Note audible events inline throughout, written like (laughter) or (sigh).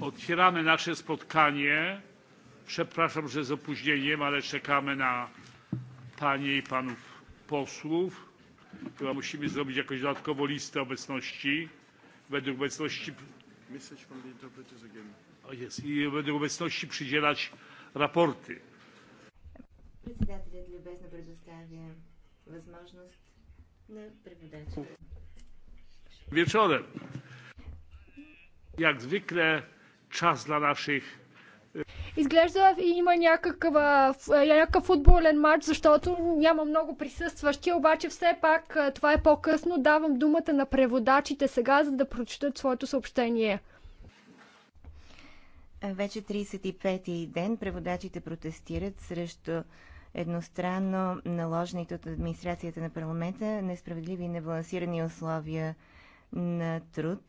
Otwieramy nasze spotkanie. Przepraszam, że z opóźnieniem, ale czekamy na panie i panów posłów. Chyba musimy zrobić jakąś dodatkową listę obecności. Według obecności jest. I według obecności przydzielać raporty. Wieczorem. Jak zwykle част на наших. Изглежда има някаква, е, някакъв футболен матч, защото няма много присъстващи, обаче все пак е, това е по-късно. Давам думата на преводачите сега, за да прочитат своето съобщение. Вече 35-ти ден преводачите протестират срещу едностранно наложените от администрацията на парламента несправедливи и небалансирани условия на труд.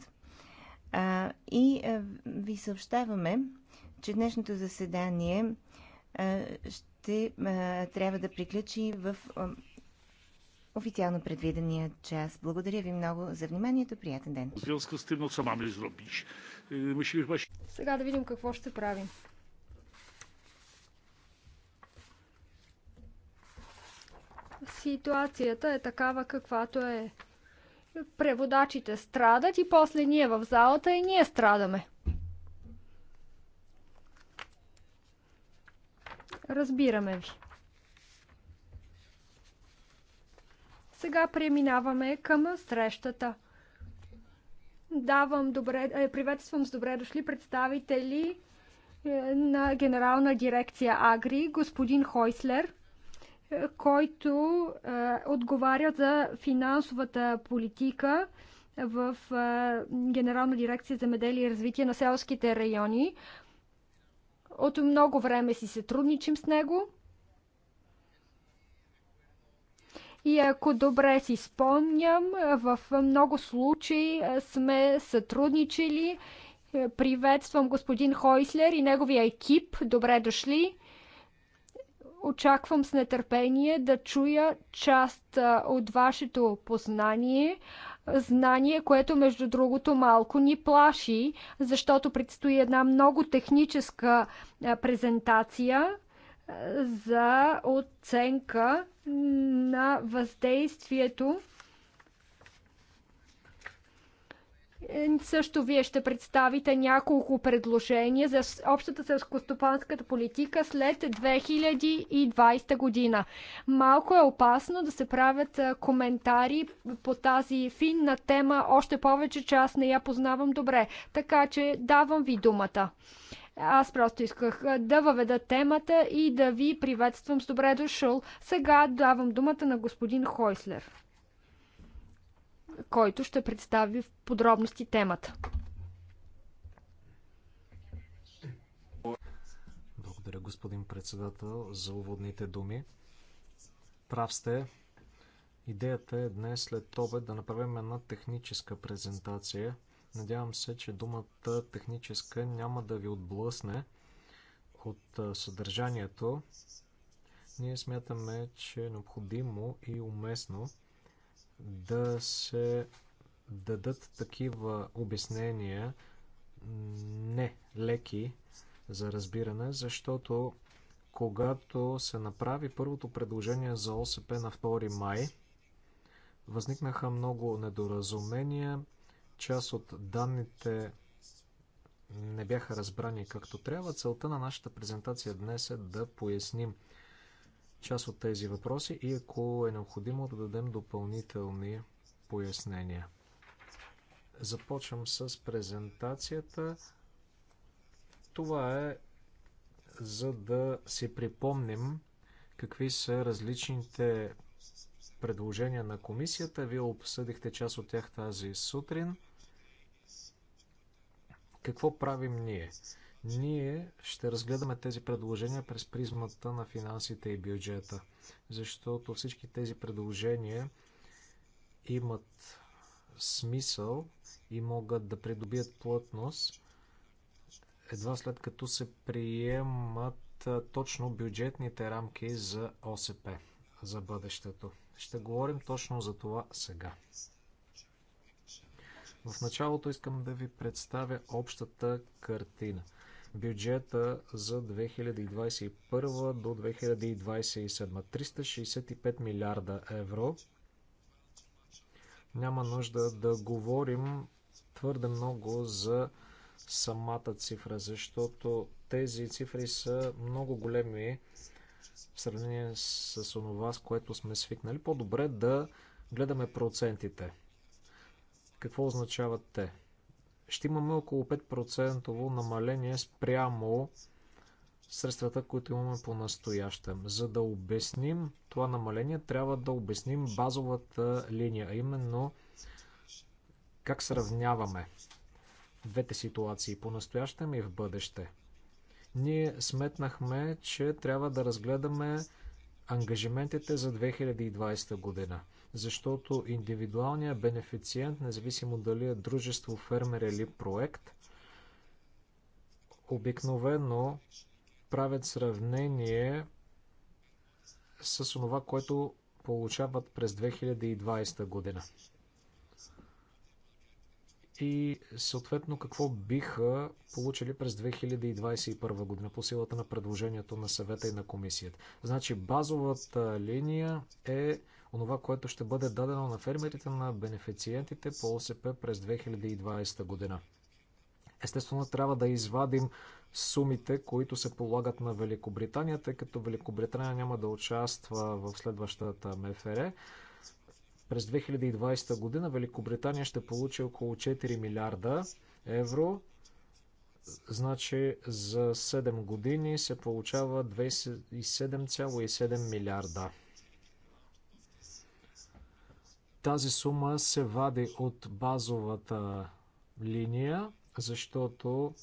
А, и а, ви съобщаваме, че днешното заседание а, ще а, трябва да приключи в а, официално предвидения час. Благодаря ви много за вниманието. Приятен ден. Е, Сега да видим какво ще правим. Ситуацията е такава каквато е преводачите страдат и после ние в залата и ние страдаме. Разбираме ви. Сега преминаваме към срещата. Давам добре, е, приветствам с добре дошли представители е, на Генерална дирекция Агри, господин Хойслер – който а, отговаря за финансовата политика в а, Генерална дирекция за меделие и развитие на селските райони. От много време си сътрудничим с него. И ако добре си спомням, в много случаи сме сътрудничили. Е, приветствам господин Хойслер и неговия екип. Добре дошли! Очаквам с нетърпение да чуя част от вашето познание, знание, което между другото малко ни плаши, защото предстои една много техническа презентация за оценка на въздействието Също вие ще представите няколко предложения за общата селскостопанската политика след 2020 година. Малко е опасно да се правят коментари по тази финна тема, още повече, че аз не я познавам добре. Така че давам ви думата. Аз просто исках да въведа темата и да ви приветствам с добре дошъл. Сега давам думата на господин Хойслер който ще представи в подробности темата. Благодаря, господин председател, за уводните думи. Прав сте. Идеята е днес след обед да направим една техническа презентация. Надявам се, че думата техническа няма да ви отблъсне от съдържанието. Ние смятаме, че е необходимо и уместно да се дадат такива обяснения не леки за разбиране, защото когато се направи първото предложение за ОСП на 2 май, възникнаха много недоразумения, част от данните не бяха разбрани както трябва. Целта на нашата презентация днес е да поясним част от тези въпроси и ако е необходимо да дадем допълнителни пояснения. Започвам с презентацията. Това е за да си припомним какви са различните предложения на комисията. Вие обсъдихте част от тях тази сутрин. Какво правим ние? Ние ще разгледаме тези предложения през призмата на финансите и бюджета, защото всички тези предложения имат смисъл и могат да придобият плътност едва след като се приемат точно бюджетните рамки за ОСП, за бъдещето. Ще говорим точно за това сега. В началото искам да ви представя общата картина – бюджета за 2021 до 2027. 365 милиарда евро. Няма нужда да говорим твърде много за самата цифра, защото тези цифри са много големи в сравнение с онова, с което сме свикнали. По-добре да гледаме процентите. Какво означават те? ще имаме около 5% намаление спрямо средствата, които имаме по настоящем. За да обясним това намаление, трябва да обясним базовата линия, а именно как сравняваме двете ситуации по настоящем и в бъдеще. Ние сметнахме, че трябва да разгледаме ангажиментите за 2020 година защото индивидуалният бенефициент, независимо дали е дружество, фермер или проект, обикновено правят сравнение с това, което получават през 2020 година. И съответно какво биха получили през 2021 година по силата на предложението на съвета и на комисията. Значи базовата линия е онова, което ще бъде дадено на фермерите на бенефициентите по ОСП през 2020 година. Естествено, трябва да извадим сумите, които се полагат на Великобритания, тъй като Великобритания няма да участва в следващата МФР. През 2020 година Великобритания ще получи около 4 милиарда евро. Значи за 7 години се получава 27,7 милиарда тази сума се вади от базовата линия, защото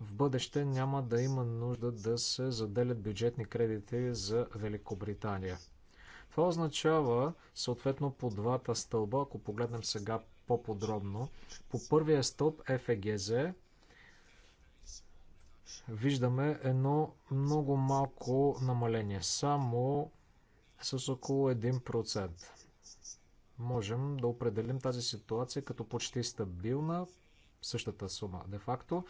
в бъдеще няма да има нужда да се заделят бюджетни кредити за Великобритания. Това означава, съответно, по двата стълба, ако погледнем сега по-подробно, по първия стълб ФЕГЗ виждаме едно много малко намаление, само с около 1% можем да определим тази ситуация като почти стабилна, същата сума де-факто.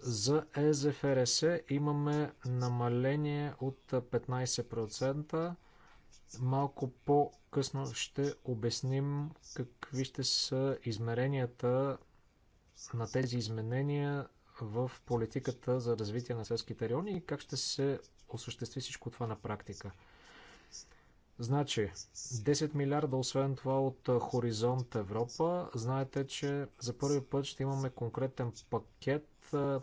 За ЕЗФРС имаме намаление от 15%. Малко по-късно ще обясним какви ще са измеренията на тези изменения в политиката за развитие на селските райони и как ще се осъществи всичко това на практика. Значи, 10 милиарда, освен това от Хоризонт Европа, знаете, че за първи път ще имаме конкретен пакет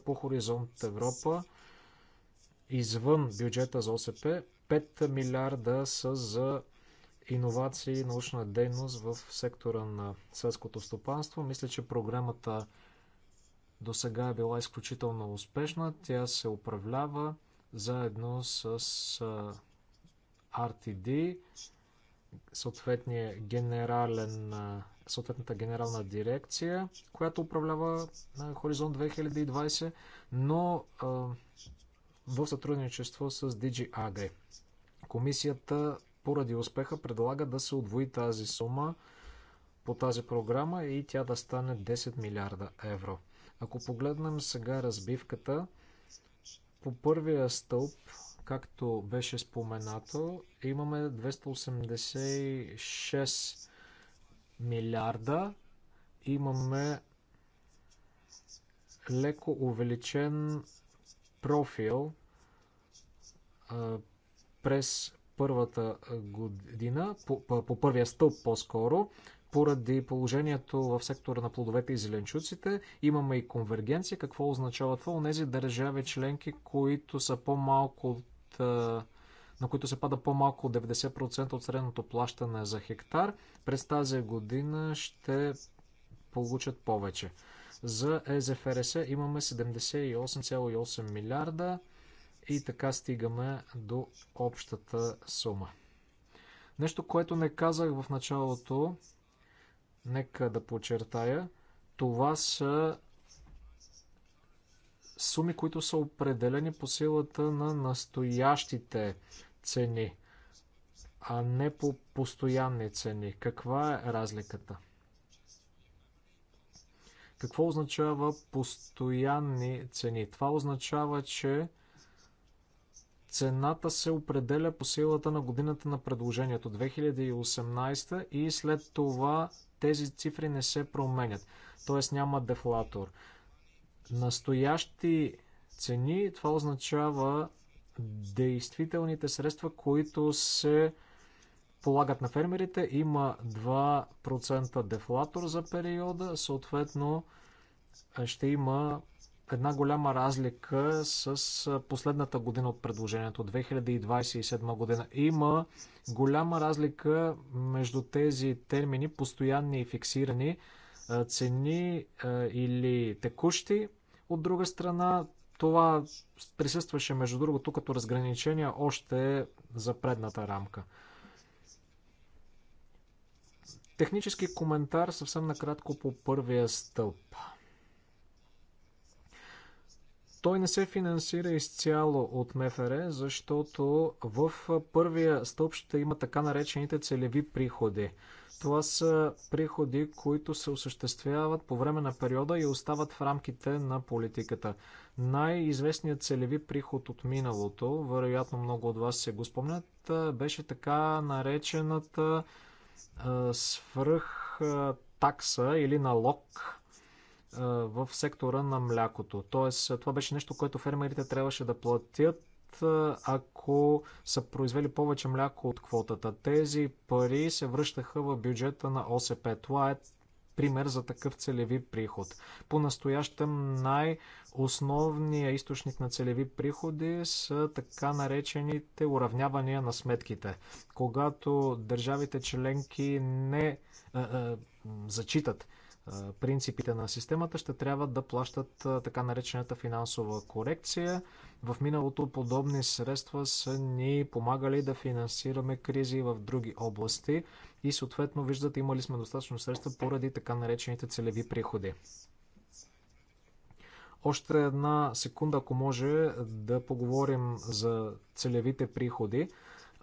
по Хоризонт Европа извън бюджета за ОСП. 5 милиарда са за иновации и научна дейност в сектора на селското стопанство. Мисля, че програмата до сега е била изключително успешна. Тя се управлява заедно с RTD, съответния генерален, съответната генерална дирекция, която управлява на Хоризонт 2020, но а, в сътрудничество с DG Agri. Комисията поради успеха предлага да се отвои тази сума по тази програма и тя да стане 10 милиарда евро. Ако погледнем сега разбивката, по първия стълб Както беше споменато, имаме 286 милиарда. Имаме леко увеличен профил през първата година, по, по, по първия стълб по-скоро, поради положението в сектора на плодовете и зеленчуците. Имаме и конвергенция. Какво означава това? Онези държави членки, които са по-малко е, на които се пада по-малко от 90% от средното плащане за хектар, през тази година ще получат повече. За ЕЗФРС имаме 78,8 милиарда и така стигаме до общата сума. Нещо, което не казах в началото, нека да подчертая, това са суми, които са определени по силата на настоящите цени, а не по постоянни цени. Каква е разликата? Какво означава постоянни цени? Това означава, че цената се определя по силата на годината на предложението 2018 и след това тези цифри не се променят. Т.е. няма дефлатор настоящи цени, това означава действителните средства, които се полагат на фермерите. Има 2% дефлатор за периода, съответно ще има една голяма разлика с последната година от предложението, 2027 година. Има голяма разлика между тези термини, постоянни и фиксирани цени или текущи. От друга страна, това присъстваше между другото като разграничение още за предната рамка. Технически коментар съвсем накратко по първия стълб. Той не се финансира изцяло от МФР, защото в първия стълб ще има така наречените целеви приходи. Това са приходи, които се осъществяват по време на периода и остават в рамките на политиката. Най-известният целеви приход от миналото, вероятно много от вас се го спомнят, беше така наречената свръх такса или налог в сектора на млякото. Тоест, това беше нещо, което фермерите трябваше да платят ако са произвели повече мляко от квотата. Тези пари се връщаха в бюджета на ОСП. Това е пример за такъв целеви приход. По-настоящем най-основният източник на целеви приходи са така наречените уравнявания на сметките. Когато държавите членки не е, е, зачитат принципите на системата, ще трябва да плащат така наречената финансова корекция. В миналото подобни средства са ни помагали да финансираме кризи в други области и съответно виждате имали сме достатъчно средства поради така наречените целеви приходи. Още една секунда, ако може да поговорим за целевите приходи.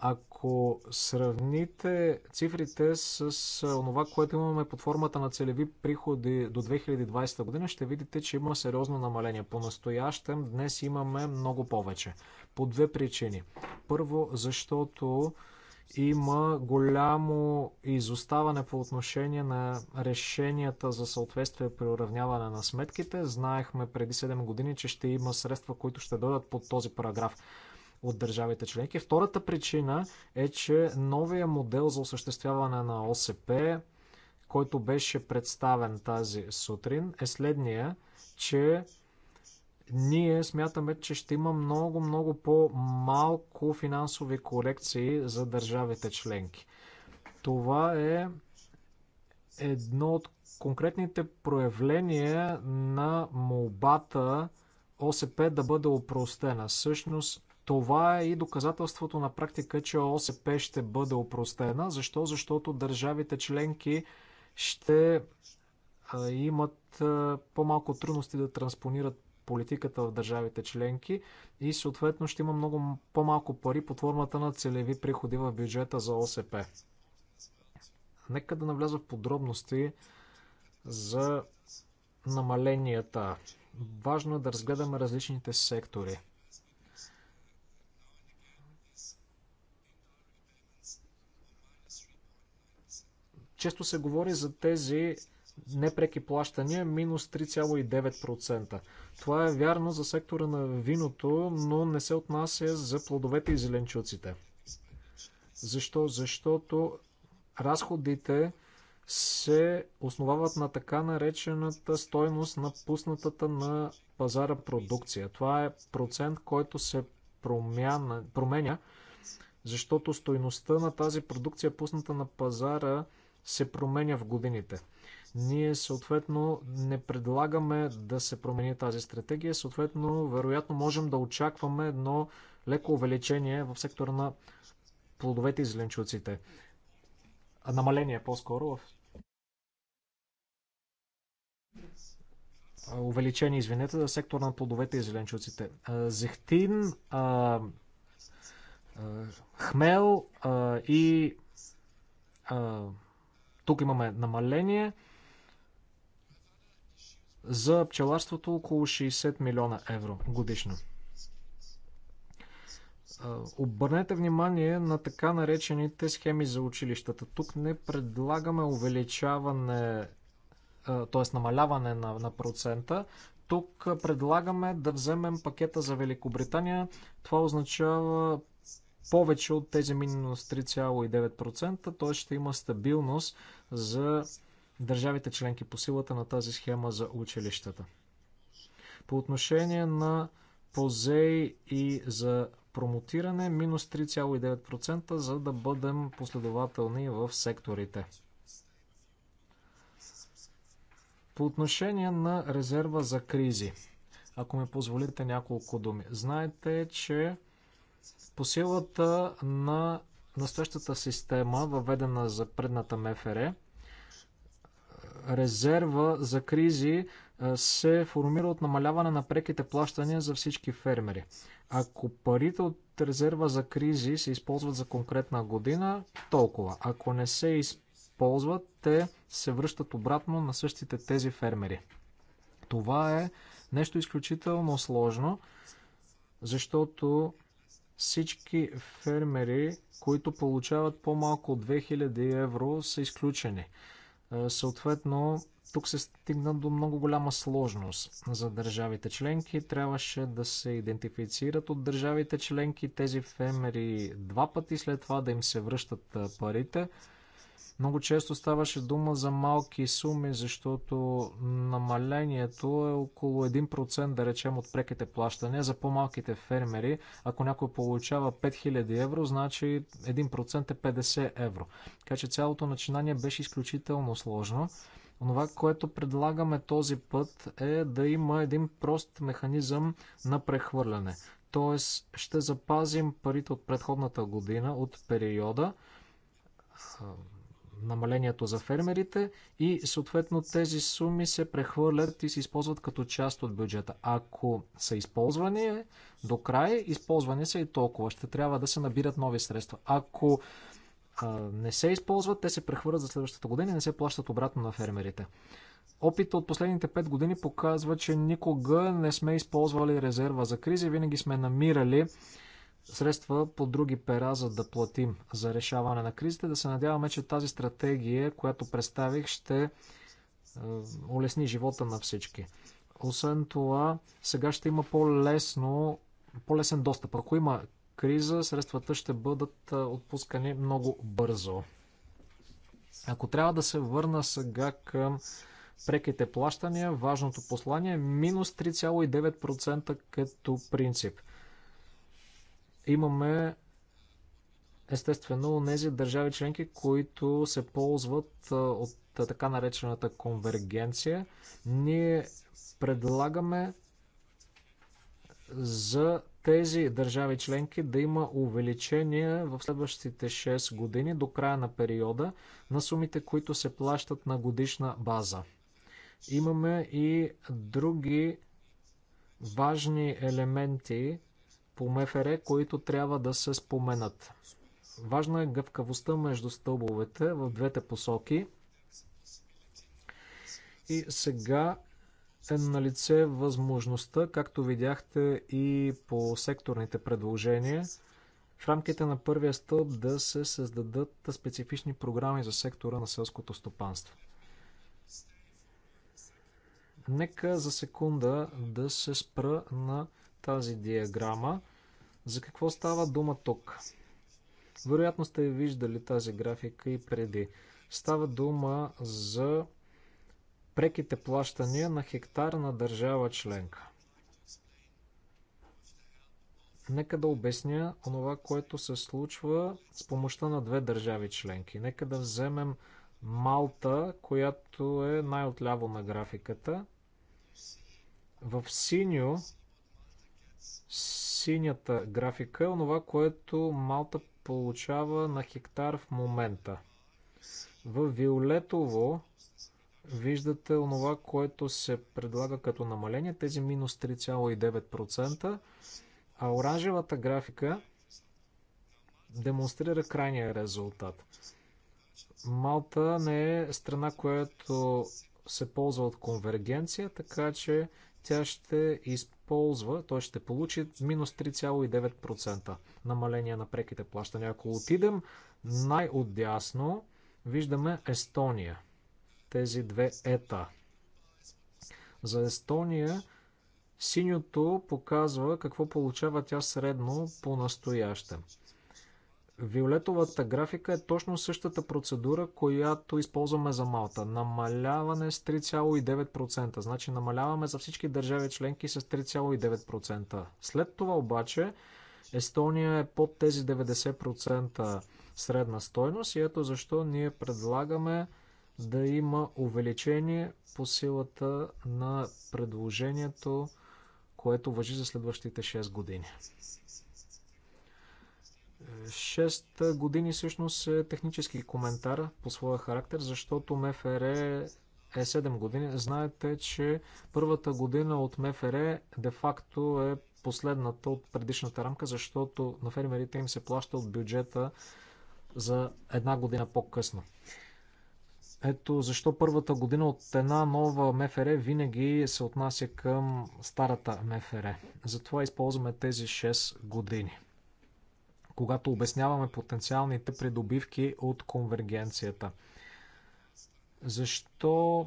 Ако сравните цифрите с това, което имаме под формата на целеви приходи до 2020 година, ще видите, че има сериозно намаление. По-настоящем днес имаме много повече. По две причини. Първо, защото има голямо изоставане по отношение на решенията за съответствие при уравняване на сметките. Знаехме преди 7 години, че ще има средства, които ще дойдат под този параграф от държавите членки. Втората причина е, че новия модел за осъществяване на ОСП, който беше представен тази сутрин, е следния, че ние смятаме, че ще има много, много по-малко финансови корекции за държавите членки. Това е едно от конкретните проявления на молбата ОСП да бъде опростена. Същност, това е и доказателството на практика, че ОСП ще бъде опростена. Защо? Защото държавите членки ще имат по-малко трудности да транспонират политиката в държавите членки и съответно ще има много по-малко пари под формата на целеви приходи в бюджета за ОСП. Нека да навляза в подробности за намаленията. Важно е да разгледаме различните сектори – Често се говори за тези непреки плащания минус 3,9%. Това е вярно за сектора на виното, но не се отнася за плодовете и зеленчуците. Защо? Защото разходите се основават на така наречената стойност на пуснатата на пазара продукция. Това е процент, който се променя, защото стойността на тази продукция, пусната на пазара, се променя в годините. Ние съответно не предлагаме да се промени тази стратегия, съответно вероятно можем да очакваме едно леко увеличение в сектора на плодовете и зеленчуците. А намаление по-скоро в увеличение, извинете, за сектора на плодовете и зеленчуците. Зехтин, хмел и тук имаме намаление за пчеларството около 60 милиона евро годишно. Обърнете внимание на така наречените схеми за училищата. Тук не предлагаме увеличаване, т.е. намаляване на, на процента. Тук предлагаме да вземем пакета за Великобритания. Това означава повече от тези минус 3,9%, т.е. ще има стабилност за държавите членки по силата на тази схема за училищата. По отношение на позей и за промотиране, минус 3,9%, за да бъдем последователни в секторите. По отношение на резерва за кризи, ако ми позволите няколко думи. Знаете, че по силата на настоящата система, въведена за предната МФР, резерва за кризи е, се формира от намаляване на преките плащания за всички фермери. Ако парите от резерва за кризи се използват за конкретна година, толкова. Ако не се използват, те се връщат обратно на същите тези фермери. Това е нещо изключително сложно, защото всички фермери, които получават по-малко от 2000 евро, са изключени. Съответно, тук се стигна до много голяма сложност за държавите членки. Трябваше да се идентифицират от държавите членки тези фермери два пъти, след това да им се връщат парите. Много често ставаше дума за малки суми, защото намалението е около 1%, да речем, от преките плащания за по-малките фермери. Ако някой получава 5000 евро, значи 1% е 50 евро. Така че цялото начинание беше изключително сложно. Това, което предлагаме този път е да има един прост механизъм на прехвърляне. Тоест ще запазим парите от предходната година, от периода, намалението за фермерите и съответно тези суми се прехвърлят и се използват като част от бюджета. Ако са използвани до край, използвани са и толкова. Ще трябва да се набират нови средства. Ако а, не се използват, те се прехвърлят за следващата година и не се плащат обратно на фермерите. Опита от последните 5 години показва, че никога не сме използвали резерва за кризи, винаги сме намирали средства по други пера, за да платим за решаване на кризите. Да се надяваме, че тази стратегия, която представих, ще е, улесни живота на всички. Освен това, сега ще има по-лесно, по-лесен достъп. Ако има криза, средствата ще бъдат е, отпускани много бързо. Ако трябва да се върна сега към преките плащания, важното послание е минус 3,9% като принцип – Имаме естествено тези държави членки, които се ползват от така наречената конвергенция. Ние предлагаме за тези държави членки да има увеличение в следващите 6 години до края на периода на сумите, които се плащат на годишна база. Имаме и други важни елементи по МФР, които трябва да се споменат. Важна е гъвкавостта между стълбовете в двете посоки. И сега е на лице възможността, както видяхте и по секторните предложения, в рамките на първия стълб да се създадат специфични програми за сектора на селското стопанство. Нека за секунда да се спра на тази диаграма. За какво става дума тук? Вероятно сте виждали тази графика и преди. Става дума за преките плащания на хектар на държава членка. Нека да обясня онова, което се случва с помощта на две държави членки. Нека да вземем Малта, която е най-отляво на графиката. В синьо Синята графика е онова, което Малта получава на хектар в момента. В виолетово виждате онова, което се предлага като намаление, тези минус 3,9%, а оранжевата графика демонстрира крайния резултат. Малта не е страна, която се ползва от конвергенция, така че тя ще изпълнява ползва, той ще получи минус 3,9% намаление на преките плащания. Ако отидем най-отдясно, виждаме Естония. Тези две ета. За Естония синьото показва какво получава тя средно по настоящем. Виолетовата графика е точно същата процедура, която използваме за Малта. Намаляване с 3,9%. Значи намаляваме за всички държави членки с 3,9%. След това обаче Естония е под тези 90% средна стойност и ето защо ние предлагаме да има увеличение по силата на предложението, което въжи за следващите 6 години. 6 години всъщност е технически коментар по своя характер, защото МФР е 7 години. Знаете, че първата година от МФР де-факто е последната от предишната рамка, защото на фермерите им се плаща от бюджета за една година по-късно. Ето защо първата година от една нова МФР винаги се отнася към старата МФР. Затова използваме тези 6 години когато обясняваме потенциалните придобивки от конвергенцията. Защо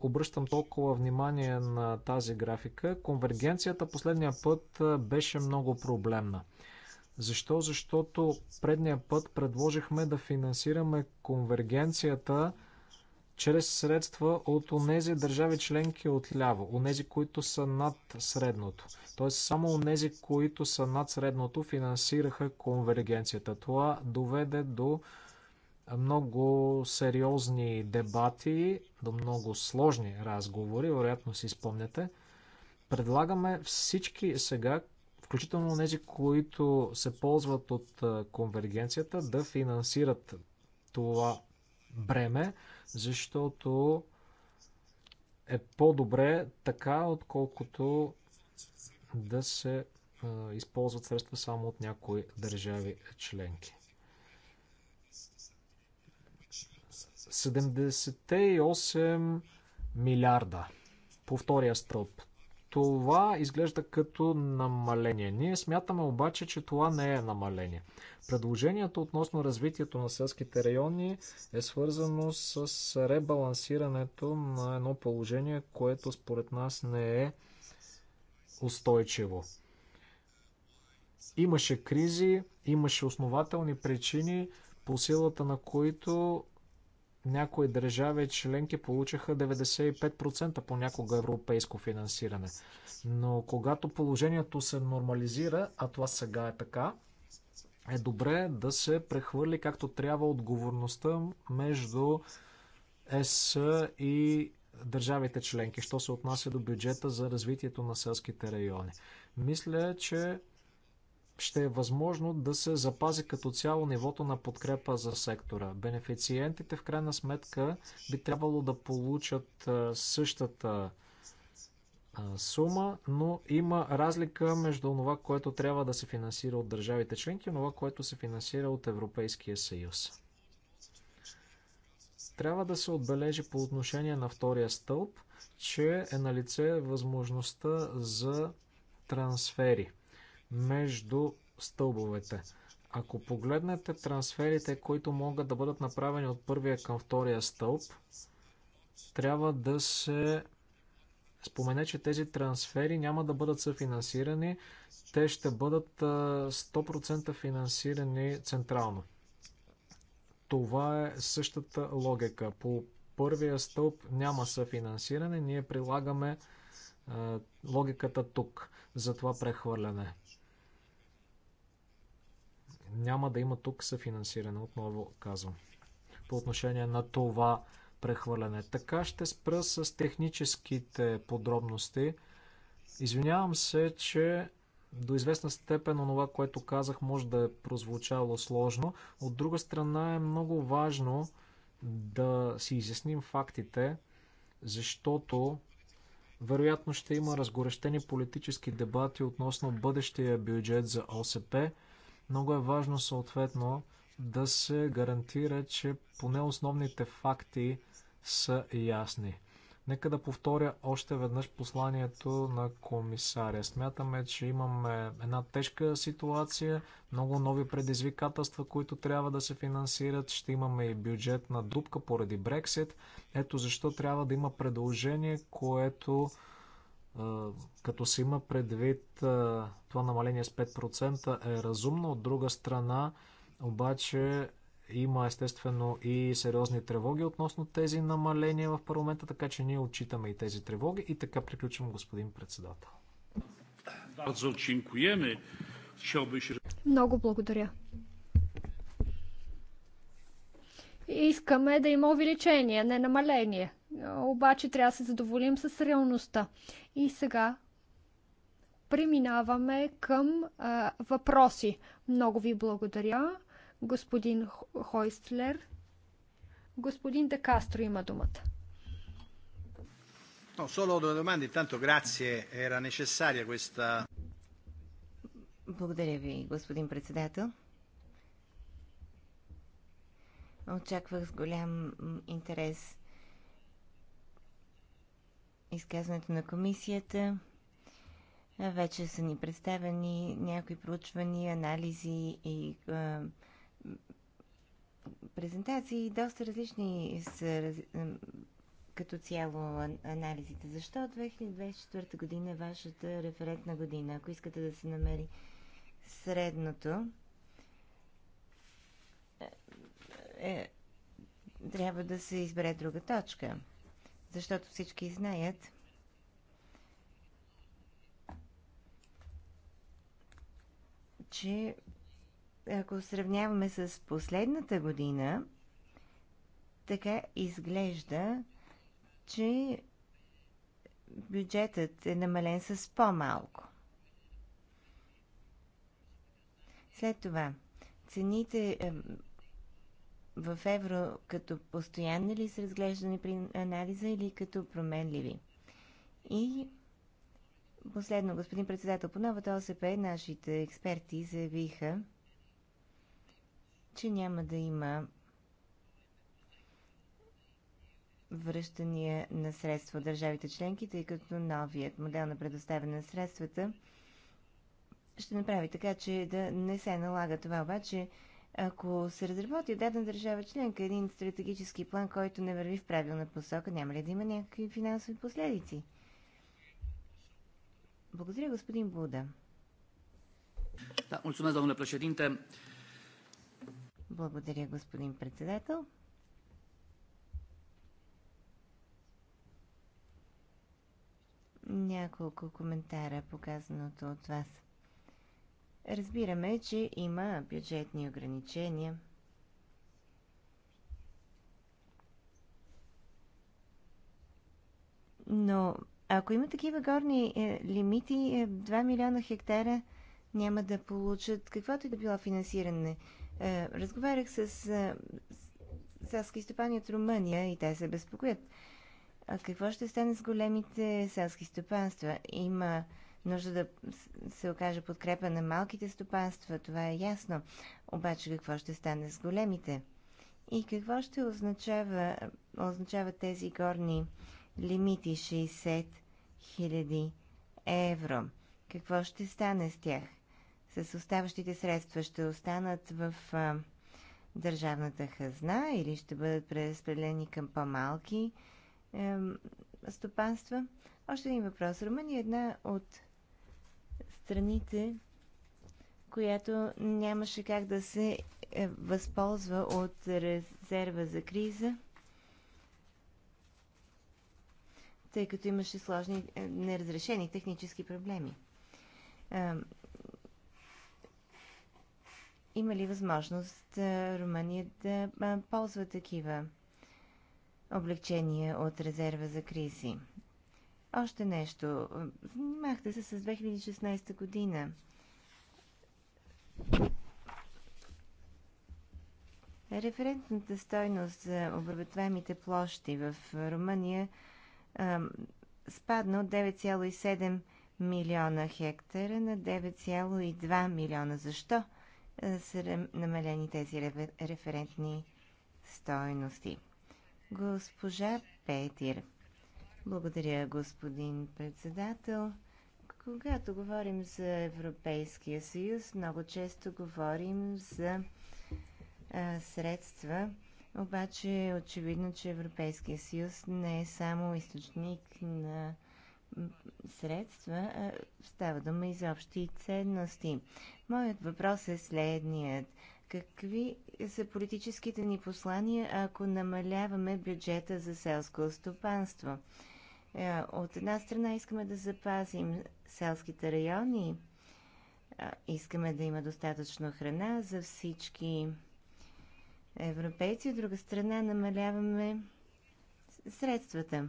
обръщам толкова внимание на тази графика? Конвергенцията последния път беше много проблемна. Защо? Защото предния път предложихме да финансираме конвергенцията – чрез средства от онези държави членки от ляво, онези, които са над средното. Тоест само онези, които са над средното, финансираха конвергенцията. Това доведе до много сериозни дебати, до много сложни разговори, вероятно си спомняте. Предлагаме всички сега, включително тези, които се ползват от конвергенцията, да финансират това бреме, защото е по-добре така, отколкото да се а, използват средства само от някои държави членки. 78 милиарда по втория стълб това изглежда като намаление. Ние смятаме обаче, че това не е намаление. Предложението относно развитието на селските райони е свързано с ребалансирането на едно положение, което според нас не е устойчиво. Имаше кризи, имаше основателни причини, по силата на които някои държави членки получиха 95% понякога европейско финансиране. Но когато положението се нормализира, а това сега е така, е добре да се прехвърли както трябва отговорността между ЕС и държавите членки, що се отнася до бюджета за развитието на селските райони. Мисля, че ще е възможно да се запази като цяло нивото на подкрепа за сектора. Бенефициентите в крайна сметка би трябвало да получат същата сума, но има разлика между това, което трябва да се финансира от държавите членки и това, което се финансира от Европейския съюз. Трябва да се отбележи по отношение на втория стълб, че е на лице възможността за трансфери – между стълбовете. Ако погледнете трансферите, които могат да бъдат направени от първия към втория стълб, трябва да се спомене, че тези трансфери няма да бъдат съфинансирани, те ще бъдат 100% финансирани централно. Това е същата логика. По първия стълб няма съфинансиране, ние прилагаме логиката тук за това прехвърляне няма да има тук съфинансиране, отново казвам, по отношение на това прехвърляне. Така ще спра с техническите подробности. Извинявам се, че до известна степен онова, което казах, може да е прозвучало сложно. От друга страна е много важно да си изясним фактите, защото вероятно ще има разгорещени политически дебати относно бъдещия бюджет за ОСП. Много е важно съответно да се гарантира, че поне основните факти са ясни. Нека да повторя още веднъж посланието на комисаря. Смятаме, че имаме една тежка ситуация, много нови предизвикателства, които трябва да се финансират. Ще имаме и бюджетна дупка поради Брексит. Ето защо трябва да има предложение, което като се има предвид това намаление с 5% е разумно. От друга страна, обаче има естествено и сериозни тревоги относно тези намаления в парламента, така че ние отчитаме и тези тревоги и така приключвам, господин председател. Много благодаря. Искаме да има увеличение, не намаление обаче трябва да се задоволим с реалността. И сега преминаваме към а, въпроси. Много ви благодаря, господин Хойстлер. Господин Декастро има думата. No, solo due domande, tanto grazie, era necessaria questa... Благодаря ви, господин председател. Очаквах с голям интерес изказването на комисията. Вече са ни представени някои проучвания, анализи и а, презентации. Доста различни са като цяло анализите. Защо 2024 година е вашата референтна година? Ако искате да се намери средното, е, е трябва да се избере друга точка защото всички знаят, че ако сравняваме с последната година, така изглежда, че бюджетът е намален с по-малко. След това, цените в евро като постоянни ли са разглеждани при анализа или като променливи? И последно, господин председател, по новата ОСП нашите експерти заявиха, че няма да има връщания на средства от държавите членки, тъй като новият модел на предоставяне на средствата ще направи така, че да не се налага това обаче ако се разработи от дадена държава членка един стратегически план, който не върви в правилна посока, няма ли да има някакви финансови последици? Благодаря, господин Буда. Да, мулțumesc, Благодаря, господин председател. Няколко коментара показаното от вас. Разбираме, че има бюджетни ограничения. Но ако има такива горни е, лимити, е, 2 милиона хектара няма да получат каквото и да било финансиране. Е, разговарях е, с селски стопани от Румъния и те се безпокоят. А какво ще стане с големите селски стопанства? Има нужда да се окаже подкрепа на малките стопанства, това е ясно. Обаче какво ще стане с големите? И какво ще означава, означава тези горни лимити 60 000 евро? Какво ще стане с тях? С оставащите средства ще останат в а, държавната хазна или ще бъдат преразпределени към по-малки е, стопанства? Още един въпрос. Румъния е една от страните, която нямаше как да се е, възползва от резерва за криза, тъй като имаше сложни е, неразрешени технически проблеми. Е, има ли възможност Румъния да ползва такива облегчения от резерва за кризи? Още нещо. Занимахте се с 2016 година. Референтната стойност за обработваемите площи в Румъния а, спадна от 9,7 милиона хектара на 9,2 милиона. Защо а, са намалени тези референтни стойности? Госпожа Петир. Благодаря, господин председател. Когато говорим за Европейския съюз, много често говорим за а, средства, обаче е очевидно, че Европейския съюз не е само източник на средства, а става дума и за общи ценности. Моят въпрос е следният. Какви са политическите ни послания, ако намаляваме бюджета за селско стопанство? Е, от една страна искаме да запазим селските райони, е, искаме да има достатъчно храна за всички европейци, от друга страна намаляваме средствата.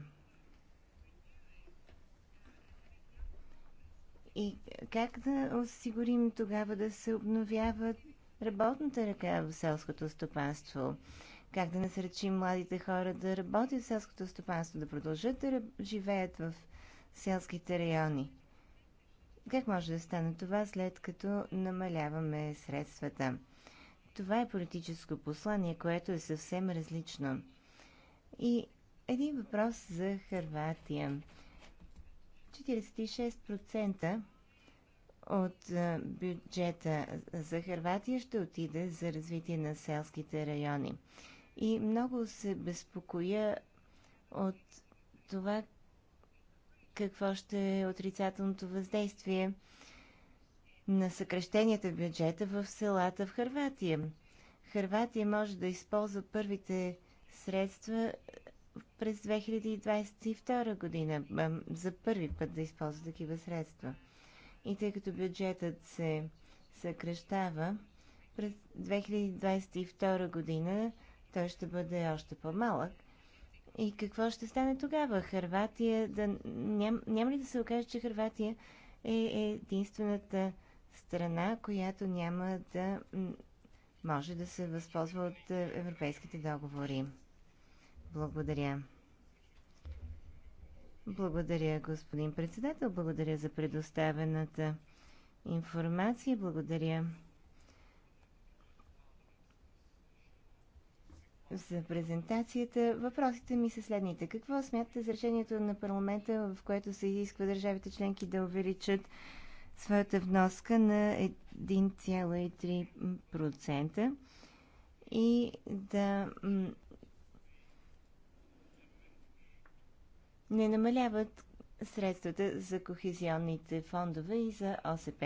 И как да осигурим тогава да се обновява работната ръка в селското стопанство? как да насречим младите хора да работят в селското стопанство, да продължат да живеят в селските райони. Как може да стане това, след като намаляваме средствата? Това е политическо послание, което е съвсем различно. И един въпрос за Харватия. 46% от бюджета за Харватия ще отиде за развитие на селските райони. И много се безпокоя от това какво ще е отрицателното въздействие на съкрещенията в бюджета в селата в Харватия. Харватия може да използва първите средства през 2022 година. За първи път да използва такива средства. И тъй като бюджетът се съкрещава, през 2022 година той ще бъде още по-малък. И какво ще стане тогава? Харватия, да, ням, няма ли да се окаже, че Харватия е единствената страна, която няма да може да се възползва от е, европейските договори? Благодаря. Благодаря, господин председател. Благодаря за предоставената информация. Благодаря за презентацията. Въпросите ми са следните. Какво смятате за решението на парламента, в което се изисква държавите членки да увеличат своята вноска на 1,3% и да не намаляват средствата за кохезионните фондове и за ОСП?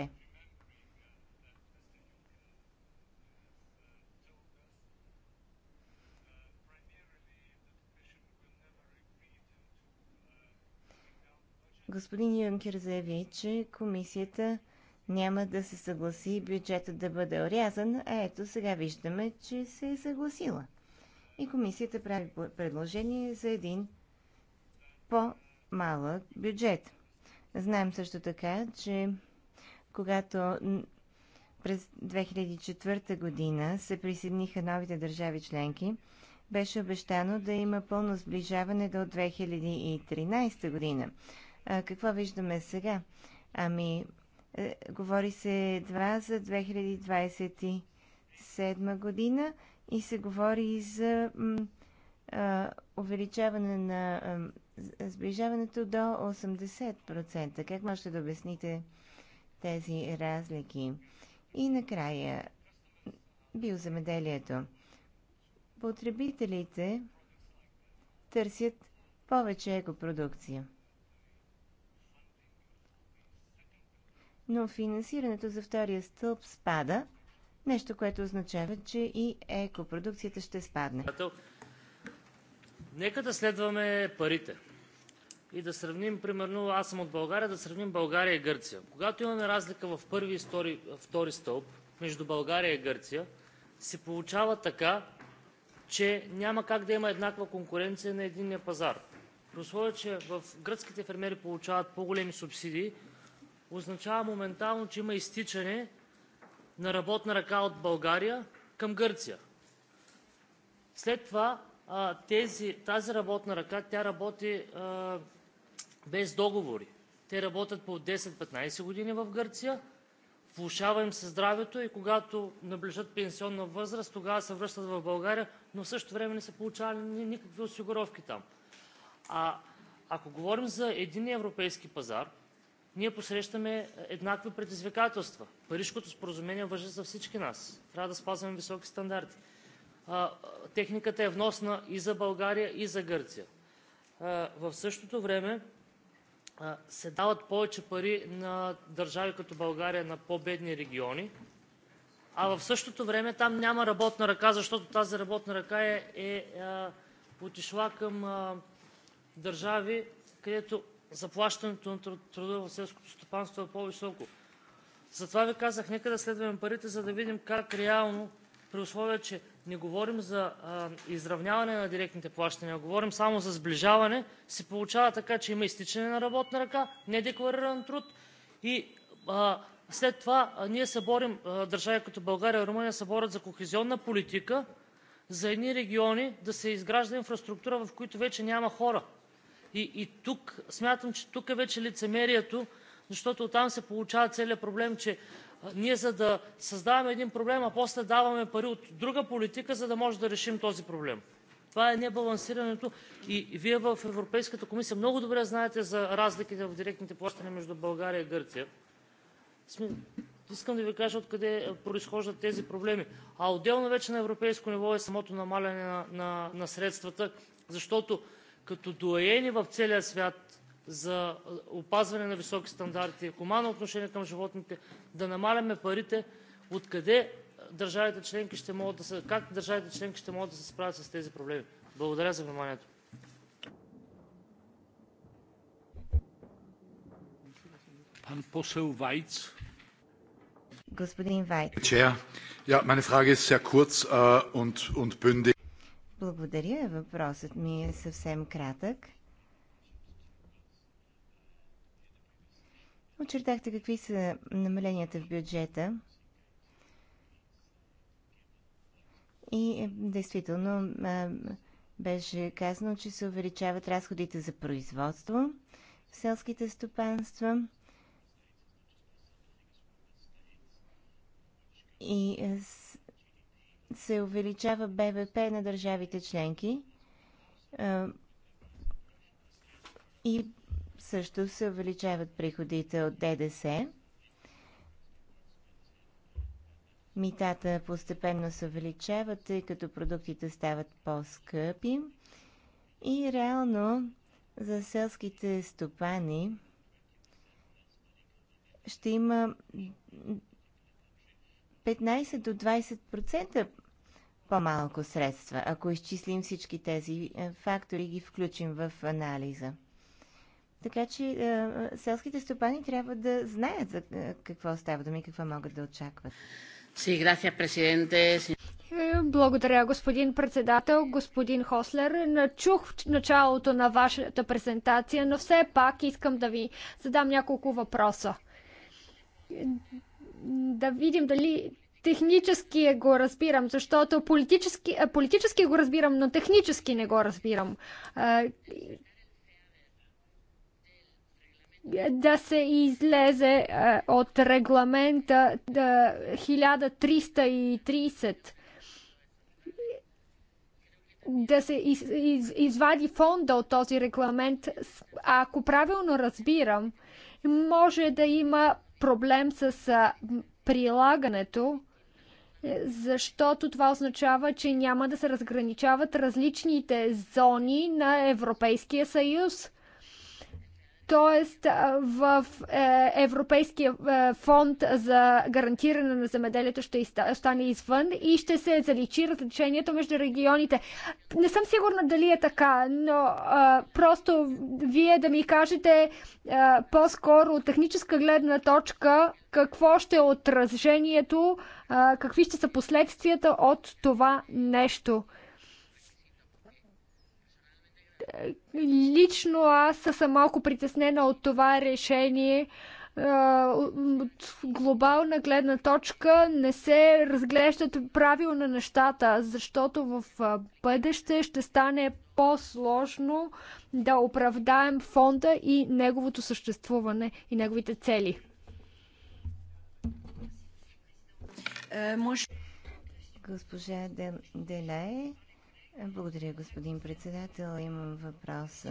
Господин Юнкер заяви, че комисията няма да се съгласи бюджетът да бъде орязан, а ето сега виждаме, че се е съгласила. И комисията прави предложение за един по-малък бюджет. Знаем също така, че когато през 2004 година се присъединиха новите държави членки, беше обещано да има пълно сближаване до 2013 година. А, какво виждаме сега? Ами, е, говори се едва за 2027 година и се говори и за а, увеличаване на а, сближаването до 80%. Как можете да обясните тези разлики? И накрая, биоземеделието. Потребителите търсят повече екопродукция. но финансирането за втория стълб спада, нещо, което означава, че и екопродукцията ще спадне. Нека да следваме парите и да сравним, примерно, аз съм от България, да сравним България и Гърция. Когато имаме разлика в първи и втори, втори стълб между България и Гърция, се получава така, че няма как да има еднаква конкуренция на единния пазар. При условие, че в гръцките фермери получават по-големи субсидии, означава моментално, че има изтичане на работна ръка от България към Гърция. След това тези, тази работна ръка, тя работи а, без договори. Те работят по 10-15 години в Гърция, влушава им се здравето и когато наближат пенсионна възраст, тогава се връщат в България, но в същото време не са получавали никакви осигуровки там. А ако говорим за един европейски пазар, ние посрещаме еднакви предизвикателства. Парижкото споразумение въжи за всички нас. Трябва да спазваме високи стандарти. А, техниката е вносна и за България, и за Гърция. А, в същото време а, се дават повече пари на държави като България на по-бедни региони, а в същото време там няма работна ръка, защото тази работна ръка е, е, е отишла към а, държави, където заплащането на труда в селското стопанство е по-високо. Затова Ви казах: нека да следваме парите, за да видим как реално, при условие че не говорим за изравняване на директните плащания, а говорим само за сближаване, се получава така, че има изтичане на работна ръка, недеклариран труд и след това ние се борим, държави като България и Румъния се борят за кохезионна политика, за едни региони да се изгражда инфраструктура, в които вече няма хора. И, тук смятам, че тук е вече лицемерието, защото оттам се получава целият проблем, че ние за да създаваме един проблем, а после даваме пари от друга политика, за да може да решим този проблем. Това е небалансирането и вие в Европейската комисия много добре знаете за разликите в директните плащания между България и Гърция. Искам да ви кажа откъде е, произхождат тези проблеми. А отделно вече на европейско ниво е самото намаляне на, на, на средствата, защото като доайени в целия свят за е, опазване на високи стандарти, е хуманно отношение към животните, да намаляме парите, откъде е, държавите членки ще могат да се, как държавите членки ще могат да се справят с тези проблеми. Благодаря за вниманието. Pan Weiz. Господин Вайц. Chair, ja, meine Frage ist sehr kurz äh, und, und благодаря. Въпросът ми е съвсем кратък. Очертахте какви са намаленията в бюджета. И е, действително беше казано, че се увеличават разходите за производство в селските стопанства. И е, се увеличава БВП на държавите членки и също се увеличават приходите от ДДС. Митата постепенно се увеличават, тъй като продуктите стават по-скъпи. И реално за селските стопани ще има 15 до 20% по-малко средства, ако изчислим всички тези е, фактори и ги включим в анализа. Така че е, селските стопани трябва да знаят за е, какво става дума и какво могат да очакват. Е, благодаря, господин председател, господин Хослер. Начух началото на вашата презентация, но все пак искам да ви задам няколко въпроса. Да видим дали Технически е го разбирам, защото политически, политически го разбирам, но технически не го разбирам. Да се излезе от регламента 1330 да се из, из, извади фонда от този регламент, а ако правилно разбирам, може да има проблем с прилагането защото това означава, че няма да се разграничават различните зони на Европейския съюз т.е. в е, Европейския е, фонд за гарантиране на земеделието ще стане извън и ще се заличи различението между регионите. Не съм сигурна дали е така, но а, просто вие да ми кажете по-скоро от техническа гледна точка какво ще е отражението, а, какви ще са последствията от това нещо. Лично аз съм малко притеснена от това решение. От глобална гледна точка не се разглеждат правилно нещата, защото в бъдеще ще стане по-сложно да оправдаем фонда и неговото съществуване и неговите цели. Е, Госпожа Делае, благодаря, господин председател. Имам въпрос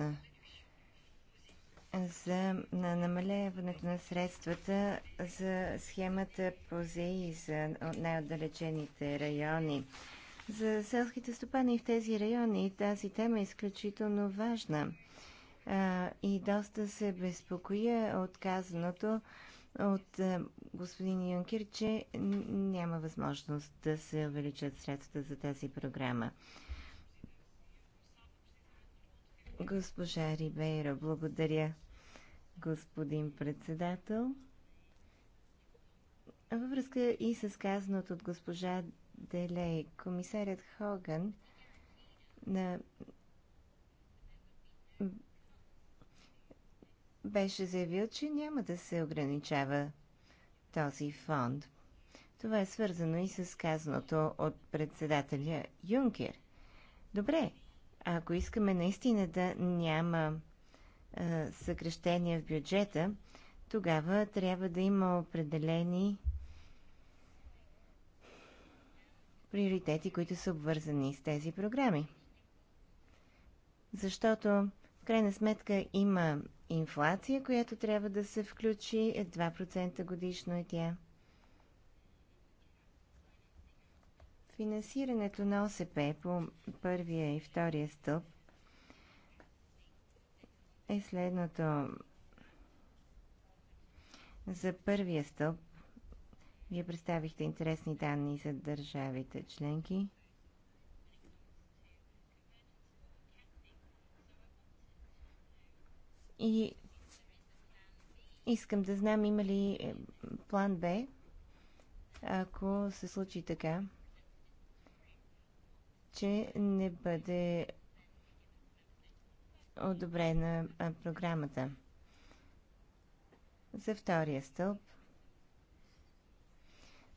за на намаляването на средствата за схемата ПОЗЕИ за най-отдалечените райони. За селските стопани в тези райони тази тема е изключително важна а, и доста се безпокоя от казаното от а, господин Юнкер, че няма възможност да се увеличат средствата за тази програма. Госпожа Рибейра, благодаря, господин председател. Във връзка и с казаното от госпожа Делей, комисарят Хоган на... беше заявил, че няма да се ограничава този фонд. Това е свързано и с казаното от председателя Юнкер. Добре, ако искаме наистина да няма а, съкрещения в бюджета, тогава трябва да има определени приоритети, които са обвързани с тези програми. Защото в крайна сметка има инфлация, която трябва да се включи, 2% е годишно е тя. Финансирането на ОСП по първия и втория стълб е следното. За първия стълб вие представихте интересни данни за държавите членки. И искам да знам има ли е, план Б, ако се случи така че не бъде одобрена програмата. За втория стълб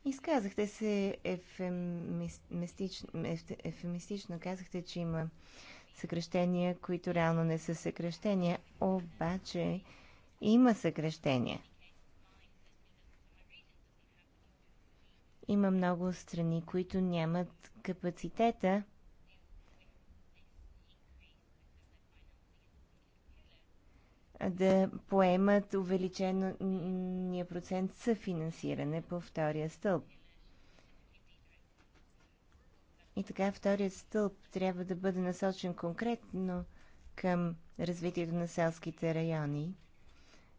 изказахте се ефемистично, ефемистично казахте, че има съкрещения, които реално не са съкрещения, обаче има съкрещения. Има много страни, които нямат капацитета да поемат увеличения процент съфинансиране по втория стълб. И така вторият стълб трябва да бъде насочен конкретно към развитието на селските райони,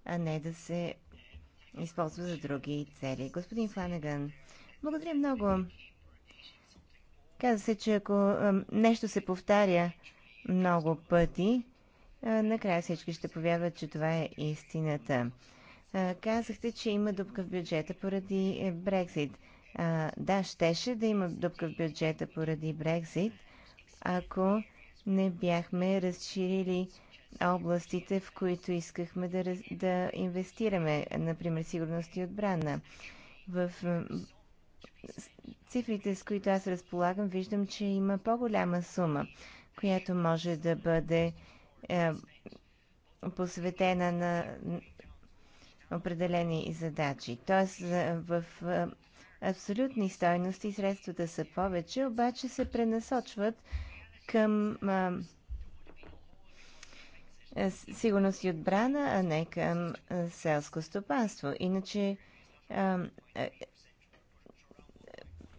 а не да се използва за други цели. Господин Фанаган, благодаря много. Каза се, че ако нещо се повтаря много пъти, накрая всички ще повярват, че това е истината. Казахте, че има дупка в бюджета поради е, Брекзит. Да, щеше да има дупка в бюджета поради Брекзит, ако не бяхме разширили областите, в които искахме да, да инвестираме, например, сигурност и отбрана. В цифрите, с които аз разполагам, виждам, че има по-голяма сума, която може да бъде е, посветена на определени задачи. Тоест, е, в е, абсолютни стойности средствата са повече, обаче се пренасочват към е, е сигурност и отбрана, а не към е, селско стопанство. Иначе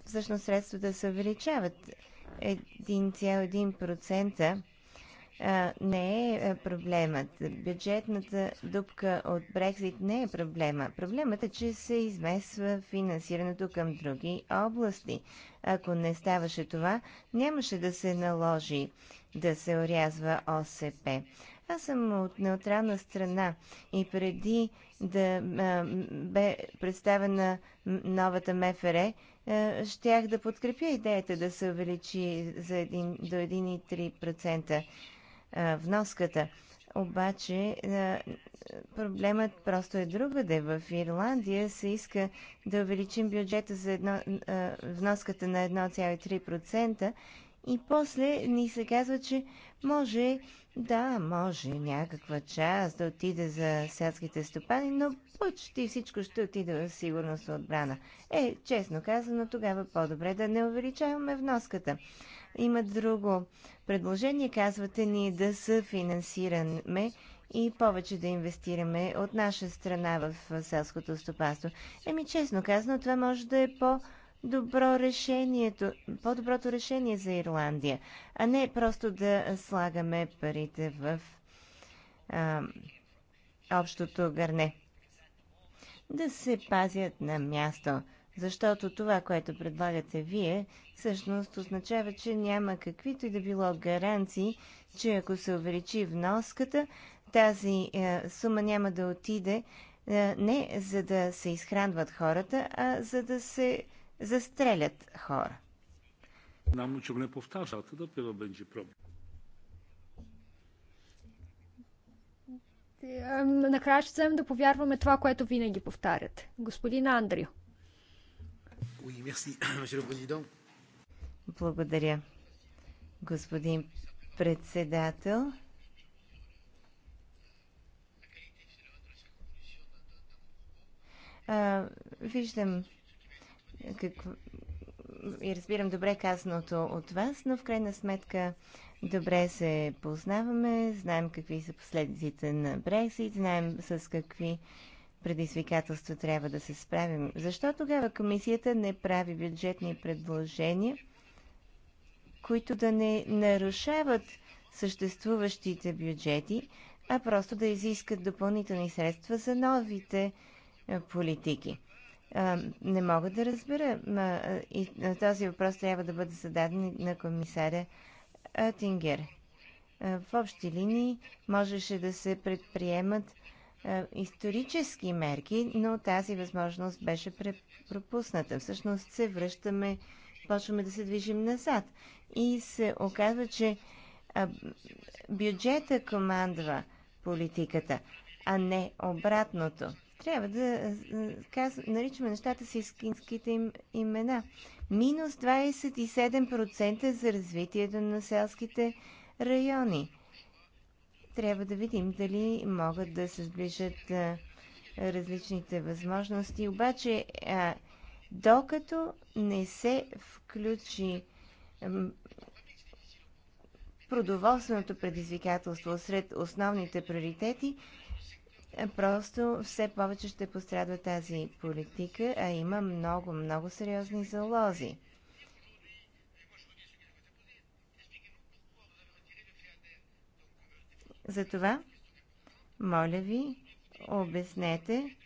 всъщност средствата да се увеличават. 1,1% не е проблемът. Бюджетната дупка от Брекзит не е проблема. Проблемът е, че се измесва финансирането към други области. Ако не ставаше това, нямаше да се наложи да се орязва ОСП. Аз съм от неутрална страна и преди да а, бе представена новата МФР, е, щях да подкрепя идеята да се увеличи за 1, до 1,3% е, вноската. Обаче е, проблемът просто е другаде. В Ирландия се иска да увеличим бюджета за едно, вноската на 1,3% и после ни се казва, че може, да, може някаква част да отиде за селските стопани, но почти всичко ще отиде в сигурност отбрана. Е, честно казано, тогава по-добре да не увеличаваме вноската. Има друго предложение, казвате ни да се финансираме и повече да инвестираме от наша страна в селското стопанство. Еми, честно казано, това може да е по- добро решението, по-доброто решение за Ирландия, а не просто да слагаме парите в а, общото гърне. Да се пазят на място, защото това, което предлагате вие, всъщност означава, че няма каквито и да било гаранции, че ако се увеличи вноската, тази а, е, сума няма да отиде е, не за да се изхранват хората, а за да се застрелят хора. Нам е, Накрая ще вземем да повярваме това, което винаги повтарят. Господин Андрю. (coughs) Благодаря. Господин председател, а, виждам какво... и разбирам добре казаното от вас, но в крайна сметка добре се познаваме, знаем какви са последиците на Брексит, знаем с какви предизвикателства трябва да се справим. Защо тогава комисията не прави бюджетни предложения, които да не нарушават съществуващите бюджети, а просто да изискат допълнителни средства за новите е, политики? не мога да разбера. И на този въпрос трябва да бъде зададен на комисаря Тингер. В общи линии можеше да се предприемат исторически мерки, но тази възможност беше пропусната. Всъщност се връщаме, почваме да се движим назад. И се оказва, че бюджета командва политиката, а не обратното. Трябва да е, е, каз, наричаме нещата с истинските им имена. Минус 27% за развитието на селските райони. Трябва да видим дали могат да се сближат а, е, различните възможности. Обаче, а, докато не се включи а, продоволственото предизвикателство сред основните приоритети, просто все повече ще пострада тази политика, а има много, много сериозни залози. Затова, моля ви, обяснете,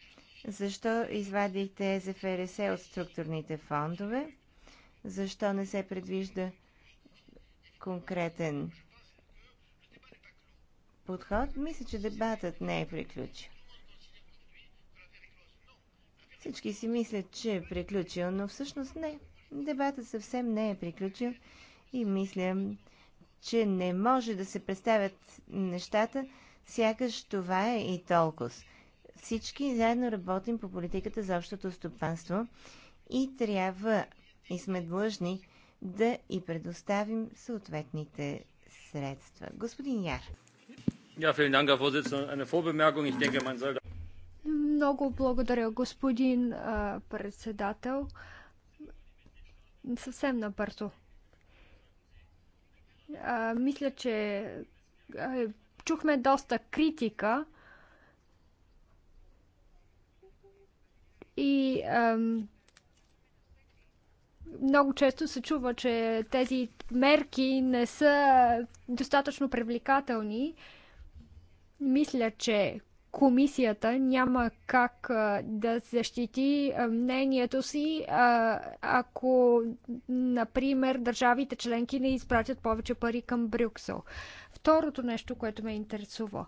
защо извадихте ЗФРС от структурните фондове, защо не се предвижда конкретен подход, мисля, че дебатът не е приключил. Всички си мислят, че е приключил, но всъщност не. Дебатът съвсем не е приключил и мисля, че не може да се представят нещата, сякаш това е и толкова. Всички заедно работим по политиката за общото стопанство и трябва и сме длъжни да и предоставим съответните средства. Господин Яр herr Vorsitzender. Eine Vorbemerkung. Ich denke, man Много благодаря, господин а, председател. Съвсем набързо. А, мисля, че а, чухме доста критика и а, много често се чува, че тези мерки не са достатъчно привлекателни. А, мисля, че комисията няма как да защити мнението си, ако, например, държавите членки не изпратят повече пари към Брюксел. Второто нещо, което ме интересува.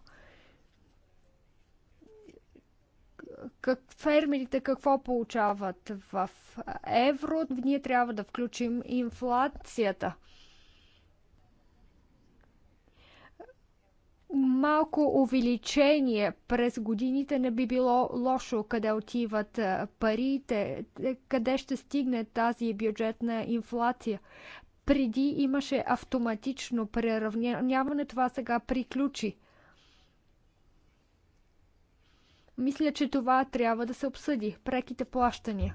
Как фермерите какво получават в евро? Ние трябва да включим инфлацията. малко увеличение през годините не би било лошо къде отиват парите, е, къде ще стигне тази бюджетна инфлация. Преди имаше автоматично преравняване, това сега приключи. Мисля, че това трябва да се обсъди. Преките плащания.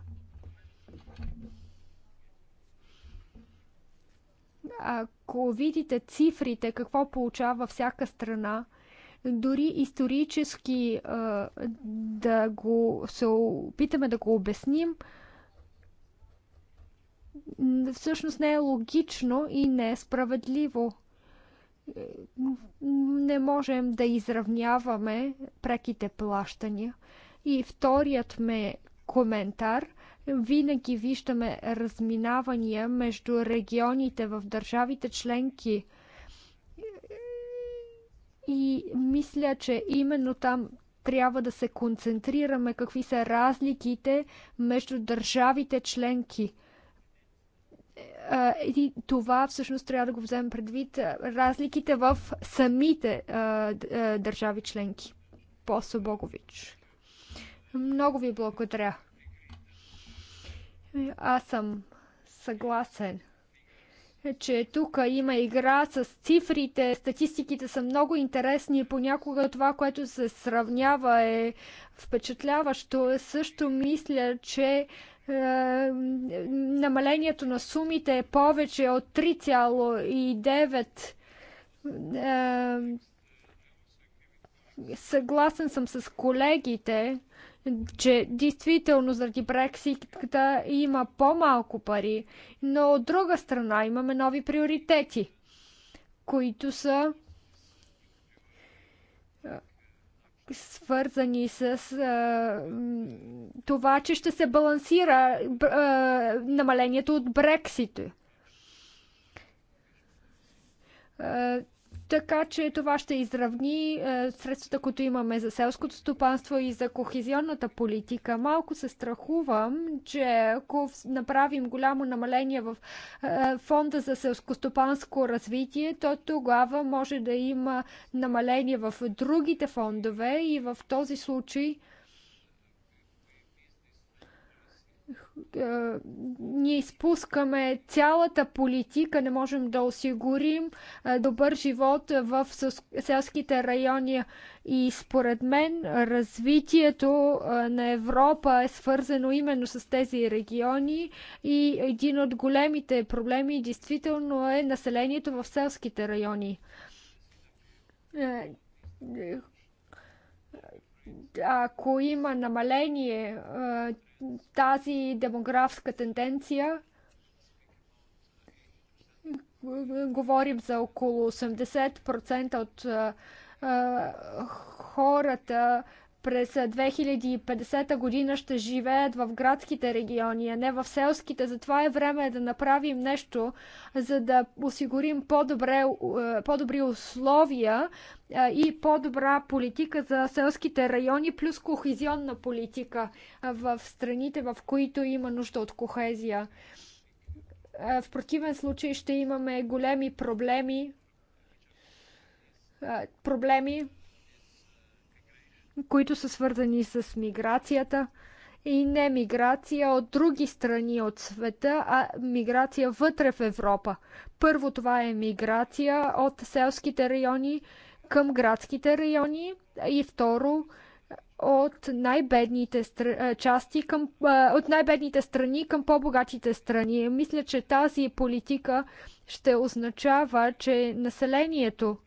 Ако видите цифрите, какво получава всяка страна, дори исторически да го се опитаме да го обясним, всъщност не е логично и не е справедливо. Не можем да изравняваме преките плащания. И вторият ме коментар винаги виждаме разминавания между регионите в държавите членки. И мисля, че именно там трябва да се концентрираме какви са разликите между държавите членки. И това всъщност трябва да го вземем предвид. Разликите в самите държави членки. Посо Богович. Много ви благодаря. Аз съм съгласен, че тук има игра с цифрите, статистиките са много интересни и понякога това, което се сравнява е впечатляващо. Също мисля, че е, намалението на сумите е повече от 3,9. Е, съгласен съм с колегите, че действително заради Брекситката има по-малко пари, но от друга страна имаме нови приоритети, които са свързани с а, това, че ще се балансира а, намалението от Брексит. Така че това ще изравни е, средствата, които имаме за селското стопанство и за кохезионната политика. Малко се страхувам, че ако направим голямо намаление в е, фонда за селскостопанско развитие, то тогава може да има намаление в другите фондове и в този случай Е, ние изпускаме цялата политика, не можем да осигурим е, добър живот в селските райони. И според мен развитието е, на Европа е свързано именно с тези региони и един от големите проблеми действително е населението в селските райони ако има намаление, тази демографска тенденция. Говорим за около 80% от хората през 2050 година ще живеят в градските региони, а не в селските. Затова е време да направим нещо, за да осигурим по-добре, по-добри условия и по-добра политика за селските райони, плюс кохезионна политика в страните, в които има нужда от кохезия. В противен случай ще имаме големи проблеми. Проблеми, които са свързани с миграцията и не миграция от други страни от света, а миграция вътре в Европа. Първо това е миграция от селските райони към градските райони и второ от най-бедните стр... части към, от най-бедните страни към по-богатите страни. Мисля, че тази политика ще означава, че населението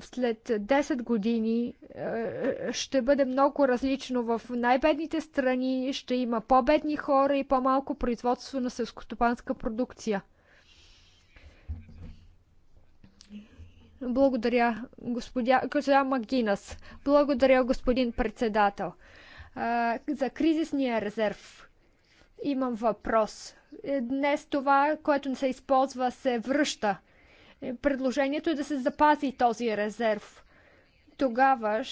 след 10 години ще бъде много различно. В най-бедните страни ще има по-бедни хора и по-малко производство на селскостопанска продукция. Благодаря, господя, госпожа Магинас. Благодаря, господин председател. За кризисния резерв имам въпрос. Днес това, което не се използва, се връща. Предложението е да се запази този резерв. Тогава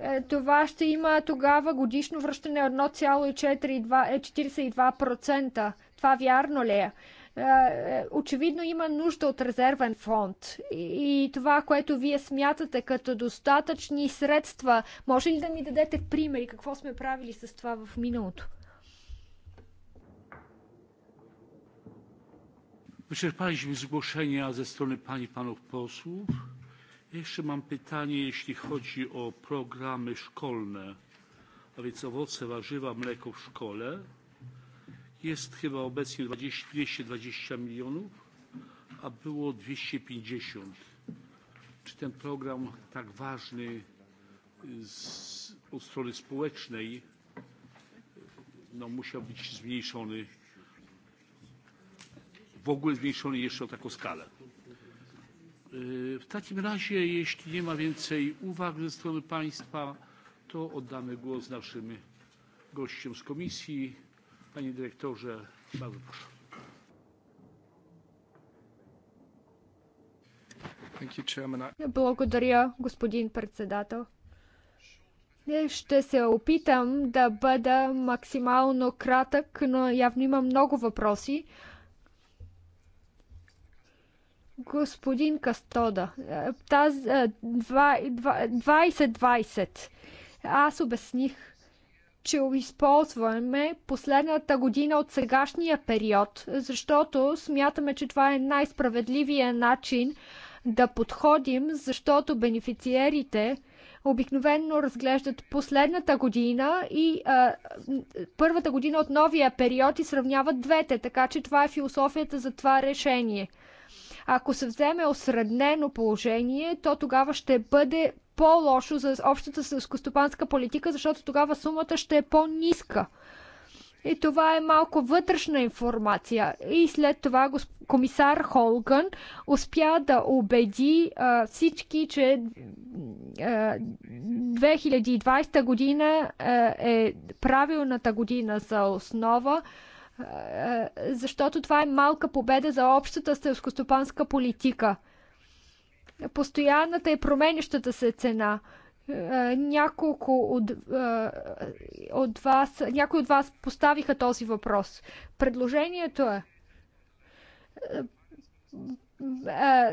е, това ще има тогава годишно връщане 1,42%. Е, това вярно ли е? е? Очевидно има нужда от резервен фонд. И това, което вие смятате като достатъчни средства, може ли да ни дадете примери какво сме правили с това в миналото? Wyczerpaliśmy zgłoszenia ze strony pań i panów posłów. Jeszcze mam pytanie, jeśli chodzi o programy szkolne, a więc owoce, warzywa, mleko w szkole. Jest chyba obecnie 20, 220 milionów, a było 250. Czy ten program tak ważny z, od strony społecznej no, musiał być zmniejszony w ogóle zwiększony jeszcze o taką skalę. W takim razie, jeśli nie ma więcej uwag ze strony Państwa, to oddamy głos naszym gościom z komisji. Panie dyrektorze, bardzo proszę. Благодаря, господин председател. Ще се опитам да бъда максимално кратък, но явно има много въпроси. Господин Кастода, е, тази 2020. Е, Аз обясних, че използваме последната година от сегашния период, защото смятаме, че това е най-справедливия начин да подходим, защото бенефициерите обикновенно разглеждат последната година и а, първата година от новия период и сравняват двете, така че това е философията за това решение – ако се вземе осреднено положение, то тогава ще бъде по-лошо за общата селскостопанска политика, защото тогава сумата ще е по-ниска. И това е малко вътрешна информация. И след това комисар Холган успя да убеди а, всички, че а, 2020 година а, е правилната година за основа. Е, защото това е малка победа за общата селскостопанска политика. Постоянната и променящата се цена. Е, няколко от, е, от вас, някои от вас поставиха този въпрос. Предложението е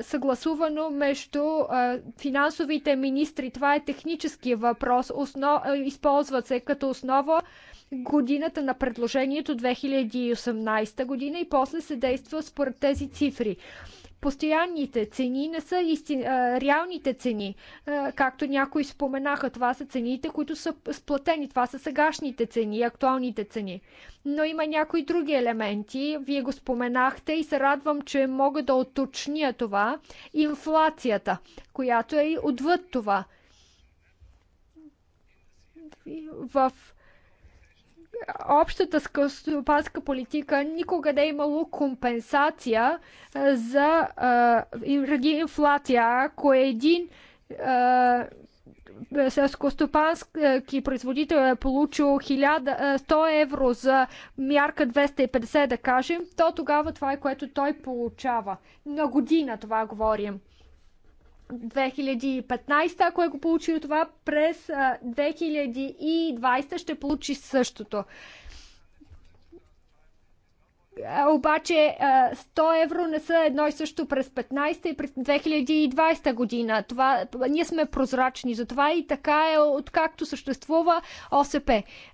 съгласувано между финансовите министри. Това е технически въпрос. Основ... Използват се като основа годината на предложението 2018 година и после се действа според тези цифри. Постоянните цени не са истин, а, реалните цени. А, както някои споменаха, това са цените, които са сплатени. Това са сегашните цени, актуалните цени. Но има някои други елементи. Вие го споменахте и се радвам, че мога да оточня това. Инфлацията, която е и отвъд това. В общата скъстопанска политика никога не е имало компенсация за ради инфлация. Ако е един селскостопански производител е получил 100 евро за мярка 250, да кажем, то тогава това е което той получава. На година това говорим. 2015, ако е го получил това, през 2020 ще получи същото обаче 100 евро не са едно и също през 15 и през 2020 година. Това, ние сме прозрачни, за това, и така е откакто съществува ОСП.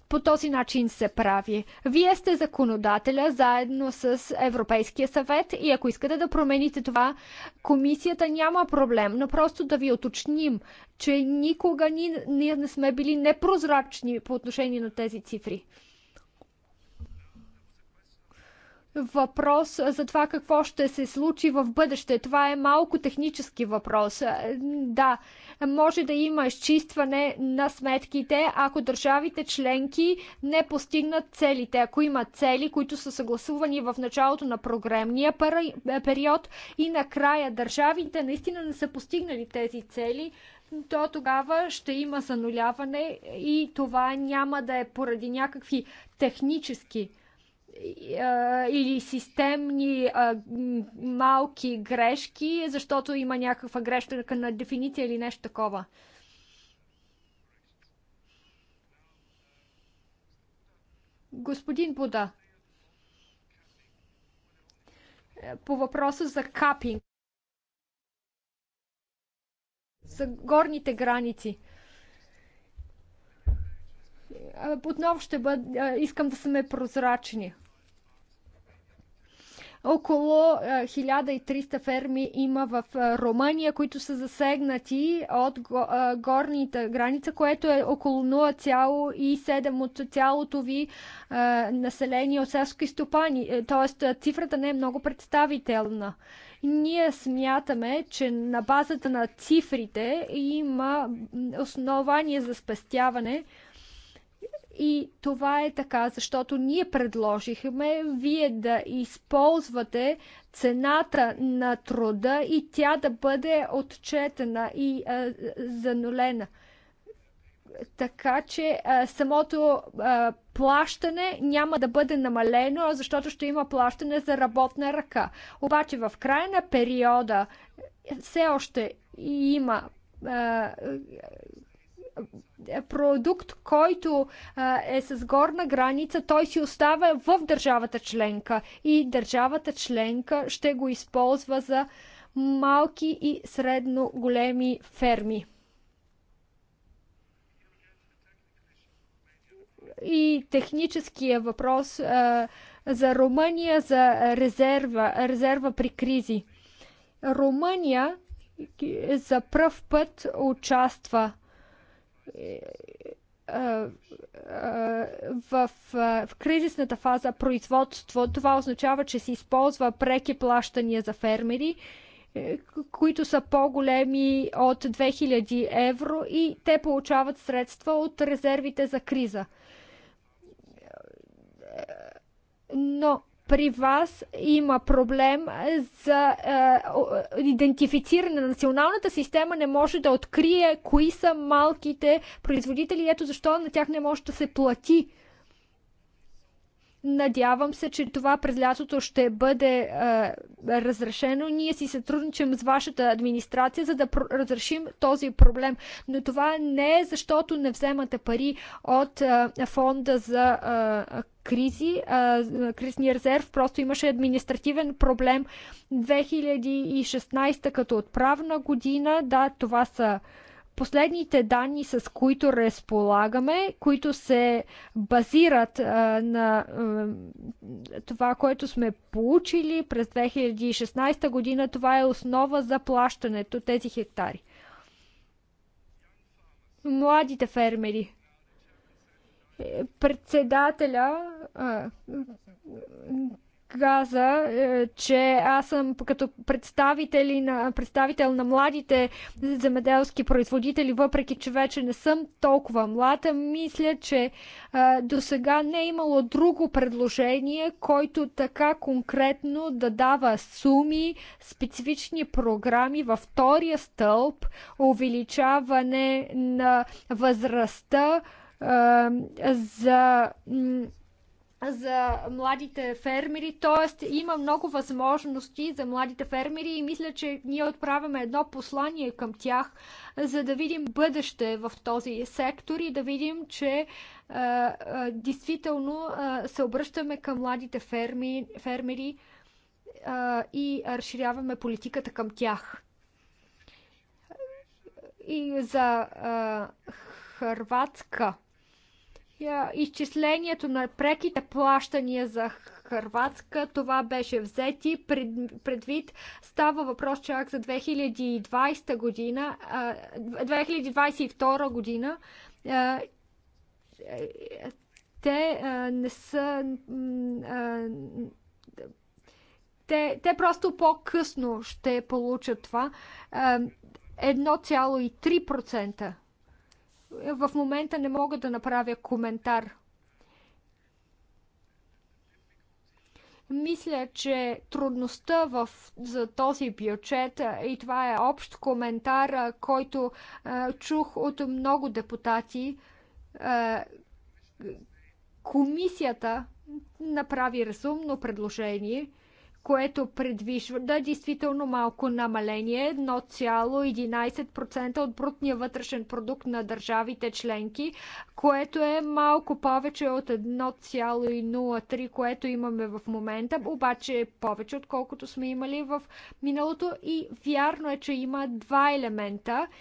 По този начин се прави. Вие сте законодателя заедно с Европейския съвет и ако искате да промените това, комисията няма проблем, но просто да ви оточним, че никога ние не сме били непрозрачни по отношение на тези цифри въпрос за това какво ще се случи в бъдеще. Това е малко технически въпрос. Да, може да има изчистване на сметките, ако държавите членки не постигнат целите. Ако има цели, които са съгласувани в началото на програмния период и накрая държавите наистина не са постигнали тези цели, то тогава ще има зануляване и това няма да е поради някакви технически или системни а, малки грешки, защото има някаква грешка на дефиниция или нещо такова. Господин Буда, по въпроса за капинг, за горните граници отново ще бъд, искам да сме прозрачни. Около 1300 е, ферми има в е, Румъния, които са засегнати от е, горната граница, което е около 0,7 от цялото ви население от селски стопани. Тоест цифрата не е много представителна ние смятаме, че на базата на цифрите има основания за спестяване и това е така, защото ние предложихме вие да използвате цената на труда и тя да бъде отчетена и а, занулена. Така че а, самото а, плащане няма да бъде намалено, защото ще има плащане за работна ръка. Обаче в края на периода все още има а, продукт, който е с горна граница, той си остава в държавата членка и държавата членка ще го използва за малки и средно големи ферми. И техническия въпрос а, за Румъния за резерва, резерва при кризи. Румъния за пръв път участва е, е, е, в, в кризисната фаза производство, това означава, че се използва преки плащания за фермери, които са по-големи от 2000 евро и те получават средства от резервите за криза. Но при вас има проблем за е, идентифициране. Националната система не може да открие кои са малките производители. Ето защо на тях не може да се плати. Надявам се, че това през лятото ще бъде а, разрешено. Ние си сътрудничим с вашата администрация, за да разрешим този проблем. Но това не е защото не вземате пари от а, фонда за а, кризи, а, кризни резерв. Просто имаше административен проблем 2016 като отправна година. Да, това са Последните данни, с които разполагаме, които се базират а, на а, това, което сме получили през 2016 година, това е основа за плащането тези хектари. Младите фермери. Е, председателя а, каза, е, че аз съм като представители на, представител на младите земеделски производители, въпреки че вече не съм толкова млада, мисля, че е, до сега не е имало друго предложение, който така конкретно да дава суми, специфични програми във втория стълб, увеличаване на възрастта е, за за младите фермери, т.е. има много възможности за младите фермери и мисля, че ние отправяме едно послание към тях, за да видим бъдеще в този сектор и да видим, че а, а, действително а, се обръщаме към младите ферми, фермери а, и разширяваме политиката към тях. И за а, Хрватска изчислението на преките плащания за Хрватска, това беше взети пред, предвид. Става въпрос чак за 2020 година, 2022 година. Е, те не са те, те просто по-късно ще получат това. 1,3% в момента не мога да направя коментар. Мисля, че трудността в, за този бюджет, и това е общ коментар, който е, чух от много депутати, е, комисията направи разумно предложение което предвижда да, действително малко намаление 1,11% от брутния вътрешен продукт на държавите членки, което е малко повече от 1,03, което имаме в момента, обаче е повече отколкото сме имали в миналото и вярно е, че има два елемента –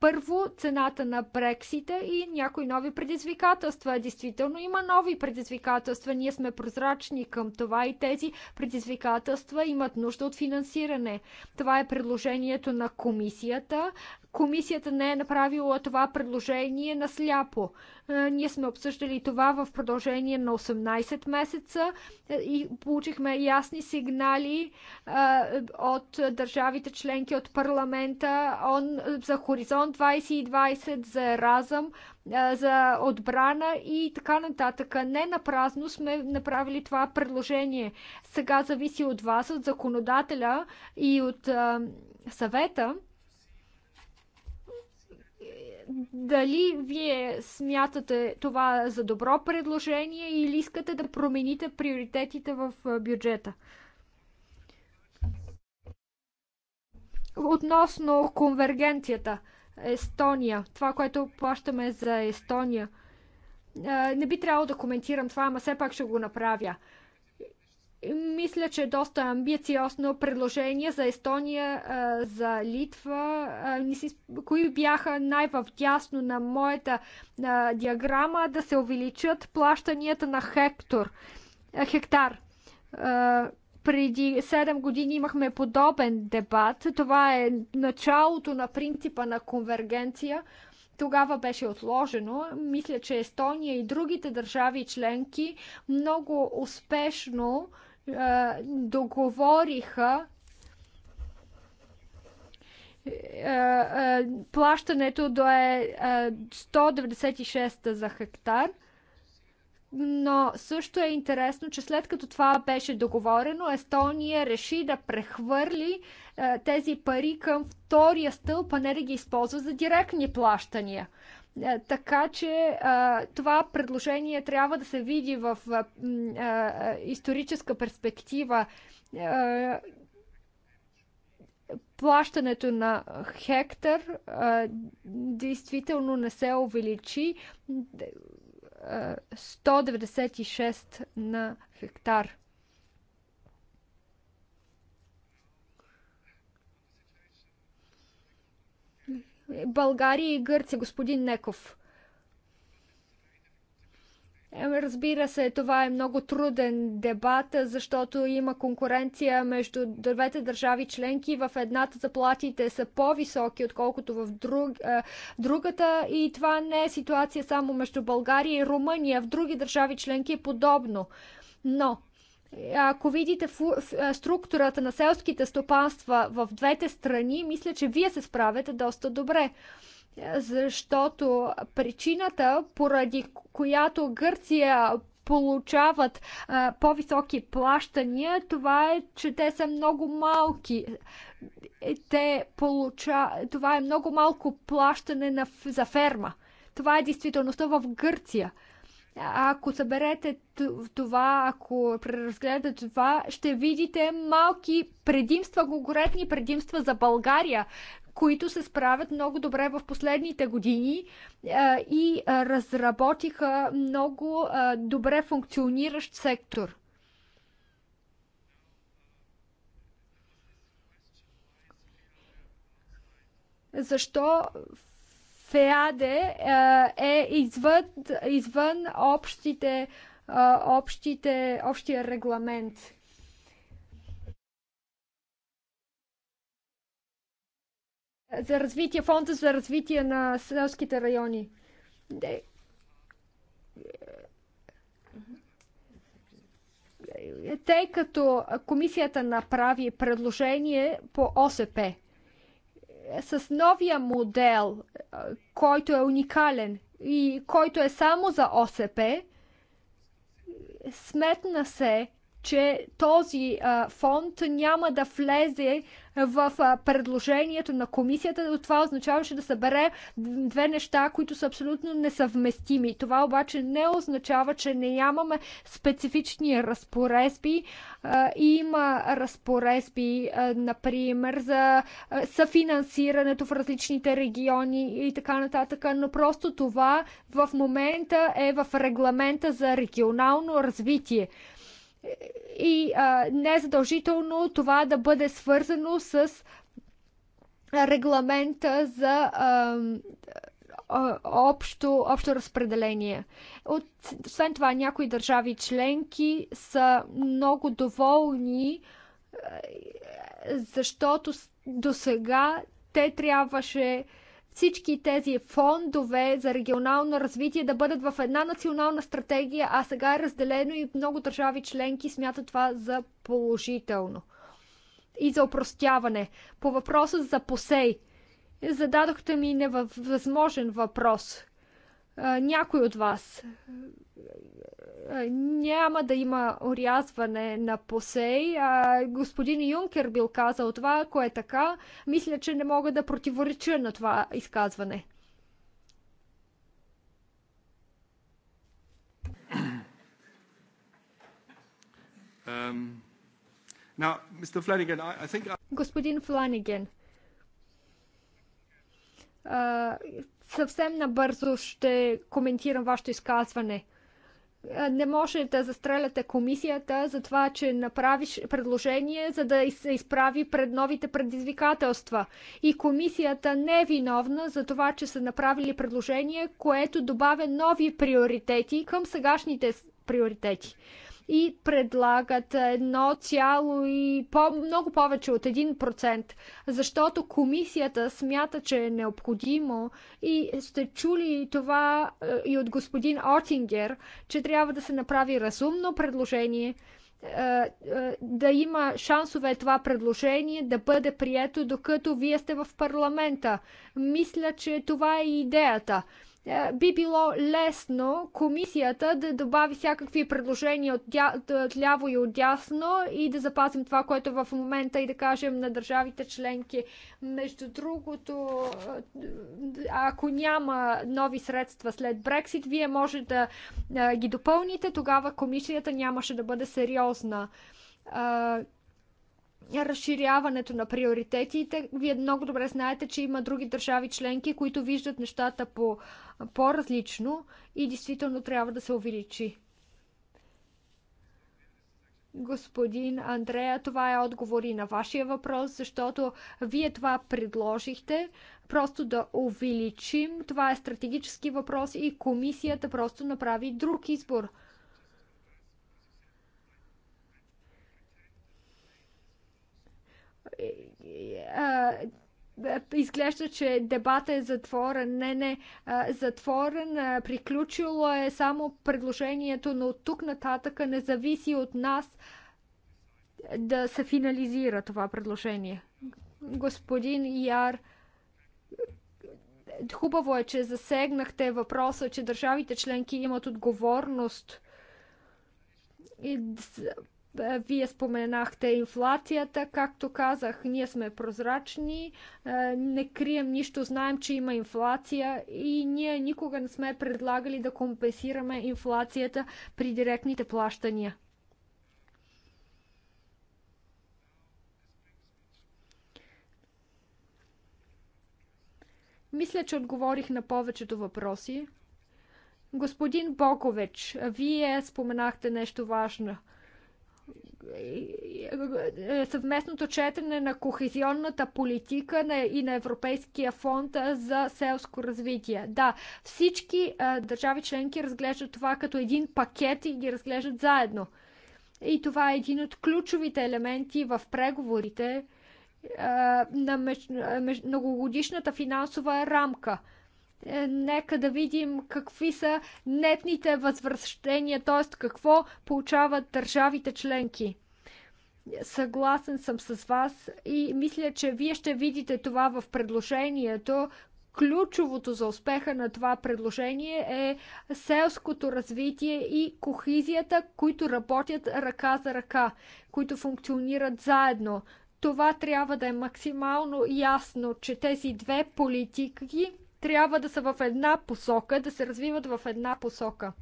първо, цената на Брексита и някои нови предизвикателства. Действително има нови предизвикателства. Ние сме прозрачни към това и тези предизвикателства имат нужда от финансиране. Това е предложението на комисията. Комисията не е направила това предложение насляпо. Е, ние сме обсъждали това в продължение на 18 месеца е, и получихме ясни сигнали е, от държавите членки, от парламента он, за Хоризонт 2020, за Еразъм, за отбрана и така нататък. Не на празно сме направили това предложение. Сега зависи от вас, от законодателя и от съвета дали вие смятате това за добро предложение или искате да промените приоритетите в бюджета? Относно конвергенцията, Естония, това, което плащаме за Естония, не би трябвало да коментирам това, ама все пак ще го направя мисля, че е доста амбициозно предложение за Естония, за Литва. Кои бяха най-вдясно на моята диаграма да се увеличат плащанията на хектор, хектар. Преди 7 години имахме подобен дебат. Това е началото на принципа на конвергенция тогава беше отложено. Мисля, че Естония и другите държави членки много успешно договориха плащането до е 196 за хектар. Но също е интересно, че след като това беше договорено, Естония реши да прехвърли тези пари към втория стълб, а не да ги използва за директни плащания. Е, така че това предложение трябва да се види в историческа перспектива. Е, плащането на хектар действително не се увеличи. 196 е, на хектар. България и Гърция, господин Неков. Е, разбира се, това е много труден дебат, защото има конкуренция между двете държави членки. В едната заплатите са по-високи, отколкото в друг, е, другата. И това не е ситуация само между България и Румъния. В други държави членки е подобно. Но е, ако видите е, структурата на селските стопанства в двете страни, мисля, че вие се справяте доста добре е, защото причината, поради която Гърция получават по-високи плащания, това е, че те са много малки. Те получа... Това е много малко плащане на... за ферма. Това е действителността в Гърция. Ако съберете това, ако преразгледате това, ще видите малки предимства, конкурентни предимства за България, които се справят много добре в последните години и разработиха много добре функциониращ сектор. Защо ФЕАДЕ е, е извън, извън общите, е, общите, общия регламент. За развитие, фонда за развитие на селските райони. Тъй като комисията направи предложение по ОСП, с новия модел, който е уникален и който е само за ОСП, сметна се, че този а, фонд няма да влезе в а, предложението на комисията. Това означаваше да събере две неща, които са абсолютно несъвместими. Това обаче не означава, че не нямаме специфични разпоредби. Има разпоредби, например, за съфинансирането в различните региони и така нататък, но просто това в момента е в регламента за регионално развитие и а, не е задължително това да бъде свързано с регламента за а, общо, общо разпределение. От, освен това, някои държави членки са много доволни, защото до сега те трябваше всички тези фондове за регионално развитие да бъдат в една национална стратегия, а сега е разделено и много държави членки смятат това за положително. И за опростяване. По въпроса за посей. Зададохте ми невъзможен въпрос някой от вас. Няма да има орязване на посей. Господин Юнкер бил казал това, ако е така, мисля, че не мога да противореча на това изказване. Um, now, Flanagan, I, I think... Господин Фланиген, uh, Съвсем набързо ще коментирам вашето изказване. Е, не може да застреляте комисията за това, че направиш предложение, за да се изправи пред новите предизвикателства. И комисията не е виновна за това, че са направили предложение, което добавя нови приоритети към сегашните приоритети и предлагат едно цяло и по- много повече от 1%, защото комисията смята, че е необходимо и сте чули това е, и от господин Отингер, че трябва да се направи разумно предложение, е, е, да има шансове това предложение да бъде прието, докато вие сте в парламента. Мисля, че това е идеята. Е, би било лесно комисията да добави всякакви предложения от, дя... от ляво и от дясно и да запазим това, което в момента и да кажем на държавите членки. Между другото, е, ако няма нови средства след Брексит, вие може да е, ги допълните, тогава комисията нямаше да бъде сериозна разширяването на приоритетите. Вие много добре знаете, че има други държави членки, които виждат нещата по, по-различно и действително трябва да се увеличи. Господин Андрея, това е отговор и на вашия въпрос, защото вие това предложихте, просто да увеличим. Това е стратегически въпрос и комисията просто направи друг избор – Е, е, е, изглежда, че дебата е затворен. Не, не, затворен. Приключило е само предложението, но от тук нататъка не зависи от нас да се финализира това предложение. Господин Яр, хубаво е, че засегнахте въпроса, че държавите членки имат отговорност и е, вие споменахте инфлацията, както казах, ние сме прозрачни, е, не крием нищо, знаем, че има инфлация и ние никога не сме предлагали да компенсираме инфлацията при директните плащания. Мисля, че отговорих на повечето въпроси. Господин Бокович, вие споменахте нещо важно – съвместното четене на кохезионната политика и на Европейския фонд за селско развитие. Да, всички държави членки разглеждат това като един пакет и ги разглеждат заедно. И това е един от ключовите елементи в преговорите на меж... многогодишната финансова рамка – е, нека да видим какви са нетните възвръщения, т.е. какво получават държавите членки. Съгласен съм с вас и мисля, че вие ще видите това в предложението. Ключовото за успеха на това предложение е селското развитие и кохизията, които работят ръка за ръка, които функционират заедно. Това трябва да е максимално ясно, че тези две политики трябва да са в една посока, да се развиват в една посока.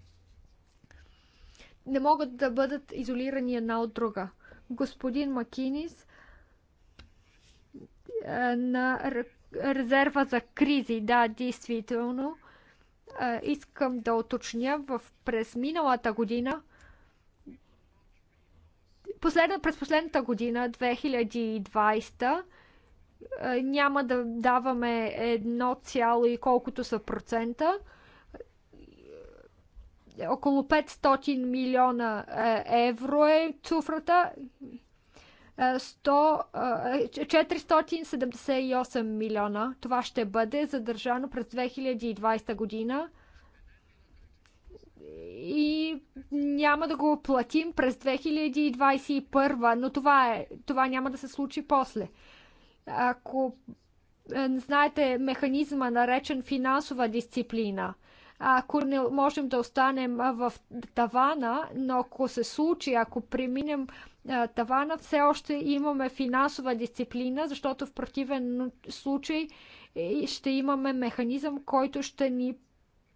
Не могат да бъдат изолирани една от друга. Господин Макинис е, на резерва за кризи, да, действително, е, искам да уточня, в през миналата година последна, през последната година, 2020, е, няма да даваме едно цяло и колкото са процента. Е, около 500 милиона е, евро е цифрата. 478 милиона. Това ще бъде задържано през 2020 година. И няма да го платим през 2021, но това, е, това няма да се случи после. Ако е, знаете механизма, наречен финансова дисциплина, ако не можем да останем в тавана, но ако се случи, ако преминем тавана, все още имаме финансова дисциплина, защото в противен случай е, ще имаме механизъм, който ще ни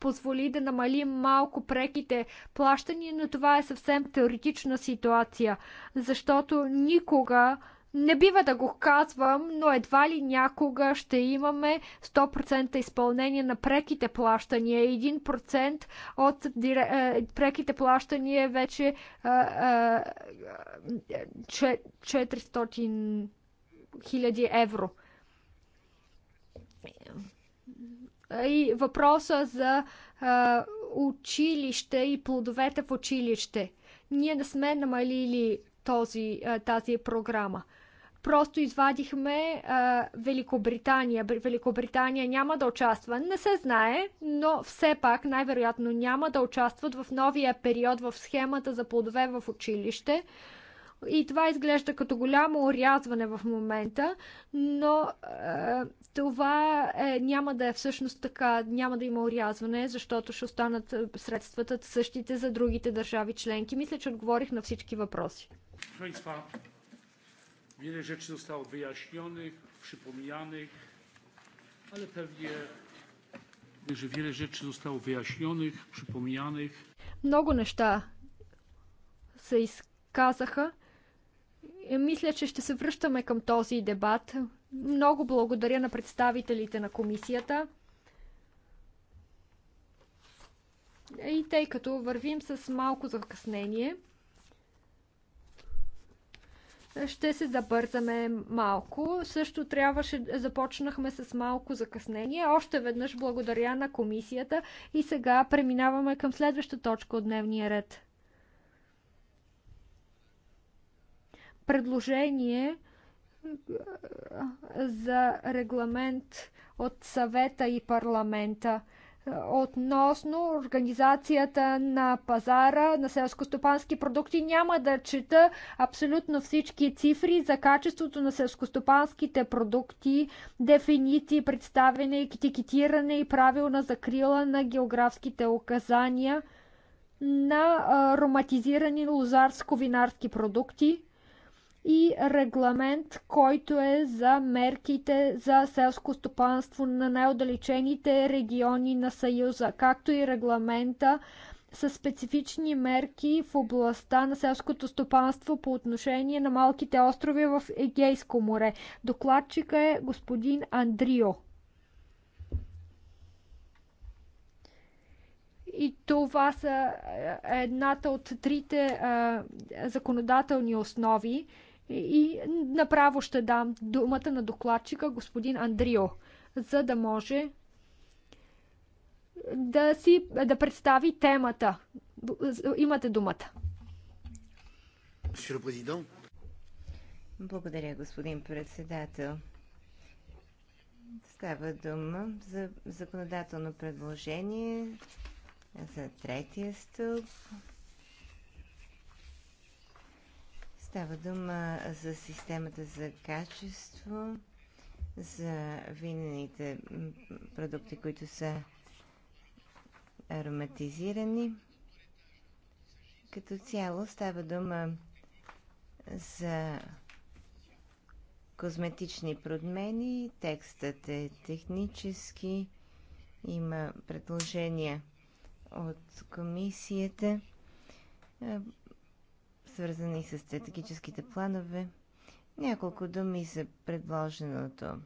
позволи да намалим малко преките плащания, но това е съвсем теоретична ситуация, защото никога не бива да го казвам, но едва ли някога ще имаме 100% изпълнение на преките плащания. 1% от е, преките плащания е вече 400 хиляди евро. И въпроса за е, училище и плодовете в училище. Ние не сме намалили този, е, тази програма просто извадихме а, Великобритания. Великобритания няма да участва. Не се знае, но все пак най-вероятно няма да участват в новия период в схемата за плодове в училище. И това изглежда като голямо орязване в момента, но е, това е, няма да е всъщност така, няма да има орязване, защото ще останат средствата същите за другите държави членки. Мисля, че отговорих на всички въпроси. Wiele rzeczy zostało wyjaśnionych, przypomnianych, ale pewnie że wiele rzeczy zostało wyjaśnionych, przypomnianych. Много неща се изказаха. Мисля, че ще се връщаме към този дебат. Много благодаря на представителите на комисията. И тъй като вървим с малко закъснение, ще се забързаме малко. Също трябваше, започнахме с малко закъснение. Още веднъж благодаря на комисията и сега преминаваме към следваща точка от дневния ред. Предложение за регламент от съвета и парламента относно организацията на пазара на селскостопански продукти. Няма да чета абсолютно всички цифри за качеството на селскостопанските продукти, дефиниции, представяне, етикетиране и правилна закрила на географските указания на ароматизирани лозарско-винарски продукти и регламент, който е за мерките за селско стопанство на най-отдалечените региони на Съюза, както и регламента с специфични мерки в областта на селското стопанство по отношение на малките острови в Егейско море. Докладчика е господин Андрио. И това са е, едната от трите е, законодателни основи, и направо ще дам думата на докладчика господин Андрио, за да може да, си, да представи темата. Имате думата. Благодаря, господин председател. Става дума за законодателно предложение за третия стълб Става дума за системата за качество, за винените продукти, които са ароматизирани. Като цяло става дума за козметични промени. Текстът е технически. Има предложения от комисията свързани с стратегическите планове. Няколко думи за предложеното.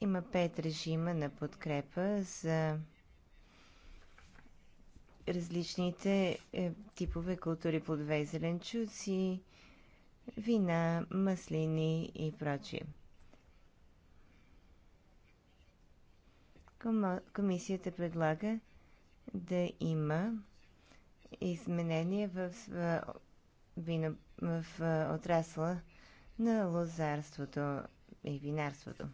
Има пет режима на подкрепа за различните е, типове култури, плодове и зеленчуци, вина, маслини и прочие. Комисията предлага да има изменения в, в, в отрасла на лозарството и винарството.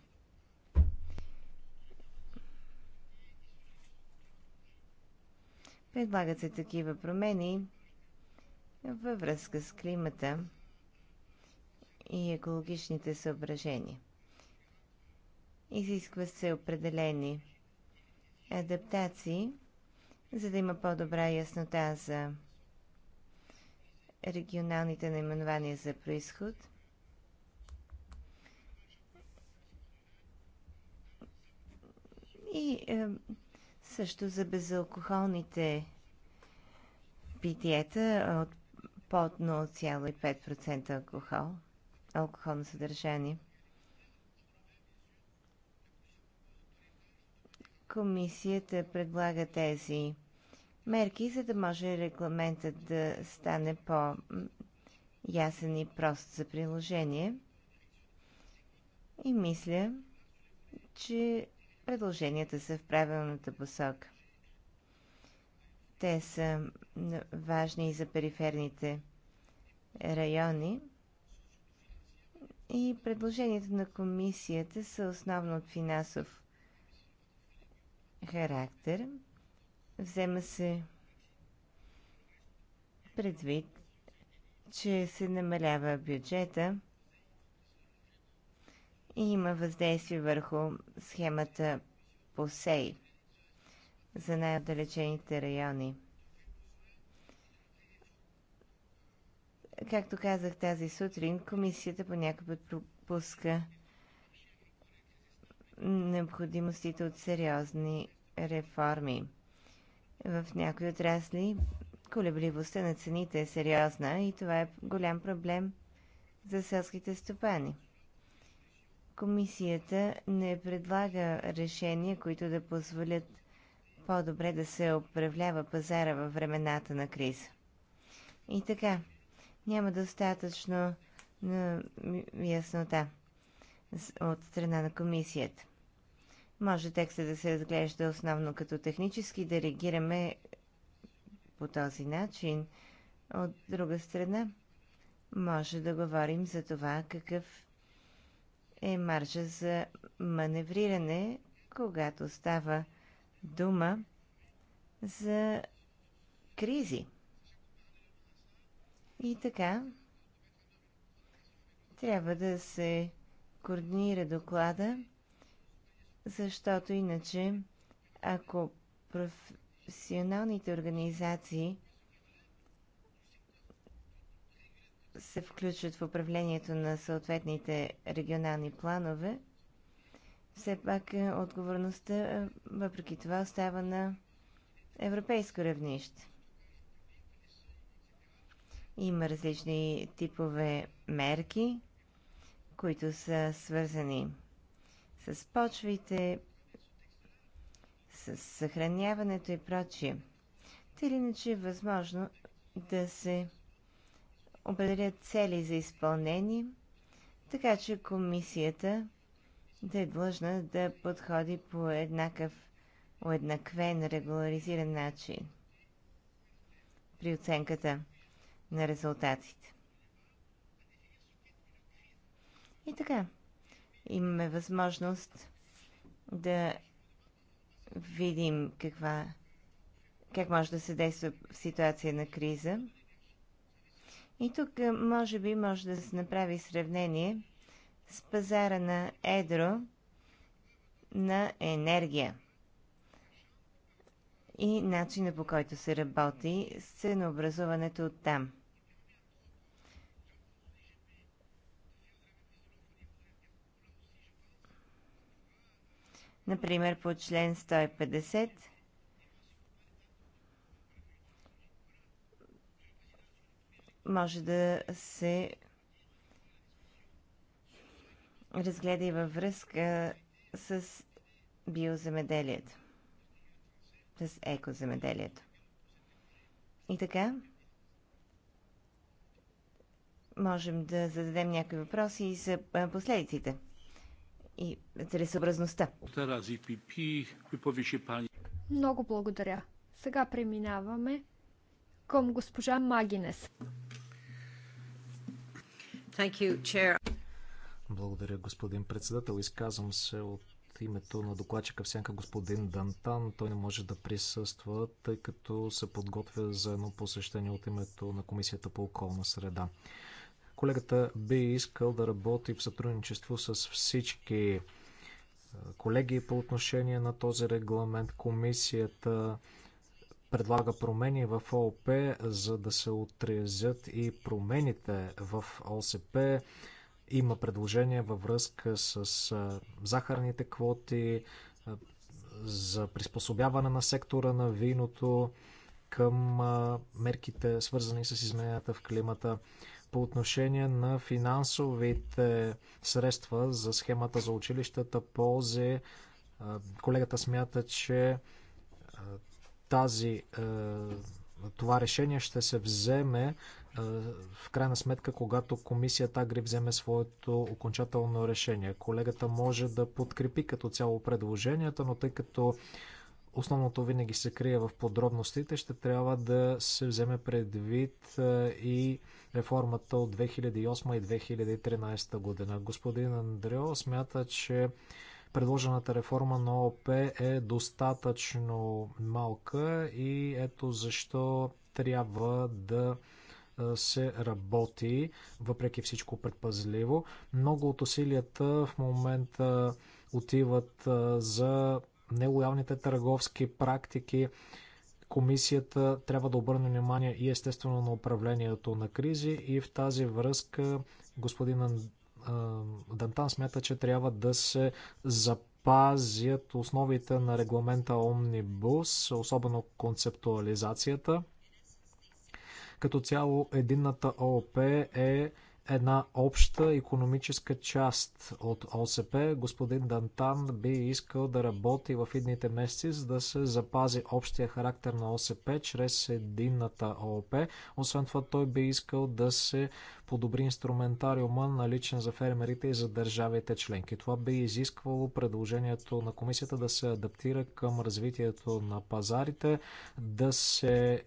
Предлагат се такива промени във връзка с климата и екологичните съображения. Изисква се определени адаптации – за да има по-добра яснота за регионалните наименования за происход. И е, също за безалкохолните питиета от под 0,5% алкохол, алкохолно съдържание – комисията предлага тези мерки, за да може регламентът да стане по-ясен и прост за приложение. И мисля, че предложенията са в правилната посока. Те са важни и за периферните райони. И предложенията на комисията са основно от финансов характер. Взема се предвид, че се намалява бюджета и има въздействие върху схемата ПОСЕЙ за най-отдалечените райони. Както казах тази сутрин, комисията понякога пропуска необходимостите от сериозни реформи. В някои отрасли колебливостта на цените е сериозна и това е голям проблем за селските стопани. Комисията не предлага решения, които да позволят по-добре да се управлява пазара във времената на криза. И така, няма достатъчно яснота от страна на комисията. Може текста да се разглежда основно като технически, да реагираме по този начин. От друга страна, може да говорим за това какъв е маржа за маневриране, когато става дума за кризи. И така, трябва да се координира доклада защото иначе, ако професионалните организации се включат в управлението на съответните регионални планове, все пак е, отговорността, е, въпреки това, остава на европейско равнище. Има различни типове мерки, които са свързани с почвите, с съхраняването и прочие. Те или иначе е възможно да се определят цели за изпълнение, така че комисията да е длъжна да подходи по еднакъв, уеднаквен, регуларизиран начин при оценката на резултатите. И така, имаме възможност да видим каква, как може да се действа в ситуация на криза. И тук може би може да се направи сравнение с пазара на едро на енергия и начина по който се работи с ценообразуването от там. Например, по член 150 може да се разгледа и във връзка с биоземеделието, с екоземеделието. И така, можем да зададем някои въпроси и за последиците и целесъобразността. Много благодаря. Сега преминаваме към госпожа Магинес. You, благодаря, господин председател. Изказвам се от името на докладчика всяка господин Дантан. Той не може да присъства, тъй като се подготвя за едно посещение от името на Комисията по околна среда. Колегата би искал да работи в сътрудничество с всички колеги по отношение на този регламент. Комисията предлага промени в ООП, за да се отрезят и промените в ОСП. Има предложения във връзка с захарните квоти, за приспособяване на сектора на виното към мерките, свързани с измененията в климата по отношение на финансовите средства за схемата за училищата ползи. Колегата смята, че тази, това решение ще се вземе в крайна сметка, когато комисията Агри вземе своето окончателно решение. Колегата може да подкрепи като цяло предложенията, но тъй като Основното винаги се крие в подробностите. Ще трябва да се вземе предвид и реформата от 2008 и 2013 година. Господин Андрео смята, че предложената реформа на ОП е достатъчно малка и ето защо трябва да се работи, въпреки всичко предпазливо. Много от усилията в момента отиват за нелоялните търговски практики. Комисията трябва да обърне внимание и естествено на управлението на кризи и в тази връзка господин Дантан смята, че трябва да се запазят основите на регламента ОМНИБУС, особено концептуализацията. Като цяло единната ООП е една обща економическа част от ОСП. Господин Дантан би искал да работи в идните месеци, за да се запази общия характер на ОСП чрез единната ООП. Освен това, той би искал да се подобри инструментариума наличен за фермерите и за държавите членки. Това би изисквало предложението на комисията да се адаптира към развитието на пазарите, да се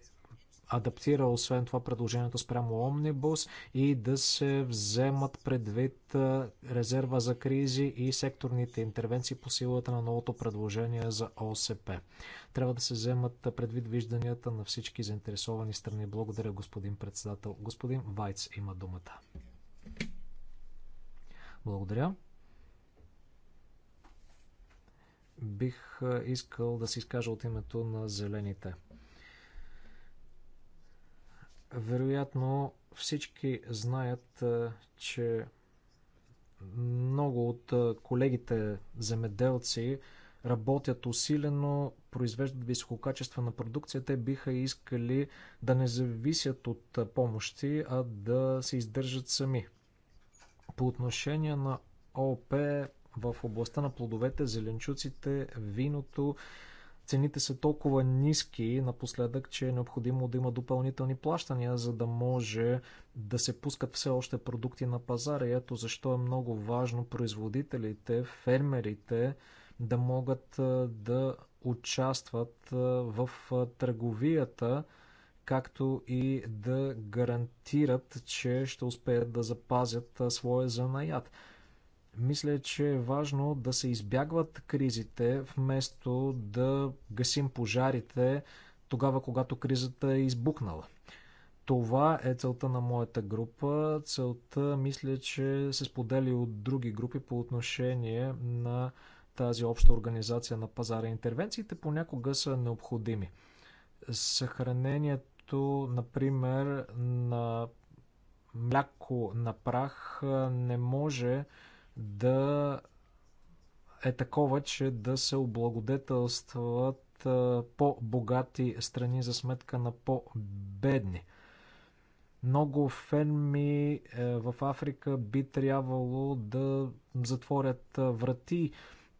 адаптира освен това предложението спрямо Омнибус и да се вземат предвид резерва за кризи и секторните интервенции по силата на новото предложение за ОСП. Трябва да се вземат предвид вижданията на всички заинтересовани страни. Благодаря, господин председател. Господин Вайц има думата. Благодаря. Бих искал да се изкажа от името на зелените. Вероятно всички знаят, че много от колегите земеделци работят усилено, произвеждат висококачествена продукция. Те биха искали да не зависят от помощи, а да се издържат сами. По отношение на ООП в областта на плодовете, зеленчуците, виното, цените са толкова ниски напоследък, че е необходимо да има допълнителни плащания, за да може да се пускат все още продукти на пазара. И ето защо е много важно производителите, фермерите да могат да участват в търговията, както и да гарантират, че ще успеят да запазят своя занаят. Мисля, че е важно да се избягват кризите, вместо да гасим пожарите тогава, когато кризата е избухнала. Това е целта на моята група. Целта, мисля, че се сподели от други групи по отношение на тази обща организация на пазара. Интервенциите понякога са необходими. Съхранението, например, на мляко на прах не може да е такова, че да се облагодетелстват по-богати страни за сметка на по-бедни. Много ферми е, в Африка би трябвало да затворят врати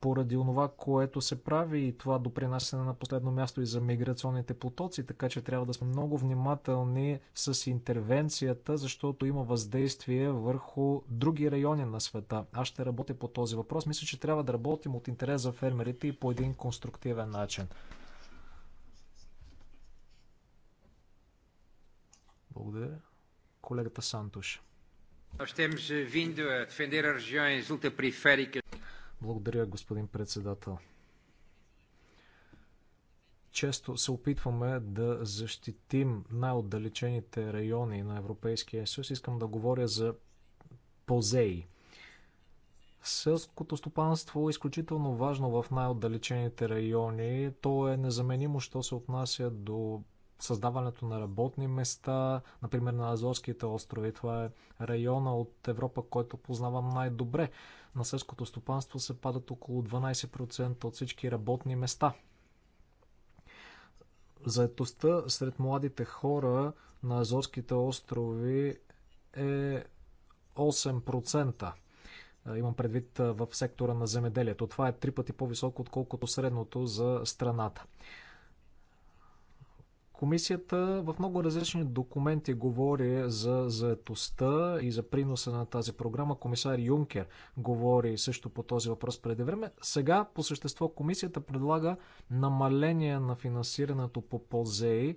поради онова, което се прави и това допринася на последно място и за миграционните потоци, така че трябва да сме много внимателни с интервенцията, защото има въздействие върху други райони на света. Аз ще работя по този въпрос. Мисля, че трябва да работим от интерес за фермерите и по един конструктивен начин. Благодаря. Колегата Сантуш. Nós temos vindo a defender as regiões ultraperiféricas. Благодаря, господин председател. Често се опитваме да защитим най-отдалечените райони на Европейския съюз. Искам да говоря за позеи. Селското стопанство е изключително важно в най-отдалечените райони. То е незаменимо, що се отнася до създаването на работни места, например на Азорските острови. Това е района от Европа, който познавам най-добре. На селското стопанство се падат около 12% от всички работни места. Заетостта сред младите хора на Азорските острови е 8%. Имам предвид в сектора на земеделието. Това е три пъти по-високо, отколкото средното за страната. Комисията в много различни документи говори за заетостта и за приноса на тази програма. Комисар Юнкер говори също по този въпрос преди време. Сега по същество комисията предлага намаление на финансирането по ползеи.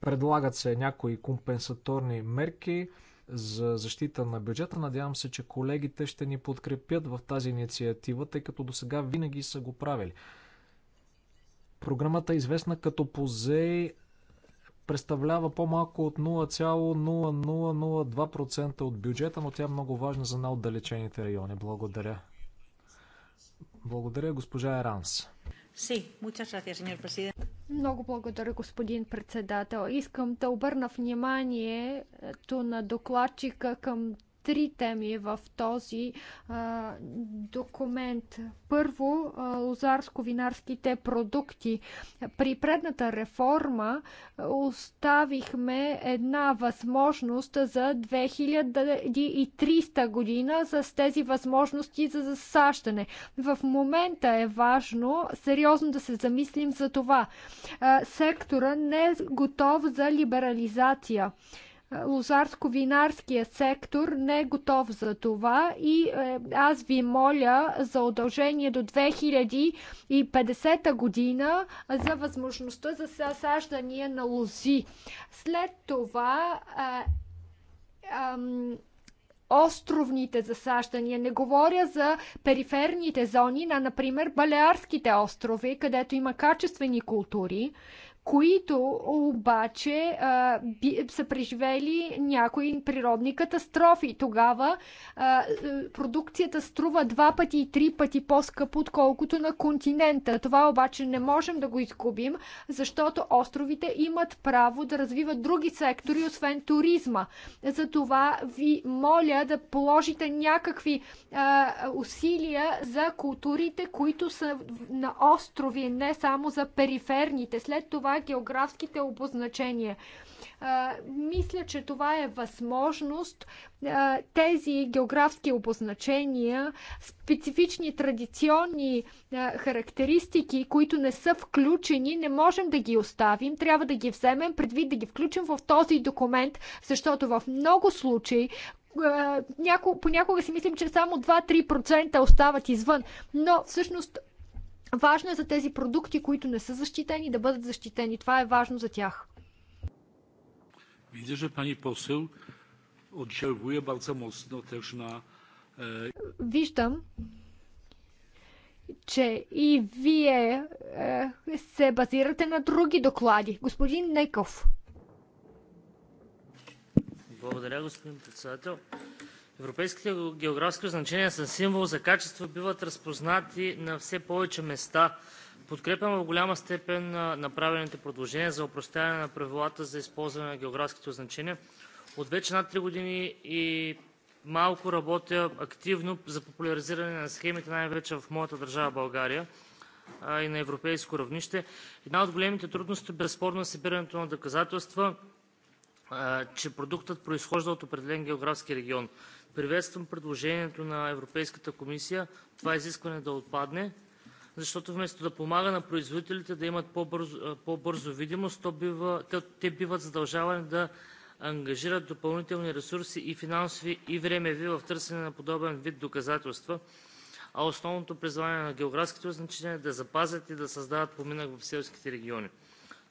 Предлагат се някои компенсаторни мерки за защита на бюджета. Надявам се, че колегите ще ни подкрепят в тази инициатива, тъй като до сега винаги са го правили. Програмата, е известна като Позей, представлява по-малко от 0,0002% от бюджета, но тя е много важна за най-отдалечените райони. Благодаря. Благодаря, госпожа Еранс. Много благодаря, господин председател. Искам да обърна вниманието на докладчика към три теми в този а, документ. Първо, лозарско-винарските продукти. При предната реформа оставихме една възможност за 2300 година с тези възможности за засащане. В момента е важно сериозно да се замислим за това. А, сектора не е готов за либерализация лозарско-винарския сектор не е готов за това и е, аз ви моля за удължение до 2050 година за възможността за засаждания на лози. След това е, е, островните засаждания. Не говоря за периферните зони на, например, Балеарските острови, където има качествени култури които обаче а, би, са преживели някои природни катастрофи. Тогава а, е, продукцията струва два пъти и три пъти по-скъпо, отколкото на континента. Това обаче не можем да го изгубим, защото островите имат право да развиват други сектори, освен туризма. Затова ви моля да положите някакви а, усилия за културите, които са на острови, не само за периферните. След това географските обозначения. Мисля, че това е възможност тези географски обозначения, специфични традиционни характеристики, които не са включени, не можем да ги оставим. Трябва да ги вземем предвид, да ги включим в този документ, защото в много случаи, няко, понякога си мислим, че само 2-3% остават извън, но всъщност Важно е за тези продукти, които не са защитени, да бъдат защитени. Това е важно за тях. Видя, че пани poseł oddziałuje bardzo мощно теж на... Е, Виждам, че и вие е, се базирате на други доклади. Господин Неков. Благодаря, господин председател. Европейските географски означения са символ за качество биват разпознати на все повече места. Подкрепям в голяма степен направените предложения за опростяване на правилата за използване на географските означения. От вече над 3 години и малко работя активно за популяризиране на схемите, най-вече в моята държава България а и на европейско равнище. Една от големите трудности безспорно е събирането на доказателства, че продуктът произхожда от определен географски регион. Приветствам предложението на Европейската комисия това изискване да отпадне, защото вместо да помага на производителите да имат по-бързо видимост, те биват задължавани да ангажират допълнителни ресурси – и финансови, и времеви, в търсене на подобен вид доказателства, а основното призвание на географските означения е да запазят и да създават поминък в селските региони.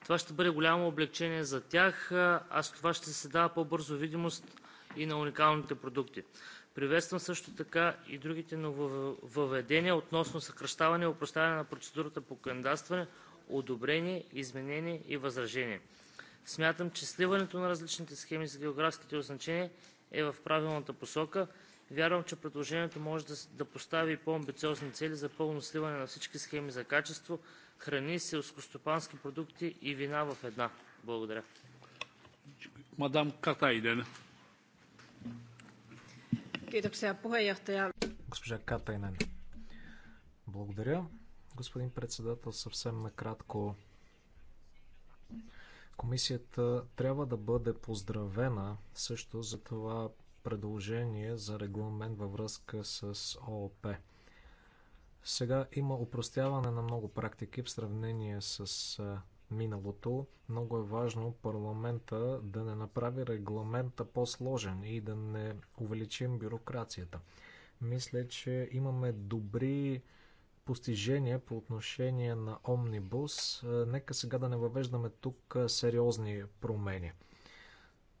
Това ще бъде голямо облегчение за тях, а с това ще се дава по-бързо видимост и на уникалните продукти. Приветствам също така и другите нововъведения относно съкръщаване и опростяване на процедурата по кандидатстване, одобрение, изменение и възражение. Смятам, че сливането на различните схеми с географските означения е в правилната посока. Вярвам, че предложението може да постави по-амбициозни цели за пълно сливане на всички схеми за качество, храни, селскостопански продукти и вина в една. Благодаря. Мадам Катайнен. Kiitoksia puheenjohtaja. Госпожа Катайнен. Благодаря. Господин председател, съвсем накратко. Комисията трябва да бъде поздравена също за това предложение за регламент във връзка с ООП. Сега има упростяване на много практики в сравнение с миналото, много е важно парламента да не направи регламента по-сложен и да не увеличим бюрокрацията. Мисля, че имаме добри постижения по отношение на Омнибус. Е, нека сега да не въвеждаме тук е, сериозни промени.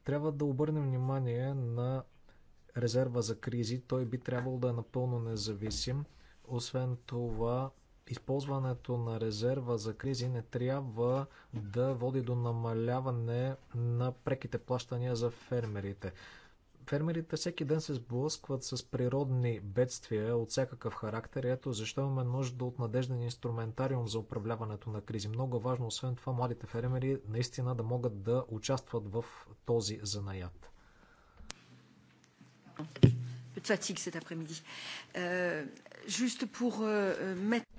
Трябва да обърнем внимание на резерва за кризи. Той би трябвало да е напълно независим. Освен това, използването на резерва за кризи не трябва да води до намаляване на преките плащания за фермерите. Фермерите всеки ден се сблъскват с природни бедствия от всякакъв характер. Ето защо имаме нужда от надежден инструментариум за управляването на кризи. Много важно, освен това, младите фермери наистина да могат да участват в този занаят. Peu de fatigue cet après-midi. Euh, juste pour euh, mettre.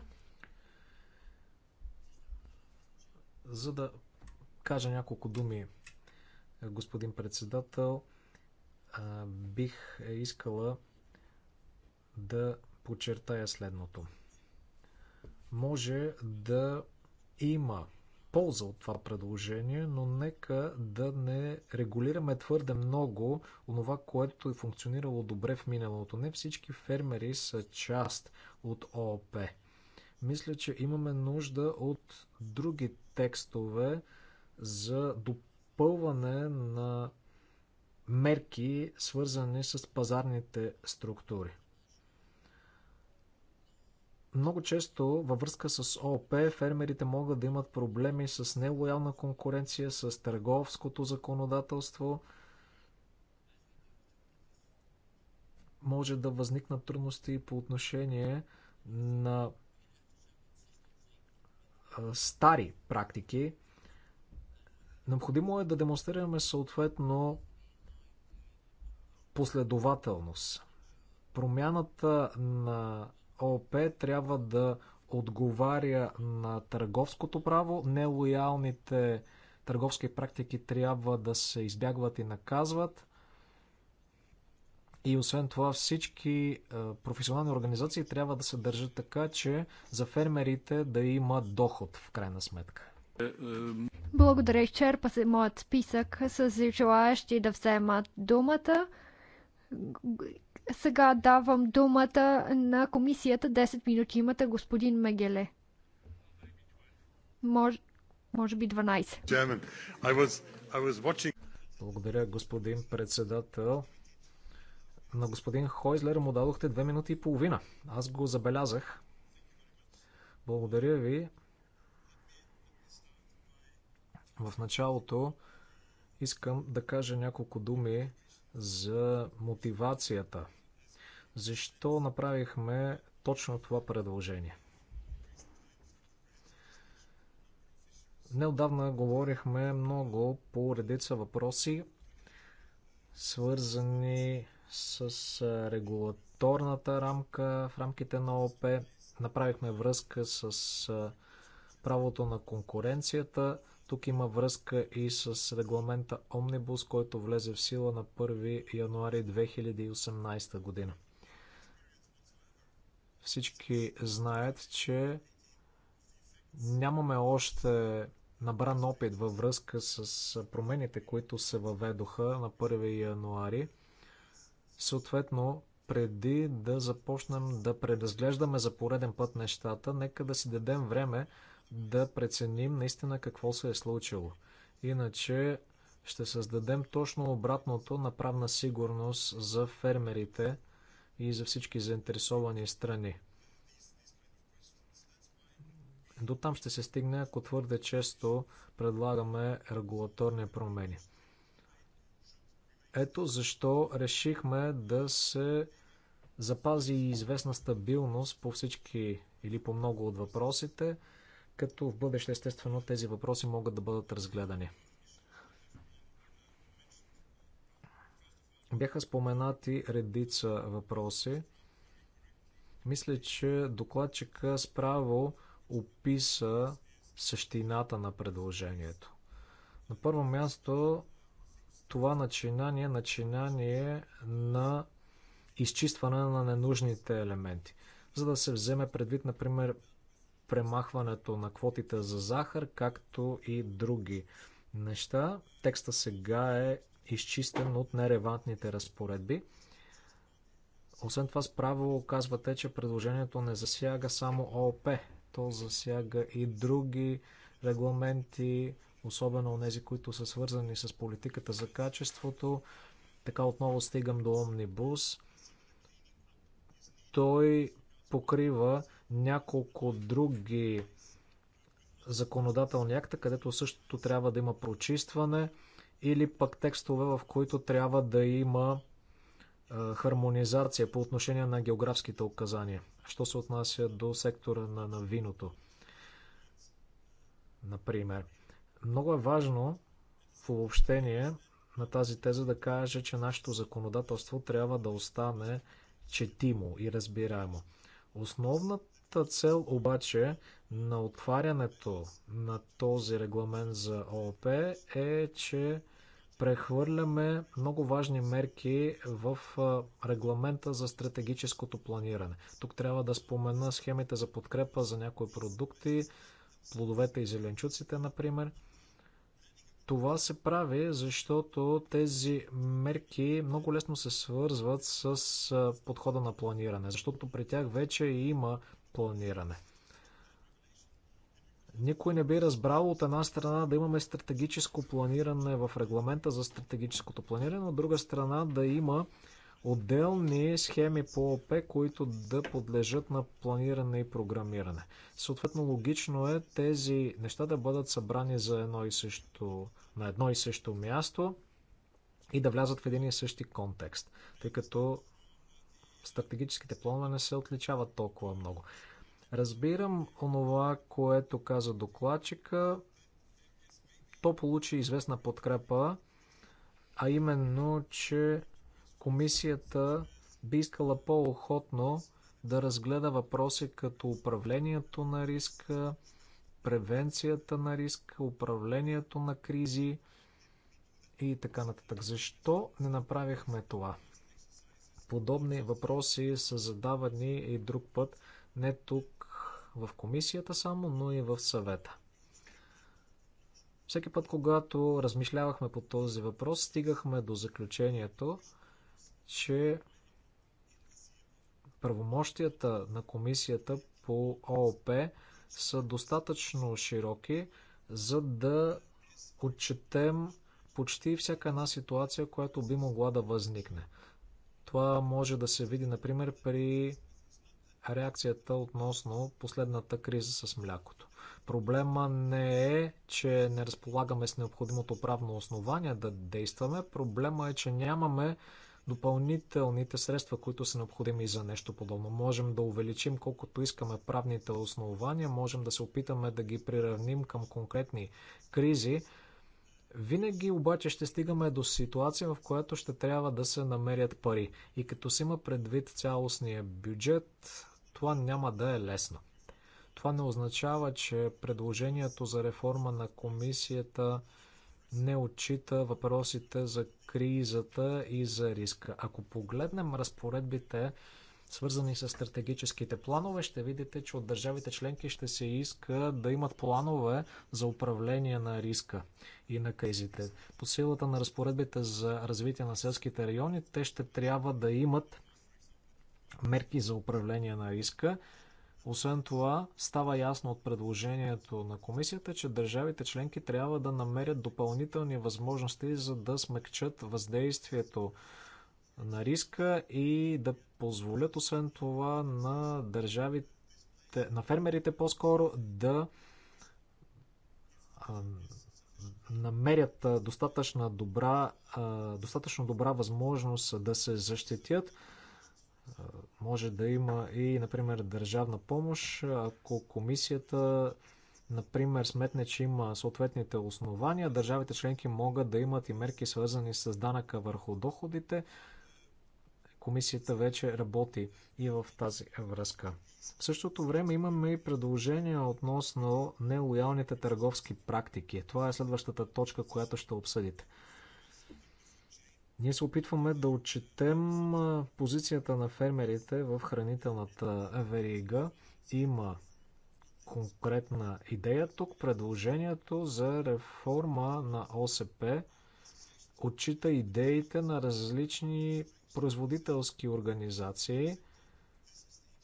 за да кажа няколко думи, е, господин председател, бих е, искала да подчертая следното. Може да има полза от това предложение, но нека да не регулираме твърде много онова, което е функционирало добре в миналото. Не всички фермери са част от ООП. Мисля, че имаме нужда от други текстове за допълване на мерки, свързани с пазарните структури. Много често във връзка с ООП фермерите могат да имат проблеми с нелоялна конкуренция, с търговското законодателство. Може да възникнат трудности по отношение на стари практики, необходимо е да демонстрираме съответно последователност. Промяната на ОП трябва да отговаря на търговското право, нелоялните търговски практики трябва да се избягват и наказват. И освен това всички професионални организации трябва да се държат така, че за фермерите да има доход в крайна сметка. Благодаря, изчерпа се моят списък с желаящи да вземат думата. Сега давам думата на комисията. 10 минути имате, господин Мегеле. Мож, може би 12. Благодаря, господин председател на господин Хойзлер му дадохте две минути и половина. Аз го забелязах. Благодаря ви. В началото искам да кажа няколко думи за мотивацията. Защо направихме точно това предложение? Неодавна говорихме много по редица въпроси, свързани с регулаторната рамка в рамките на ОП. Направихме връзка с правото на конкуренцията. Тук има връзка и с регламента Омнибус, който влезе в сила на 1 януари 2018 година. Всички знаят, че нямаме още набран опит във връзка с промените, които се въведоха на 1 януари. Съответно, преди да започнем да преразглеждаме за пореден път нещата, нека да си дадем време да преценим наистина какво се е случило. Иначе ще създадем точно обратното на правна сигурност за фермерите и за всички заинтересовани страни. До там ще се стигне, ако твърде често предлагаме регулаторни промени. Ето защо решихме да се запази известна стабилност по всички или по много от въпросите, като в бъдеще естествено тези въпроси могат да бъдат разгледани. Бяха споменати редица въпроси. Мисля, че докладчика справо описа същината на предложението. На първо място това начинание, начинание на изчистване на ненужните елементи, за да се вземе предвид, например, премахването на квотите за захар, както и други неща. Текста сега е изчистен от нерелевантните разпоредби. Освен това, справо казвате, че предложението не засяга само ООП, то засяга и други регламенти, особено тези, които са свързани с политиката за качеството. Така отново стигам до Омнибус. Той покрива няколко други законодателни акта, където също трябва да има прочистване или пък текстове, в които трябва да има хармонизация по отношение на географските указания, що се отнася до сектора на, на виното, например. Много е важно в обобщение на тази теза да кажа, че нашето законодателство трябва да остане четимо и разбираемо. Основната цел обаче на отварянето на този регламент за ООП е, че прехвърляме много важни мерки в регламента за стратегическото планиране. Тук трябва да спомена схемите за подкрепа за някои продукти, плодовете и зеленчуците, например – това се прави, защото тези мерки много лесно се свързват с подхода на планиране, защото при тях вече има планиране. Никой не би разбрал от една страна да имаме стратегическо планиране в регламента за стратегическото планиране, от друга страна да има отделни схеми по ОП, които да подлежат на планиране и програмиране. Съответно, логично е тези неща да бъдат събрани за едно и също, на едно и също място и да влязат в един и същи контекст, тъй като стратегическите планове не се отличават толкова много. Разбирам онова, което каза докладчика. То получи известна подкрепа, а именно, че Комисията би искала по-охотно да разгледа въпроси като управлението на риска, превенцията на риска, управлението на кризи и така нататък. Защо не направихме това? Подобни въпроси са задавани и друг път, не тук в комисията само, но и в съвета. Всеки път, когато размишлявахме по този въпрос, стигахме до заключението, че правомощията на комисията по ООП са достатъчно широки, за да отчетем почти всяка една ситуация, която би могла да възникне. Това може да се види, например, при реакцията относно последната криза с млякото. Проблема не е, че не разполагаме с необходимото правно основание да действаме. Проблема е, че нямаме допълнителните средства, които са необходими за нещо подобно. Можем да увеличим колкото искаме правните основания, можем да се опитаме да ги приравним към конкретни кризи. Винаги обаче ще стигаме до ситуация, в която ще трябва да се намерят пари. И като се има предвид цялостния бюджет, това няма да е лесно. Това не означава, че предложението за реформа на комисията не отчита въпросите за кризата и за риска. Ако погледнем разпоредбите, свързани с стратегическите планове, ще видите, че от държавите членки ще се иска да имат планове за управление на риска и на кризите. По силата на разпоредбите за развитие на селските райони, те ще трябва да имат мерки за управление на риска. Освен това, става ясно от предложението на комисията, че държавите членки трябва да намерят допълнителни възможности, за да смекчат въздействието на риска и да позволят, освен това, на държавите, на фермерите по-скоро да намерят достатъчно добра, достатъчно добра възможност да се защитят може да има и, например, държавна помощ, ако комисията, например, сметне, че има съответните основания, държавите членки могат да имат и мерки свързани с данъка върху доходите. Комисията вече работи и в тази връзка. В същото време имаме и предложения относно нелоялните търговски практики. Това е следващата точка, която ще обсъдите. Ние се опитваме да отчетем позицията на фермерите в хранителната верига. Има конкретна идея тук. Предложението за реформа на ОСП отчита идеите на различни производителски организации,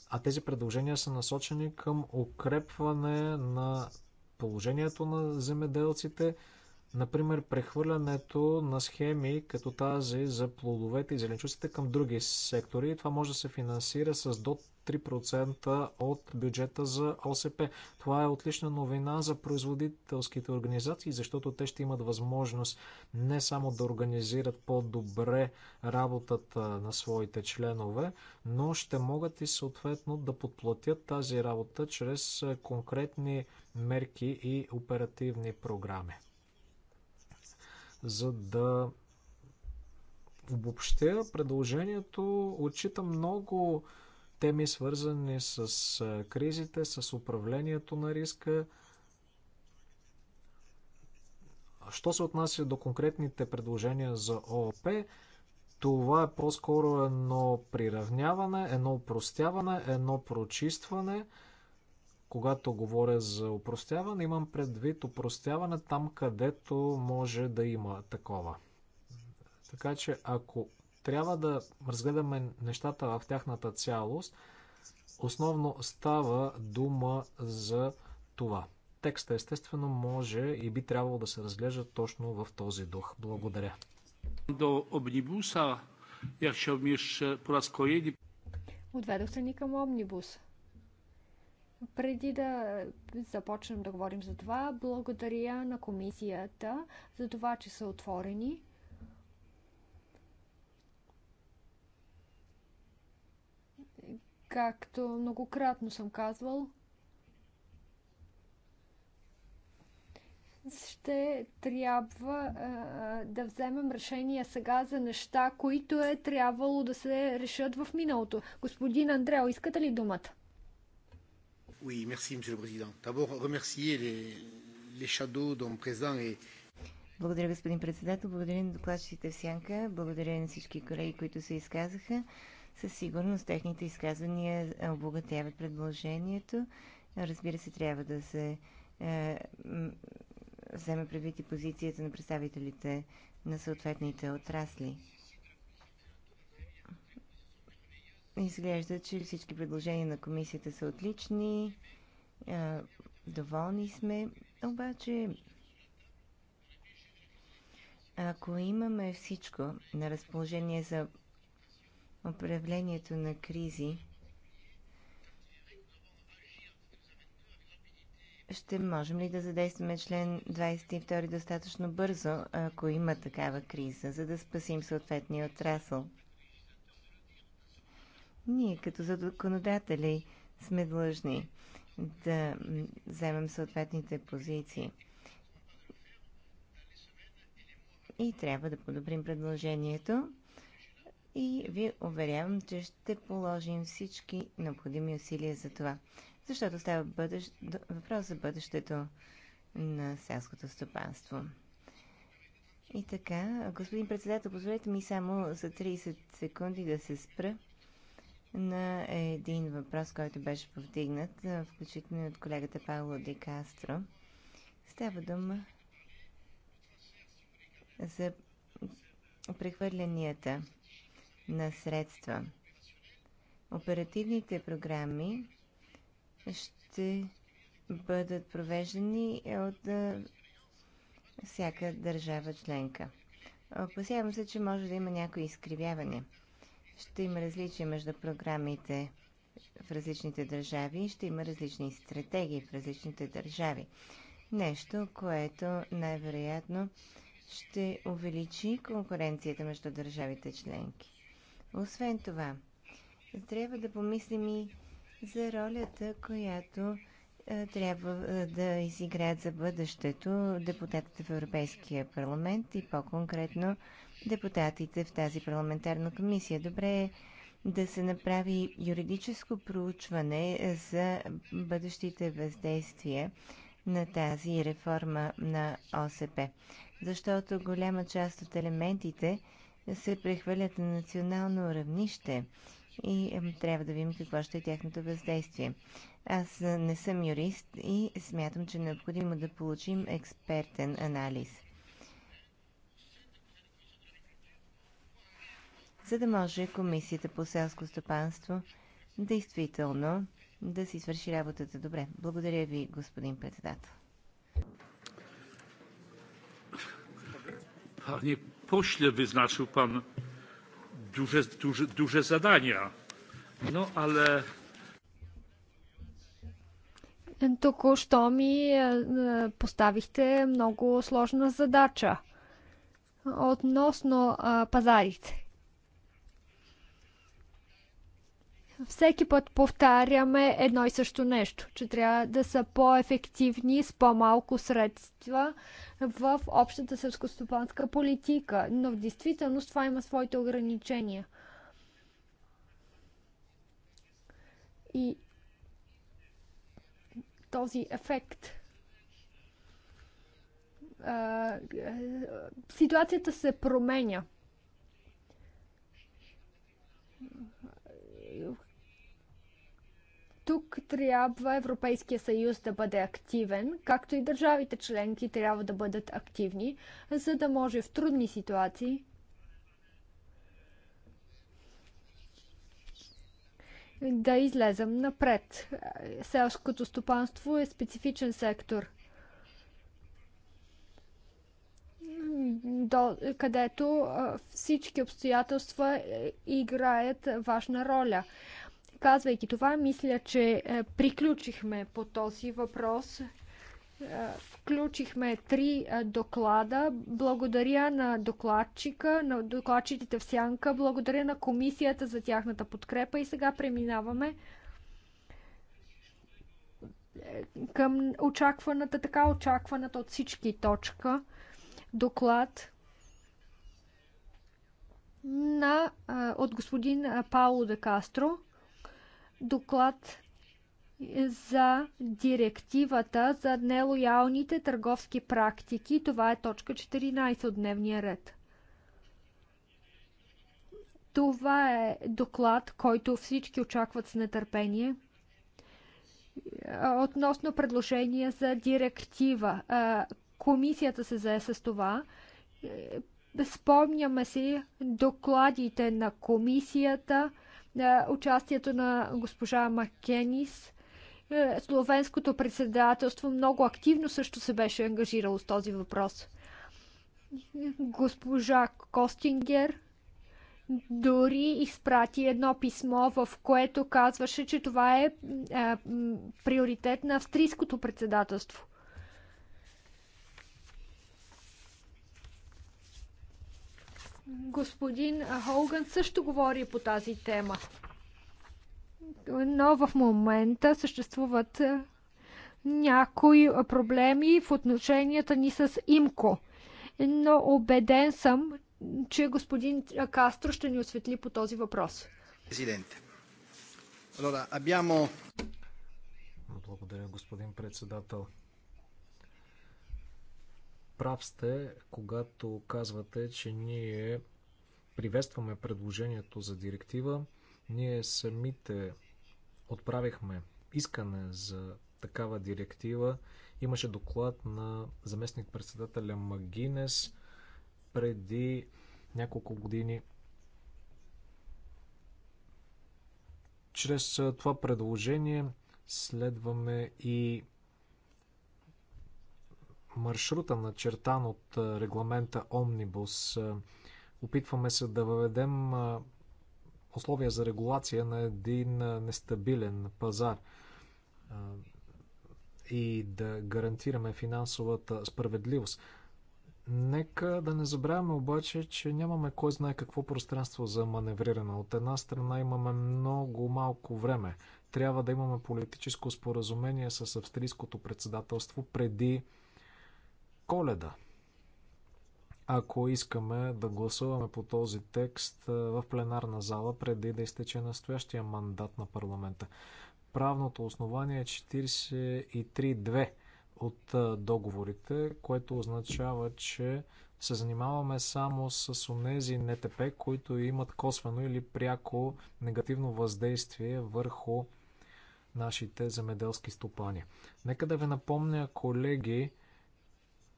а тези предложения са насочени към укрепване на положението на земеделците, Например, прехвърлянето на схеми като тази за плодовете и зеленчуците към други сектори. Това може да се финансира с до 3% от бюджета за ОСП. Това е отлична новина за производителските организации, защото те ще имат възможност не само да организират по-добре работата на своите членове, но ще могат и съответно да подплатят тази работа чрез конкретни мерки и оперативни програми. За да обобщя предложението, отчита много теми, свързани с кризите, с управлението на риска. Що се отнася до конкретните предложения за ООП, това е по-скоро едно приравняване, едно упростяване, едно прочистване – когато говоря за упростяване, имам предвид упростяване там, където може да има такова. Така че ако трябва да разгледаме нещата в тяхната цялост, основно става дума за това. Текста естествено може и би трябвало да се разглежда точно в този дух. Благодаря. До обнибуса, я ще е, по раз Отведохте ни към омнибус. Преди да започнем да говорим за това, благодаря на комисията за това, че са отворени. Както многократно съм казвал, ще трябва а, да вземем решение сега за неща, които е трябвало да се решат в миналото. Господин Андрео, искате ли думата? Oui, merci, Monsieur le Président. D'abord, remercier les, les shadows, dont présent et благодаря, господин председател. Благодаря на докладчиците в Сянка. Благодаря на всички колеги, които се изказаха. Със сигурност техните изказвания е, обогатяват предложението. Разбира се, трябва да се е, вземе предвид и позицията на представителите на съответните отрасли. Изглежда, че всички предложения на комисията са отлични. Доволни сме. Обаче, ако имаме всичко на разположение за управлението на кризи, ще можем ли да задействаме член 22 достатъчно бързо, ако има такава криза, за да спасим съответния отрасъл? ние като законодатели сме длъжни да вземем съответните позиции. И трябва да подобрим предложението. И ви уверявам, че ще положим всички необходими усилия за това. Защото става бъдещ... въпрос за бъдещето на селското стопанство. И така, господин председател, позволете ми само за 30 секунди да се спра на един въпрос, който беше повдигнат, включително и от колегата Павло Ди Кастро. Става дума за прехвърлянията на средства. Оперативните програми ще бъдат провеждани от всяка държава членка. Опасявам се, че може да има някои изкривяване – ще има различия между програмите в различните държави и ще има различни стратегии в различните държави. Нещо, което най-вероятно ще увеличи конкуренцията между държавите членки. Освен това, трябва да помислим и за ролята, която е, трябва е, да изиграят за бъдещето депутатите в Европейския парламент и по-конкретно депутатите в тази парламентарна комисия. Добре е да се направи юридическо проучване за бъдещите въздействия на тази реформа на ОСП. Защото голяма част от елементите се прехвърлят на национално равнище и трябва да видим какво ще е тяхното въздействие. Аз не съм юрист и смятам, че е необходимо да получим експертен анализ. за да може Комисията по селско стопанство действително да си свърши работата добре. Благодаря ви, господин председател. Panie pośle, wyznaczył pan duże, duże, duże zadania. No ale. Току-що ми е, е, поставихте много сложна задача относно пазарите. Всеки път повтаряме едно и също нещо, че трябва да са по-ефективни с по-малко средства в общата сърскостопанска политика. Но в действителност това има своите ограничения. И този ефект. Ситуацията се променя тук трябва Европейския съюз да бъде активен, както и държавите членки трябва да бъдат активни, за да може в трудни ситуации да излезем напред. Селското стопанство е специфичен сектор – до, където всички обстоятелства е, играят важна роля. Казвайки това, мисля, че е, приключихме по този въпрос. Е, включихме три доклада. Благодаря на докладчика, на докладчиците в Сянка, благодаря на комисията за тяхната подкрепа и сега преминаваме към очакваната, така очакваната от всички точка доклад на, от господин Пауло де Кастро. Доклад е, за директивата за нелоялните търговски практики. Това е точка 14 от дневния ред. Това е доклад, който всички очакват с нетърпение. Е, относно предложение за директива, Комисията се зае с това. Е, спомняме си докладите на комисията, е, участието на госпожа Макенис. Е, Словенското председателство много активно също се беше ангажирало с този въпрос. Госпожа Костингер дори изпрати едно писмо, в което казваше, че това е, е, приоритет на австрийското председателство. Господин Холган също говори по тази тема. Но в момента съществуват е, някои проблеми в отношенията ни с Имко. Но убеден съм, че господин Кастро ще ни осветли по този въпрос. Президенте. Благодаря, господин председател. Прав сте, когато казвате, че ние приветстваме предложението за директива. Ние самите отправихме искане за такава директива. Имаше доклад на заместник председателя Магинес преди няколко години. Чрез това предложение следваме и маршрута, начертан от регламента Омнибус. Опитваме се да въведем условия за регулация на един нестабилен пазар и да гарантираме финансовата справедливост. Нека да не забравяме обаче, че нямаме кой знае какво пространство за маневриране. От една страна имаме много малко време. Трябва да имаме политическо споразумение с австрийското председателство преди коледа, ако искаме да гласуваме по този текст в пленарна зала преди да изтече настоящия мандат на парламента. Правното основание е 43.2 от договорите, което означава, че се занимаваме само с онези НТП, които имат косвено или пряко негативно въздействие върху нашите земеделски стопани. Нека да ви напомня, колеги,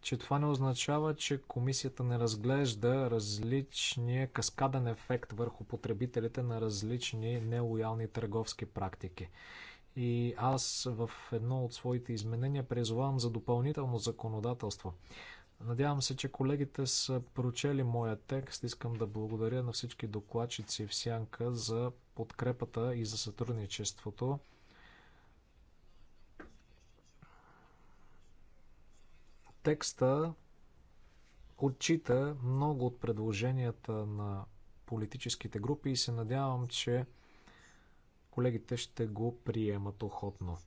че това не означава, че комисията не разглежда различния каскаден ефект върху потребителите на различни нелоялни търговски практики. И аз в едно от своите изменения призовавам за допълнително законодателство. Надявам се, че колегите са прочели моя текст. Искам да благодаря на всички докладчици в Сянка за подкрепата и за сътрудничеството. Текста отчита много от предложенията на политическите групи и се надявам, че колегите ще го приемат охотно.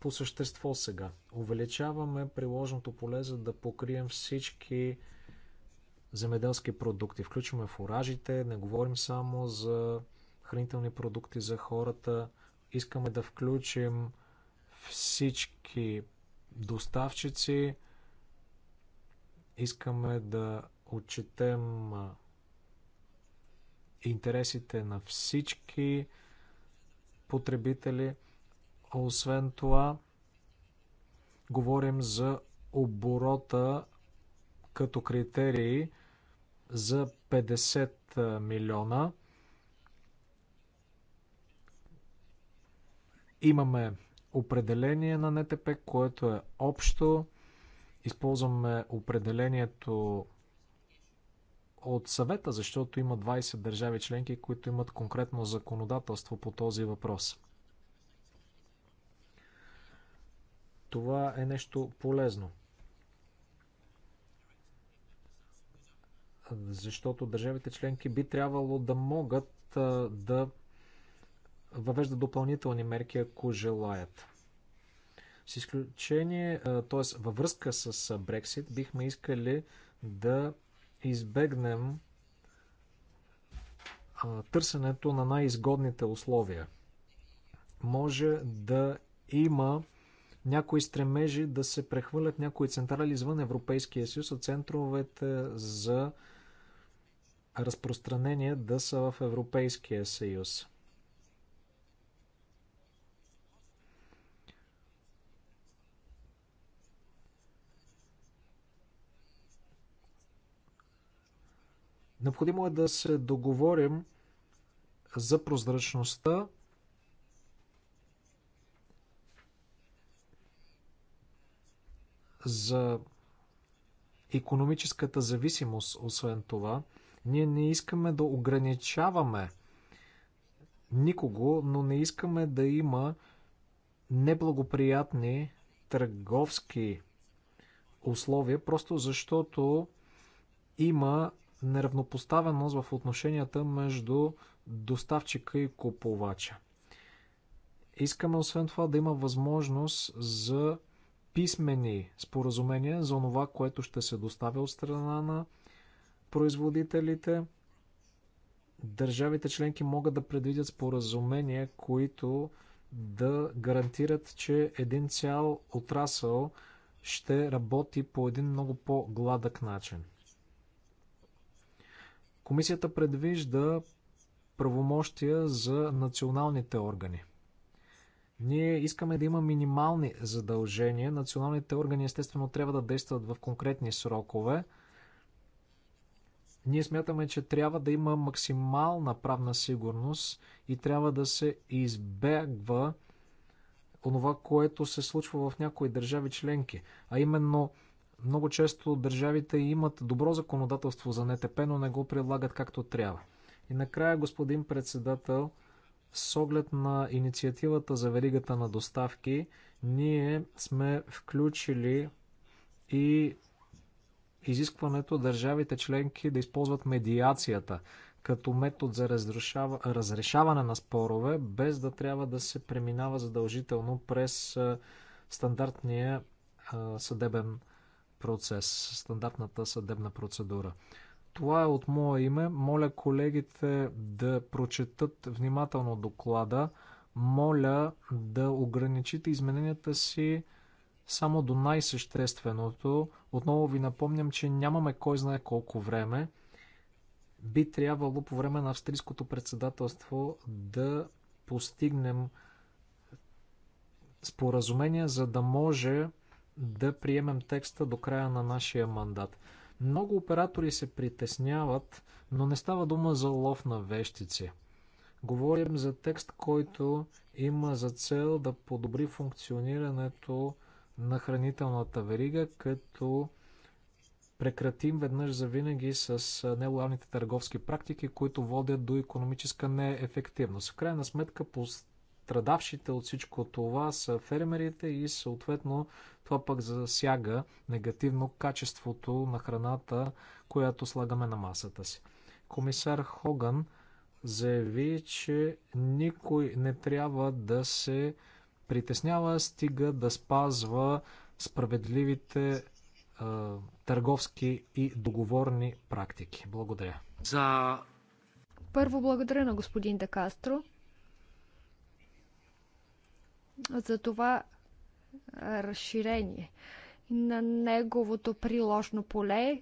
По същество сега. Увеличаваме приложното поле, за да покрием всички земеделски продукти. Включваме фуражите, не говорим само за хранителни продукти за хората. Искаме да включим всички доставчици, Искаме да отчетем интересите на всички потребители. Освен това, говорим за оборота като критерии за 50 милиона. Имаме определение на НТП, което е общо използваме определението от съвета, защото има 20 държави членки, които имат конкретно законодателство по този въпрос. Това е нещо полезно. Защото държавите членки би трябвало да могат да въвеждат допълнителни мерки, ако желаят. С изключение, т.е. във връзка с Брексит, бихме искали да избегнем търсенето на най-изгодните условия. Може да има някои стремежи да се прехвърлят някои централи извън Европейския съюз, а центровете за разпространение да са в Европейския съюз. Необходимо е да се договорим за прозрачността за економическата зависимост, освен това, ние не искаме да ограничаваме никого, но не искаме да има неблагоприятни търговски условия, просто защото има неравнопоставеност в отношенията между доставчика и купувача. Искаме освен това да има възможност за писмени споразумения за това, което ще се доставя от страна на производителите. Държавите членки могат да предвидят споразумения, които да гарантират, че един цял отрасъл ще работи по един много по-гладък начин. Комисията предвижда правомощия за националните органи. Ние искаме да има минимални задължения. Националните органи естествено трябва да действат в конкретни срокове. Ние смятаме, че трябва да има максимална правна сигурност и трябва да се избегва онова, което се случва в някои държави членки, а именно много често държавите имат добро законодателство за НТП, но не го прилагат както трябва. И накрая, господин председател, с оглед на инициативата за веригата на доставки, ние сме включили и изискването държавите членки да използват медиацията като метод за разрешава, разрешаване на спорове, без да трябва да се преминава задължително през стандартния съдебен процес, стандартната съдебна процедура. Това е от мое име. Моля колегите да прочетат внимателно доклада. Моля да ограничите измененията си само до най-същественото. Отново ви напомням, че нямаме кой знае колко време. Би трябвало по време на австрийското председателство да постигнем споразумение, за да може да приемем текста до края на нашия мандат. Много оператори се притесняват, но не става дума за лов на вещици. Говорим за текст, който има за цел да подобри функционирането на хранителната верига, като прекратим веднъж за винаги с нелоялните търговски практики, които водят до економическа неефективност. В крайна сметка Страдавшите от всичко това са фермерите и съответно това пък засяга негативно качеството на храната, която слагаме на масата си. Комисар Хоган заяви, че никой не трябва да се притеснява, стига да спазва справедливите а, търговски и договорни практики. Благодаря. За... Първо благодаря на господин Декастро за това разширение на неговото приложно поле.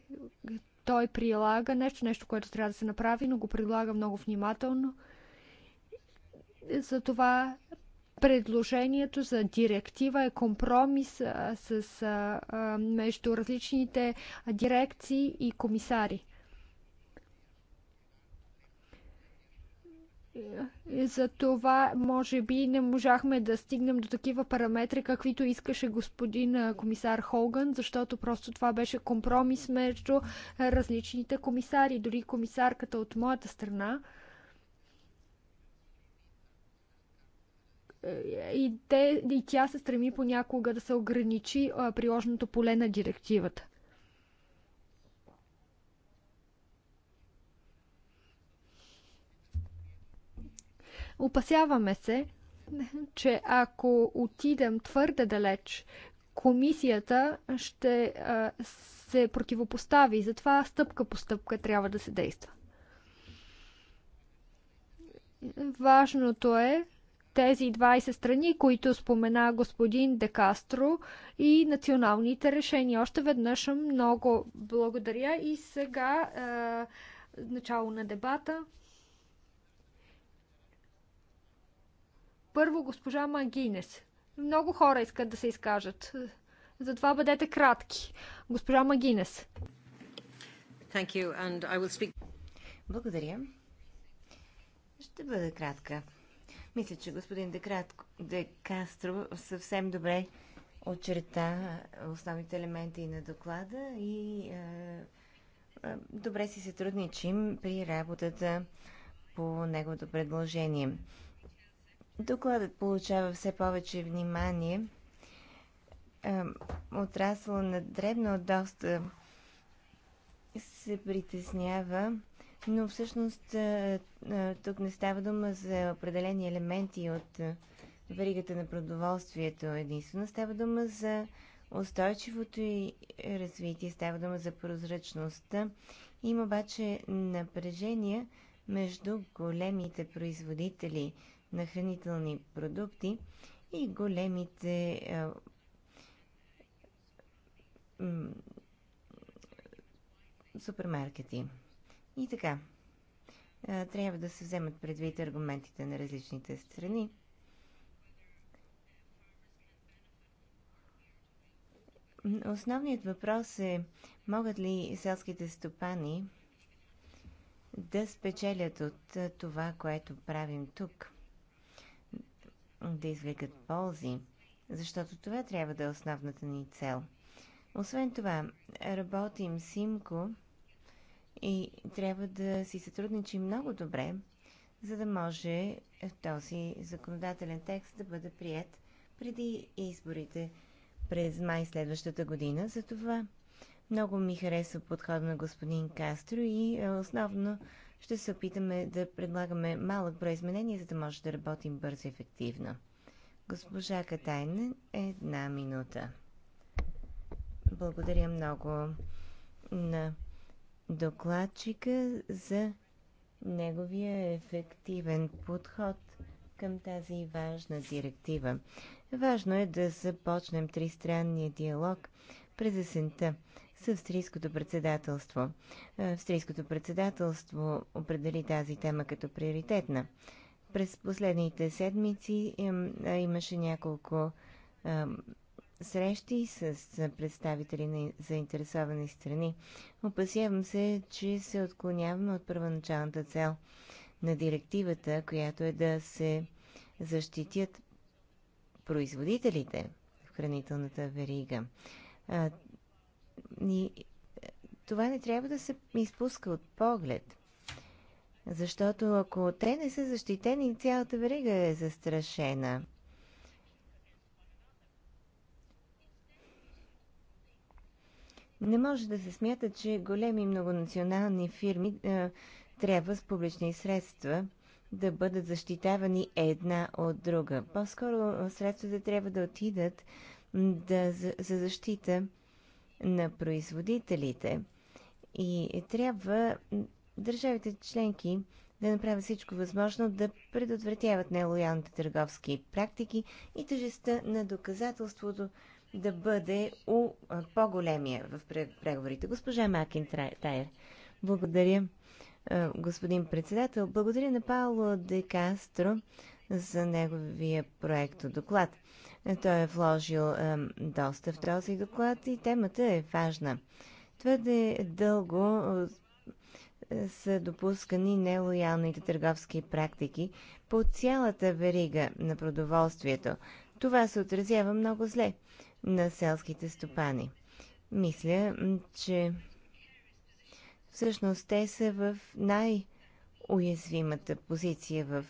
Той прилага нещо, нещо, което трябва да се направи, но го предлага много внимателно. Затова предложението за директива е компромис а, с, а, между различните дирекции и комисари. И за това, може би, не можахме да стигнем до такива параметри, каквито искаше господин комисар Холган, защото просто това беше компромис между различните комисари, дори комисарката от моята страна. И, те, и тя се стреми понякога да се ограничи приложното поле на директивата. Опасяваме се, че ако отидем твърде далеч, комисията ще се противопостави. Затова стъпка по стъпка трябва да се действа. Важното е тези 20 страни, които спомена господин Де Кастро и националните решения. Още веднъж много благодаря и сега е, начало на дебата. Първо госпожа Магинес. Много хора искат да се изкажат. Затова бъдете кратки. Госпожа Магинес. Speak... Благодаря. Ще бъда кратка. Мисля, че господин Декратко, Де Кастро съвсем добре очерта основните елементи на доклада и е, е, добре си се трудничим при работата по неговото предложение. Докладът получава все повече внимание. Е, отрасло на дребно доста се притеснява, но всъщност е, е, тук не става дума за определени елементи от веригата на продоволствието. Единствено става дума за устойчивото и развитие, става дума за прозрачността. Има обаче напрежение между големите производители – на хранителни продукти и големите а, супермаркети. И така, а, трябва да се вземат предвид аргументите на различните страни. Основният въпрос е, могат ли селските стопани да спечелят от това, което правим тук – да извлекат ползи, защото това трябва да е основната ни цел. Освен това, работим симко и трябва да си сътрудничим много добре, за да може този законодателен текст да бъде прият преди изборите през май следващата година. Затова много ми харесва подхода на господин Кастро и е, основно ще се опитаме да предлагаме малък брой изменения, за да може да работим бързо и ефективно. Госпожа Катайн, една минута. Благодаря много на докладчика за неговия ефективен подход към тази важна директива. Важно е да започнем тристранния диалог през есента с австрийското председателство. Е, австрийското председателство определи тази тема като приоритетна. През последните седмици имаше няколко срещи с представители на заинтересовани страни. Опасявам се, че се отклоняваме от първоначалната цел на директивата, която е да се защитят производителите в хранителната верига и това не трябва да се изпуска от поглед. Защото ако те не са защитени, цялата верига е застрашена. Не може да се смята, че големи многонационални фирми е, трябва с публични средства да бъдат защитавани една от друга. По-скоро средствата трябва да отидат да, за, за защита на производителите. И трябва държавите членки да направят всичко възможно да предотвратяват нелоялните търговски практики и тъжеста на доказателството да бъде у по-големия в преговорите. Госпожа Макин Тайер, благодаря, господин председател. Благодаря на Пауло де Кастро за неговия проект доклад. Той е вложил е, доста в този доклад и темата е важна. Твърде дълго е, са допускани нелоялните търговски практики по цялата верига на продоволствието. Това се отразява много зле на селските стопани. Мисля, че всъщност те са в най- уязвимата позиция в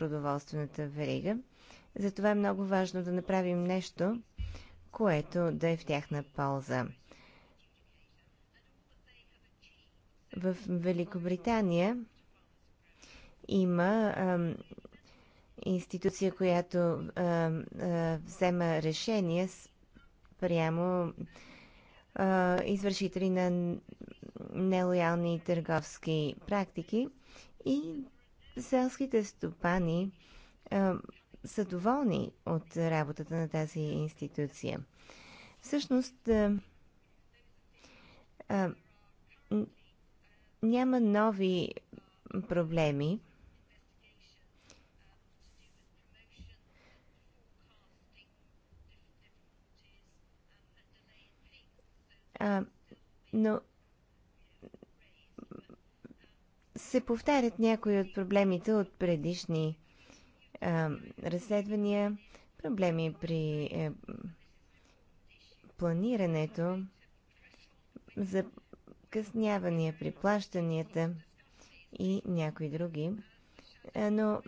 продоволствената верига. Затова е много важно да направим нещо, което да е в тяхна полза. В Великобритания има а, институция, която а, а, взема решение прямо а, извършители на нелоялни търговски практики и селските стопани а, са доволни от работата на тази институция. Всъщност, а, а, няма нови проблеми. А, но се повтарят някои от проблемите от предишни а, разследвания, проблеми при а, е, планирането, закъснявания при плащанията и някои други. Но,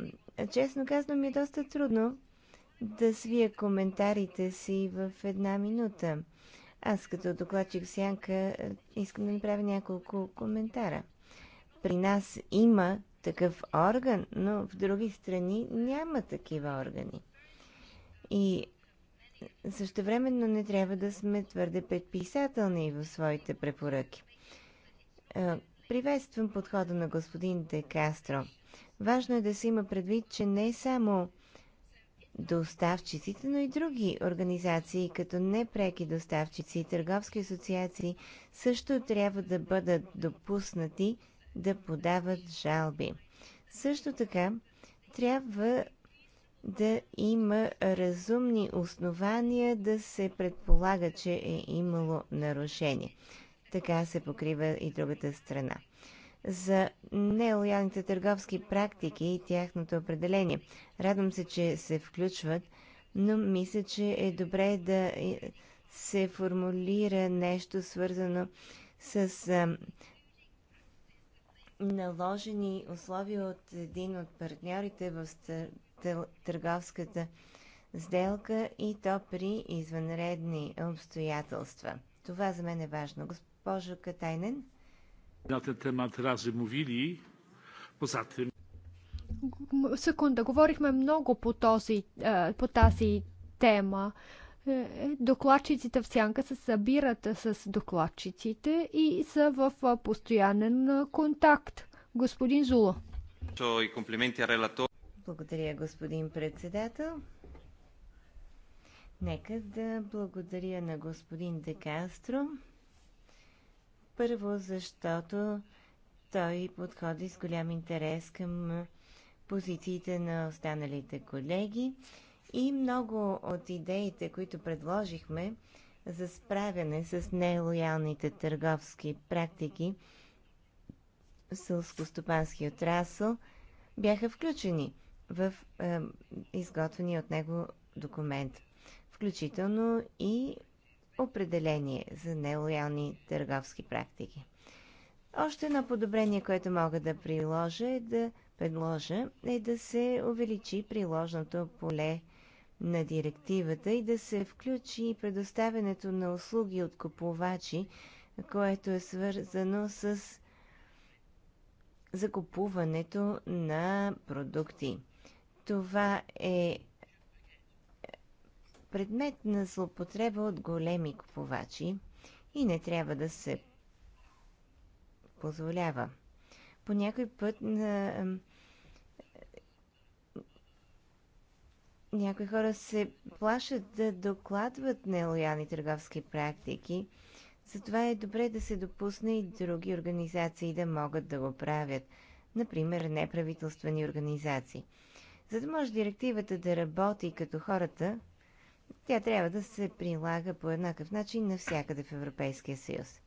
честно казано, ми е доста трудно да свия коментарите си в една минута. Аз като докладчик Сянка е, искам да направя няколко коментара. При нас има такъв орган, но в други страни няма такива органи. И същевременно не трябва да сме твърде предписателни в своите препоръки. Е, приветствам подхода на господин Де Кастро. Важно е да се има предвид, че не само доставчиците, но и други организации, като непреки доставчици и търговски асоциации, също трябва да бъдат допуснати да подават жалби. Също така, трябва да има разумни основания да се предполага, че е имало нарушение. Така се покрива и другата страна. За нелоялните търговски практики и тяхното определение. Радвам се, че се включват, но мисля, че е добре да се формулира нещо свързано с наложени условия от един от партньорите в търговската сделка и то при извънредни обстоятелства. Това за мен е важно. Госпожо Катайнен. На ten temat razy mówili. Poza tym... Секунда, говорихме много по, този, е, по тази тема. Е, е, докладчиците в сянка се събират е, с докладчиците и са в постоянен контакт. Господин Зуло. Благодаря, господин председател. Нека да благодаря на господин Декастро. Първо, защото той подходи с голям интерес към позициите на останалите колеги и много от идеите, които предложихме за справяне с нелоялните търговски практики в сълскостопански отрасъл, бяха включени в е, изготвения от него документ, включително и определение за нелоялни търговски практики. Още едно подобрение, което мога да приложа е да предложа е да се увеличи приложното поле на директивата и да се включи предоставянето на услуги от купувачи, което е свързано с закупуването на продукти. Това е предмет на злопотреба от големи купувачи и не трябва да се позволява. По някой път на някои хора се плашат да докладват нелоялни търговски практики. Затова е добре да се допусне и други организации да могат да го правят, например неправителствени организации. За да може директивата да работи като хората, тя трябва да се прилага по еднакъв начин навсякъде в Европейския съюз.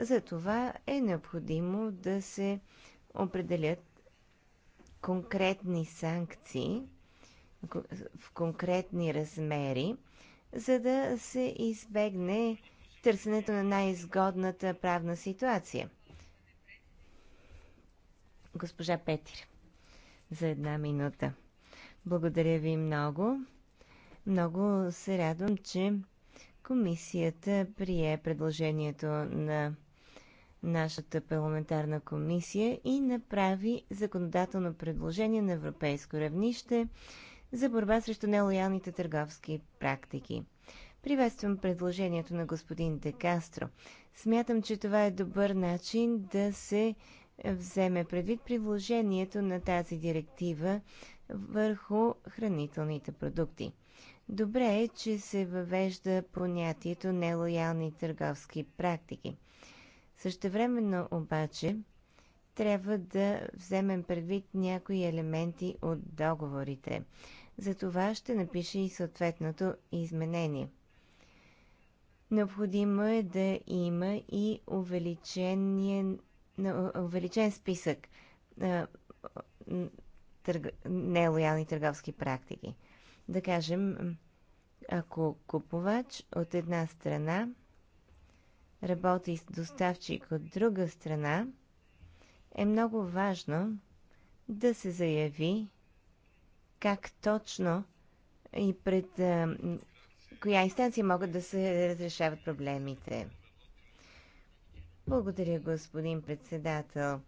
За това е необходимо да се определят конкретни санкции – в конкретни размери, за да се избегне търсенето на най-изгодната правна ситуация. Госпожа Петир, за една минута. Благодаря ви много. Много се радвам, че комисията прие предложението на нашата парламентарна комисия и направи законодателно предложение на европейско равнище за борба срещу нелоялните търговски практики. Приветствам предложението на господин Де Кастро. Смятам, че това е добър начин да се вземе предвид приложението на тази директива върху хранителните продукти. Добре е, че се въвежда понятието нелоялни търговски практики. Същевременно обаче трябва да вземем предвид някои елементи от договорите. За това ще напише и съответното изменение. Необходимо е да има и увеличен, увеличен списък на търг... нелоялни търговски практики. Да кажем, ако купувач от една страна работи с доставчик от друга страна, е много важно да се заяви как точно и пред а, коя инстанция могат да се разрешават проблемите. Благодаря, господин председател.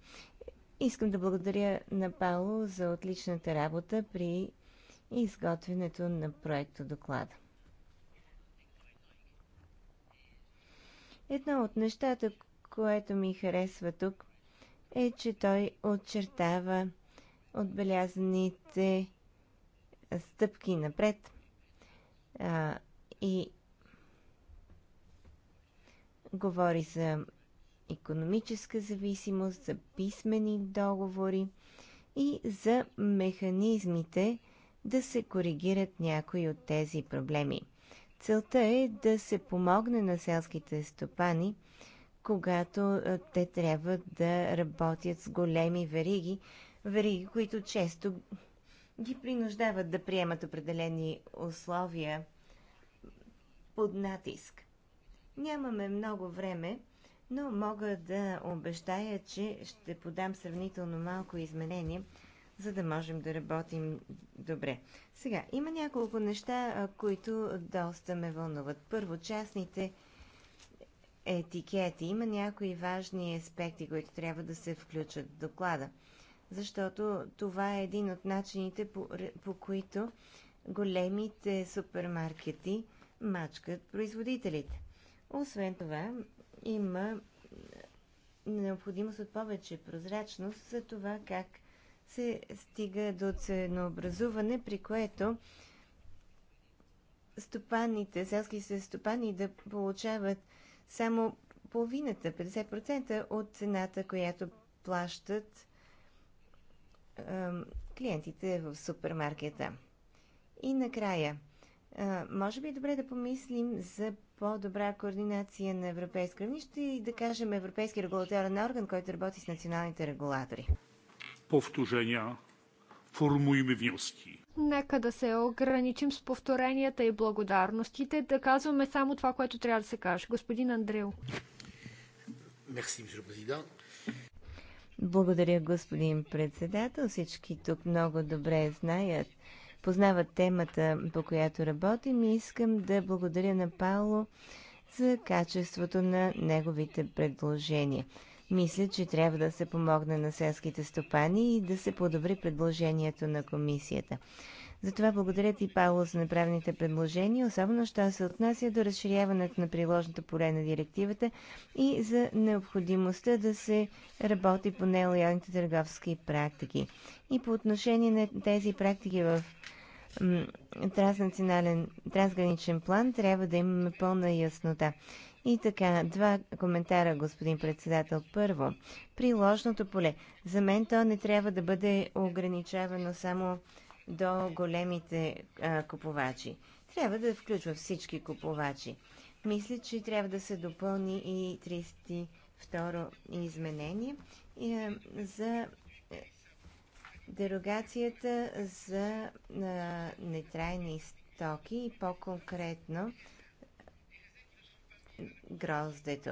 Искам да благодаря на Пауло за отличната работа при изготвянето на проекта доклада. Едно от нещата, което ми харесва тук, е, че той отчертава отбелязаните стъпки напред а, и говори за економическа зависимост, за писмени договори и за механизмите да се коригират някои от тези проблеми. Целта е да се помогне на селските стопани, когато те трябва да работят с големи вериги, вериги, които често ги принуждават да приемат определени условия под натиск. Нямаме много време, но мога да обещая, че ще подам сравнително малко изменение, за да можем да работим добре. Сега, има няколко неща, които доста ме вълнуват. Първо, частните етикети. Има някои важни аспекти, които трябва да се включат в доклада защото това е един от начините, по, по които големите супермаркети мачкат производителите. Освен това, има необходимост от повече прозрачност за това как се стига до ценообразуване, при което стопаните, селски се стопани да получават само половината, 50% от цената, която плащат клиентите в супермаркета. И накрая, може би е добре да помислим за по-добра координация на европейско равнище и да кажем Европейски регулаторен орган, който работи с националните регулатори. Повторения. Формуйме вноски. Нека да се ограничим с повторенията и благодарностите, да казваме само това, което трябва да се каже. Господин Андрел. Мерси, господин президент. Благодаря, господин председател. Всички тук много добре знаят, познават темата, по която работим и искам да благодаря на Пауло за качеството на неговите предложения. Мисля, че трябва да се помогне на селските стопани и да се подобри предложението на комисията. Затова благодаря ти, Павло, за направените предложения, особено що се отнася до разширяването на приложното поле на директивата и за необходимостта да се работи по нелоялните търговски практики. И по отношение на тези практики в транснационален, трансграничен план трябва да имаме пълна яснота. И така, два коментара, господин председател. Първо, приложното поле. За мен то не трябва да бъде ограничавано само до големите а, купувачи. Трябва да включва всички купувачи. Мисля, че трябва да се допълни и 32 изменение а, е, за е, дерогацията за а, нетрайни стоки и по-конкретно е, гроздето.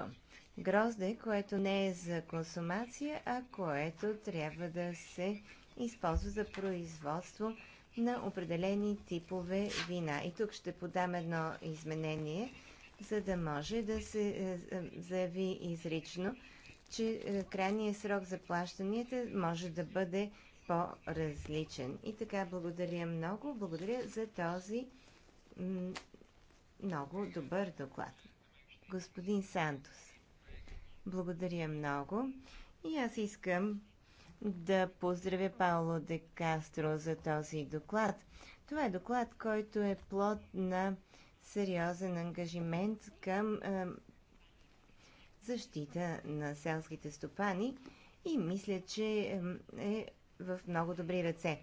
Грозде, което не е за консумация, а което трябва да се използва за производство на определени типове вина. И тук ще подам едно изменение, за да може да се е, е, заяви изрично, че е, крайният срок за плащанията може да бъде по-различен. И така, благодаря много. Благодаря за този много добър доклад. Господин Сантос, благодаря много. И аз искам да поздравя Пауло де Кастро за този доклад. Това е доклад, който е плод на сериозен ангажимент към е, защита на селските стопани и мисля, че е, е в много добри ръце.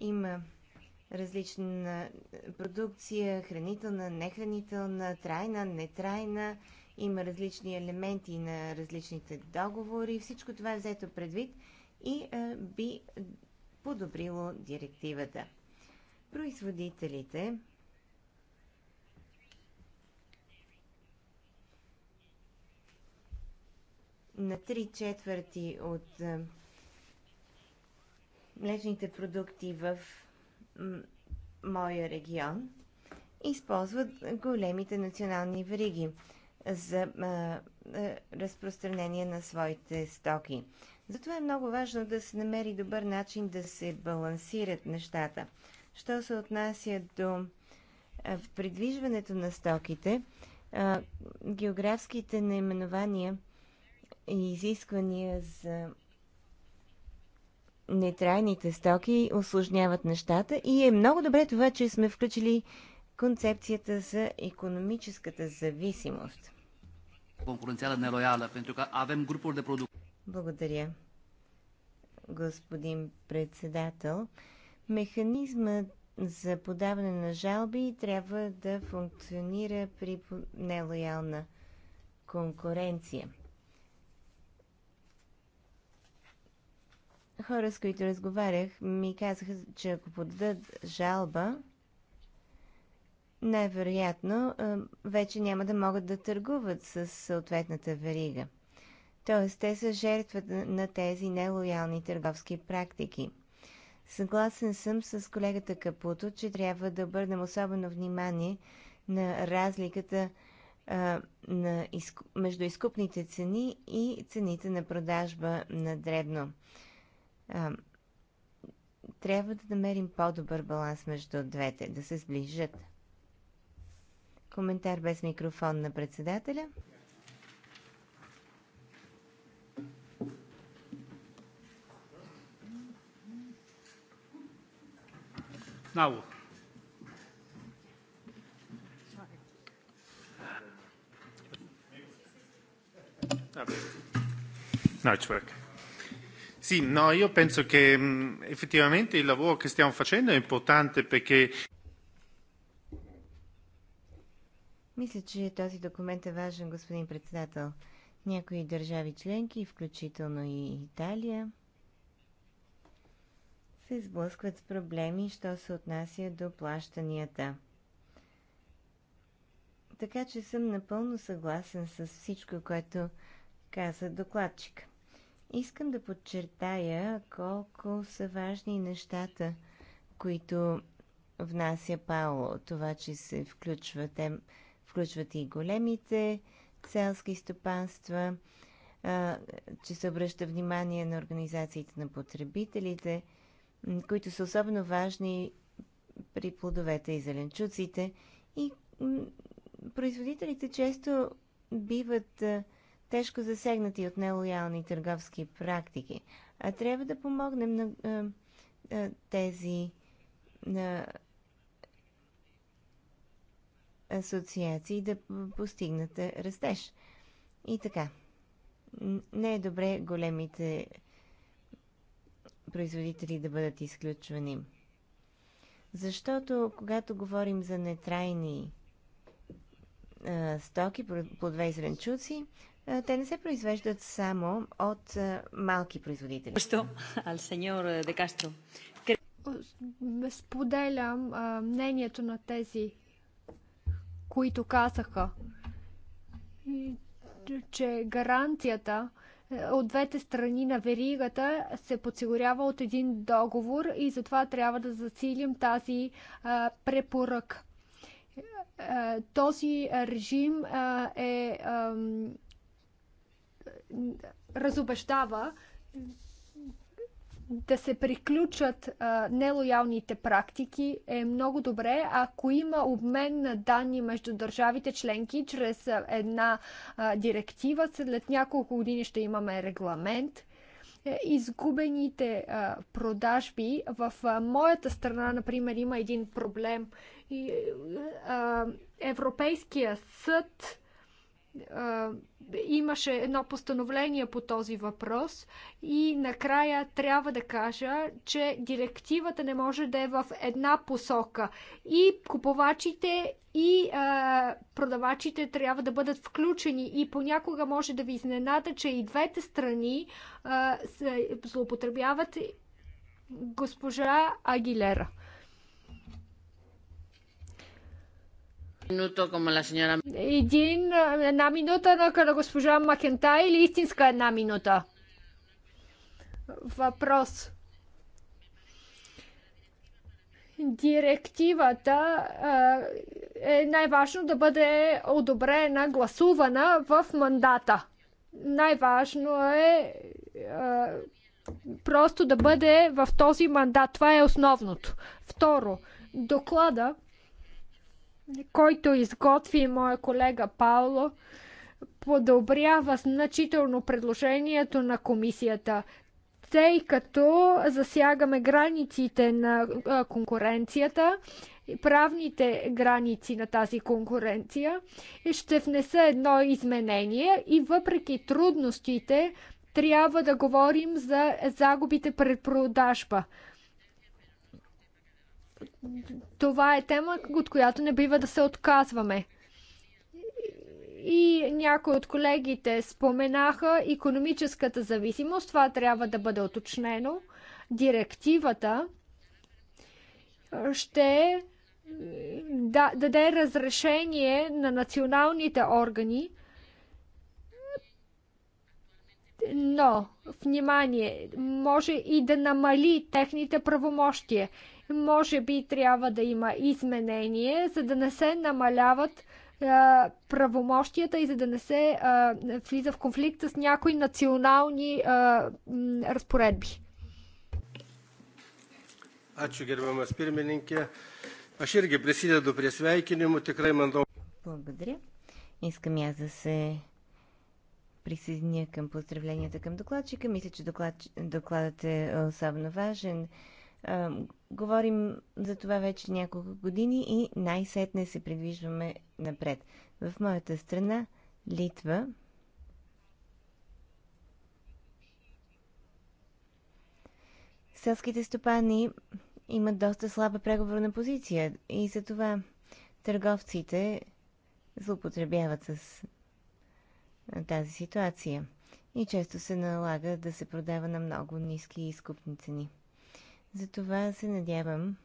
Има различна е, продукция, хранителна, нехранителна, трайна, нетрайна, има различни елементи на различните договори. Всичко това е взето предвид и а, би подобрило директивата. Производителите на 3 четвърти от а, млечните продукти в моя регион използват големите национални вериги за а, разпространение на своите стоки. Затова е много важно да се намери добър начин да се балансират нещата. Що се отнася до а, придвижването на стоките, а, географските наименования и изисквания за нетрайните стоки осложняват нещата и е много добре това, че сме включили концепцията за економическата зависимост конкуренциална нелояла. pentru că avem grupuri de Благодаря, господин председател. Механизмът за подаване на жалби трябва да функционира при нелоялна конкуренция. Хора, с които разговарях, ми казаха, че ако подадат жалба, най-вероятно вече няма да могат да търгуват с съответната верига. Тоест, те са жертва на тези нелоялни търговски практики. Съгласен съм с колегата Капуто, че трябва да обърнем особено внимание на разликата а, на изку... между изкупните цени и цените на продажба на дребно. А, трябва да намерим по-добър баланс между двете, да се сближат. Коментар без микрофон на председателя. Now. No, it's working. Sì, no, io penso che mh, effettivamente il lavoro che stiamo facendo è importante perché Мисля, че този документ е важен, господин председател. Някои държави членки, включително и Италия, се изблъскват с проблеми, що се отнася до плащанията. Така че съм напълно съгласен с всичко, което каза докладчик. Искам да подчертая колко са важни нещата, които внася Пауло, това, че се включва тем, включват и големите селски стопанства, че се обръща внимание на организациите на потребителите, които са особено важни при плодовете и зеленчуците. И производителите често биват тежко засегнати от нелоялни търговски практики. А трябва да помогнем на тези на асоциации да постигнат растеж. И така, не е добре големите производители да бъдат изключвани. Защото когато говорим за нетрайни а, стоки, плодове и зеленчуци, те не се произвеждат само от а, малки производители. Ал сеньор Де Кастро. Споделям а, мнението на тези които казаха, че гаранцията е, от двете страни на веригата се подсигурява от един договор и затова трябва да засилим тази а, е, препорък. А, е, този режим а, е разобещава да се приключат а, нелоялните практики е много добре, ако има обмен на данни между държавите членки чрез една а, директива. След няколко години ще имаме регламент. Е, изгубените а, продажби в а, моята страна, например, има един проблем. И, а, Европейския съд имаше едно постановление по този въпрос и накрая трябва да кажа, че директивата не може да е в една посока. И купувачите, и а, продавачите трябва да бъдат включени. И понякога може да ви изненада, че и двете страни а, се злоупотребяват госпожа Агилера. Един, една минута на госпожа Макента или истинска една минута? Въпрос. Директивата е най-важно да бъде одобрена, гласувана в мандата. Най-важно е просто да бъде в този мандат. Това е основното. Второ, доклада който изготви моя колега Пауло, подобрява значително предложението на комисията, тъй като засягаме границите на конкуренцията, правните граници на тази конкуренция, ще внеса едно изменение и въпреки трудностите трябва да говорим за загубите пред продажба това е тема, от която не бива да се отказваме. И някои от колегите споменаха економическата зависимост. Това трябва да бъде оточнено. Директивата ще да, даде разрешение на националните органи, но, внимание, може и да намали техните правомощия може би трябва да има изменение, за да не се намаляват правомощията и за да не се а, влиза в конфликт с някои национални а, м, разпоредби. Ačiū gerbiamas pirmininkė. Aš irgi prisidedu prie sveikinimų, tikrai man daug. Благодаря. Искам я да се присъединя към поздравленията към докладчика. Мисля, че доклад, докладът е, е особено важен говорим за това вече няколко години и най-сетне се придвижваме напред. В моята страна, Литва, селските стопани имат доста слаба преговорна позиция и затова търговците злоупотребяват с тази ситуация и често се налага да се продава на много ниски изкупни цени. Затова се надявам,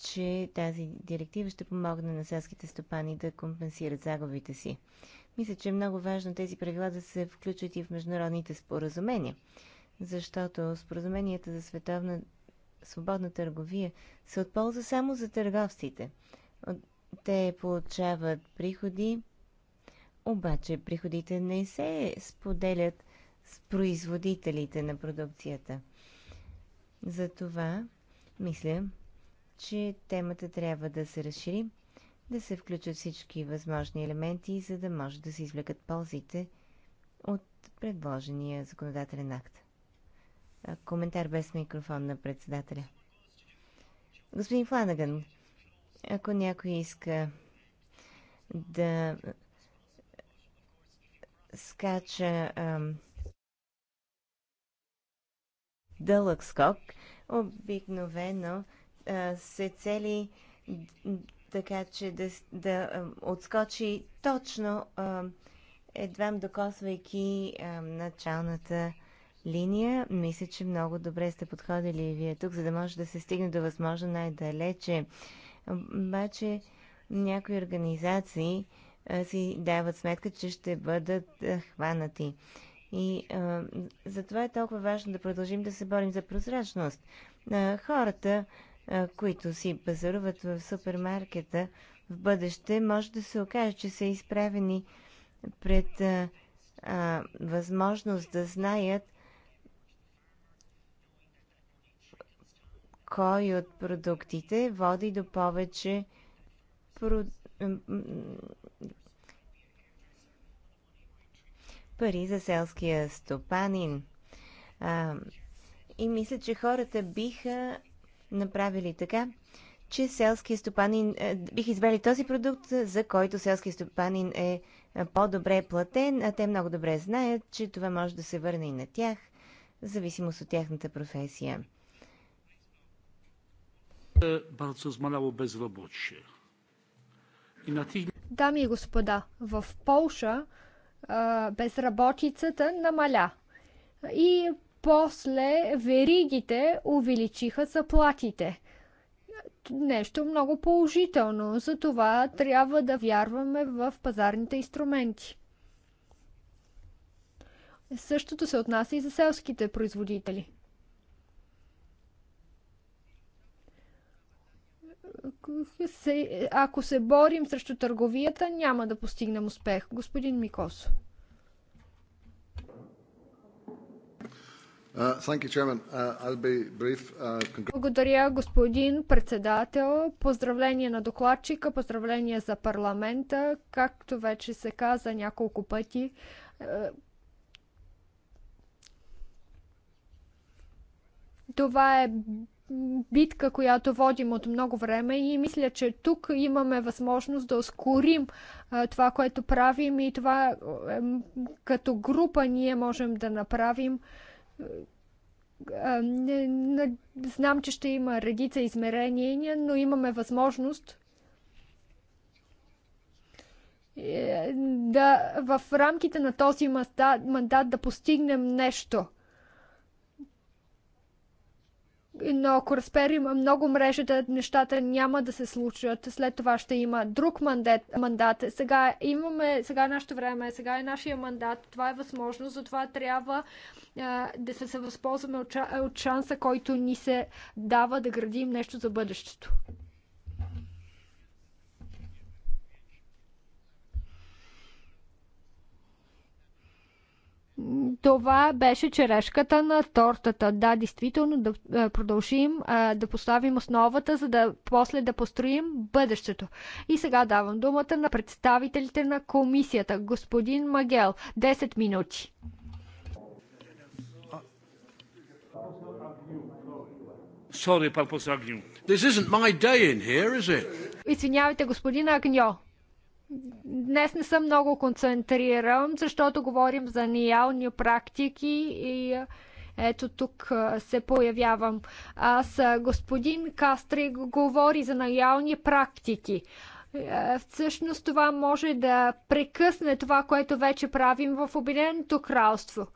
че тази директива ще помогне на селските стопани да компенсират загубите си. Мисля, че е много важно тези правила да се включат и в международните споразумения, защото споразуменията за световна свободна търговия са от полза само за търговците. Те получават приходи, обаче приходите не се споделят с производителите на продукцията. Затова мисля, че темата трябва да се разшири, да се включат всички възможни елементи, за да може да се извлекат ползите от предложения законодателен акт. Коментар без микрофон на председателя. Господин Фланаган, ако някой иска да скача ам, дълъг скок. Обикновено се цели така, че да, да отскочи точно едвам докосвайки началната линия. Мисля, че много добре сте подходили и вие тук, за да може да се стигне до възможно най-далече. Обаче някои организации си дават сметка, че ще бъдат хванати. И а, затова е толкова важно да продължим да се борим за прозрачност. А, хората, а, които си пазаруват в супермаркета, в бъдеще може да се окаже, че са изправени пред а, а, възможност да знаят кой от продуктите води до повече про пари за селския стопанин. А, и мисля, че хората биха направили така, че селския стопанин, е, бих избрали този продукт, за който селския стопанин е, е по-добре платен, а те много добре знаят, че това може да се върне и на тях, в зависимост от тяхната професия. Дами и господа, в Полша безработицата намаля. И после веригите увеличиха заплатите. Нещо много положително, затова трябва да вярваме в пазарните инструменти. Същото се отнася и за селските производители. се, ако се борим срещу търговията, няма да постигнем успех. Господин Микосо. Uh, uh, uh, Благодаря, господин председател. Поздравление на докладчика, поздравление за парламента. Както вече се каза няколко пъти, това е битка, която водим от много време и мисля, че тук имаме възможност да ускорим това, което правим и това е, като група ние можем да направим. Знам, че ще има редица измерения, но имаме възможност е, да в рамките на този мандат да постигнем нещо – но ако разперим много мрежата, нещата няма да се случат. След това ще има друг мандат. мандат. Сега имаме, сега е нашето време, сега е нашия мандат. Това е възможно, затова трябва а, да се, се възползваме от, от шанса, който ни се дава да градим нещо за бъдещето. това беше черешката на тортата. Да, действително да продължим да поставим основата, за да после да построим бъдещето. И сега давам думата на представителите на комисията. Господин Магел, 10 минути. Извинявайте, господин Агньо. Днес не съм много концентриран, защото говорим за неялни практики и е, ето тук е, се появявам. Аз, е, господин Кастри, говори за наялни практики. Всъщност това може да прекъсне това, което вече правим в Обединеното кралство.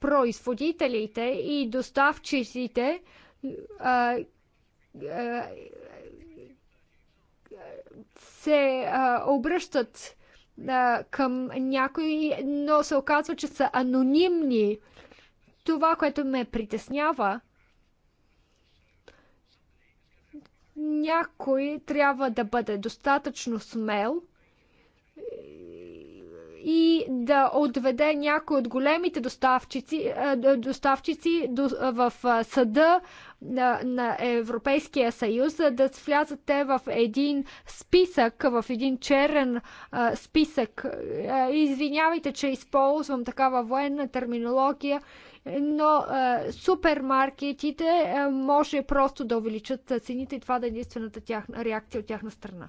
Производителите и доставчиците се а, обръщат а, към някой, но се оказва, че са анонимни. Това, което ме притеснява, някой трябва да бъде достатъчно смел и да отведе някой от големите доставчици, е, доставчици е, в е, съда на Европейския съюз, да влязат те в един списък, в един черен списък. Извинявайте, че използвам такава военна терминология, но супермаркетите може просто да увеличат цените и това да е единствената тяхна, реакция от тяхна страна.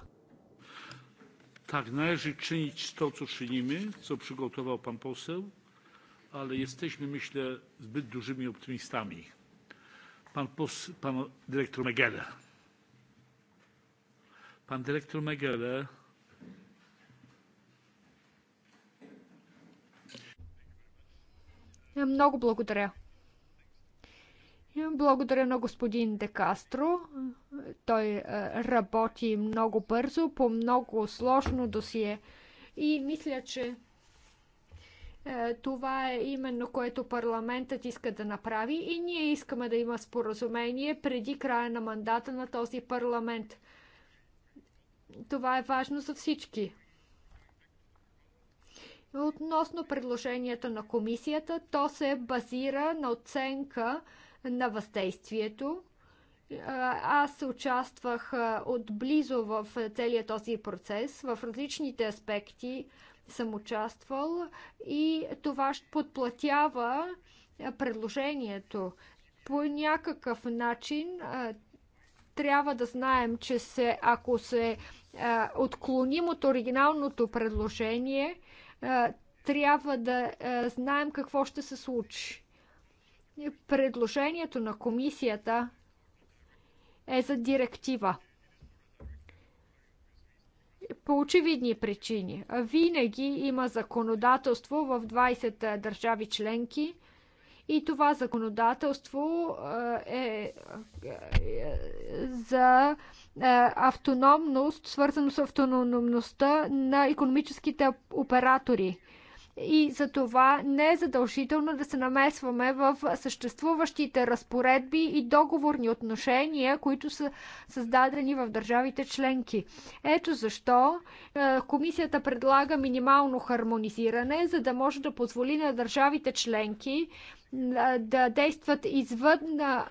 Tak, należy czynić to, co czynimy, co przygotował pan poseł, ale jesteśmy, myślę, zbyt dużymi optymistami. Pan, pan dyrektor Megele. Pan dyrektor Megele. Много благодаря. Благодаря на господин Декастро. Той е, работи много бързо по много сложно досие и мисля, че е, това е именно което парламентът иска да направи и ние искаме да има споразумение преди края на мандата на този парламент. Това е важно за всички. Относно предложението на комисията, то се базира на оценка на въздействието. Аз участвах отблизо в целия този процес, в различните аспекти съм участвал и това ще подплатява предложението. По някакъв начин трябва да знаем, че се, ако се отклоним от оригиналното предложение, трябва да знаем какво ще се случи. Предложението на комисията е за директива. По очевидни причини. Винаги има законодателство в 20 държави членки и това законодателство е, е за автономност, свързано с автономността на економическите оператори и за това не е задължително да се намесваме в съществуващите разпоредби и договорни отношения, които са създадени в държавите членки. Ето защо е, комисията предлага минимално хармонизиране, за да може да позволи на държавите членки да действат извън на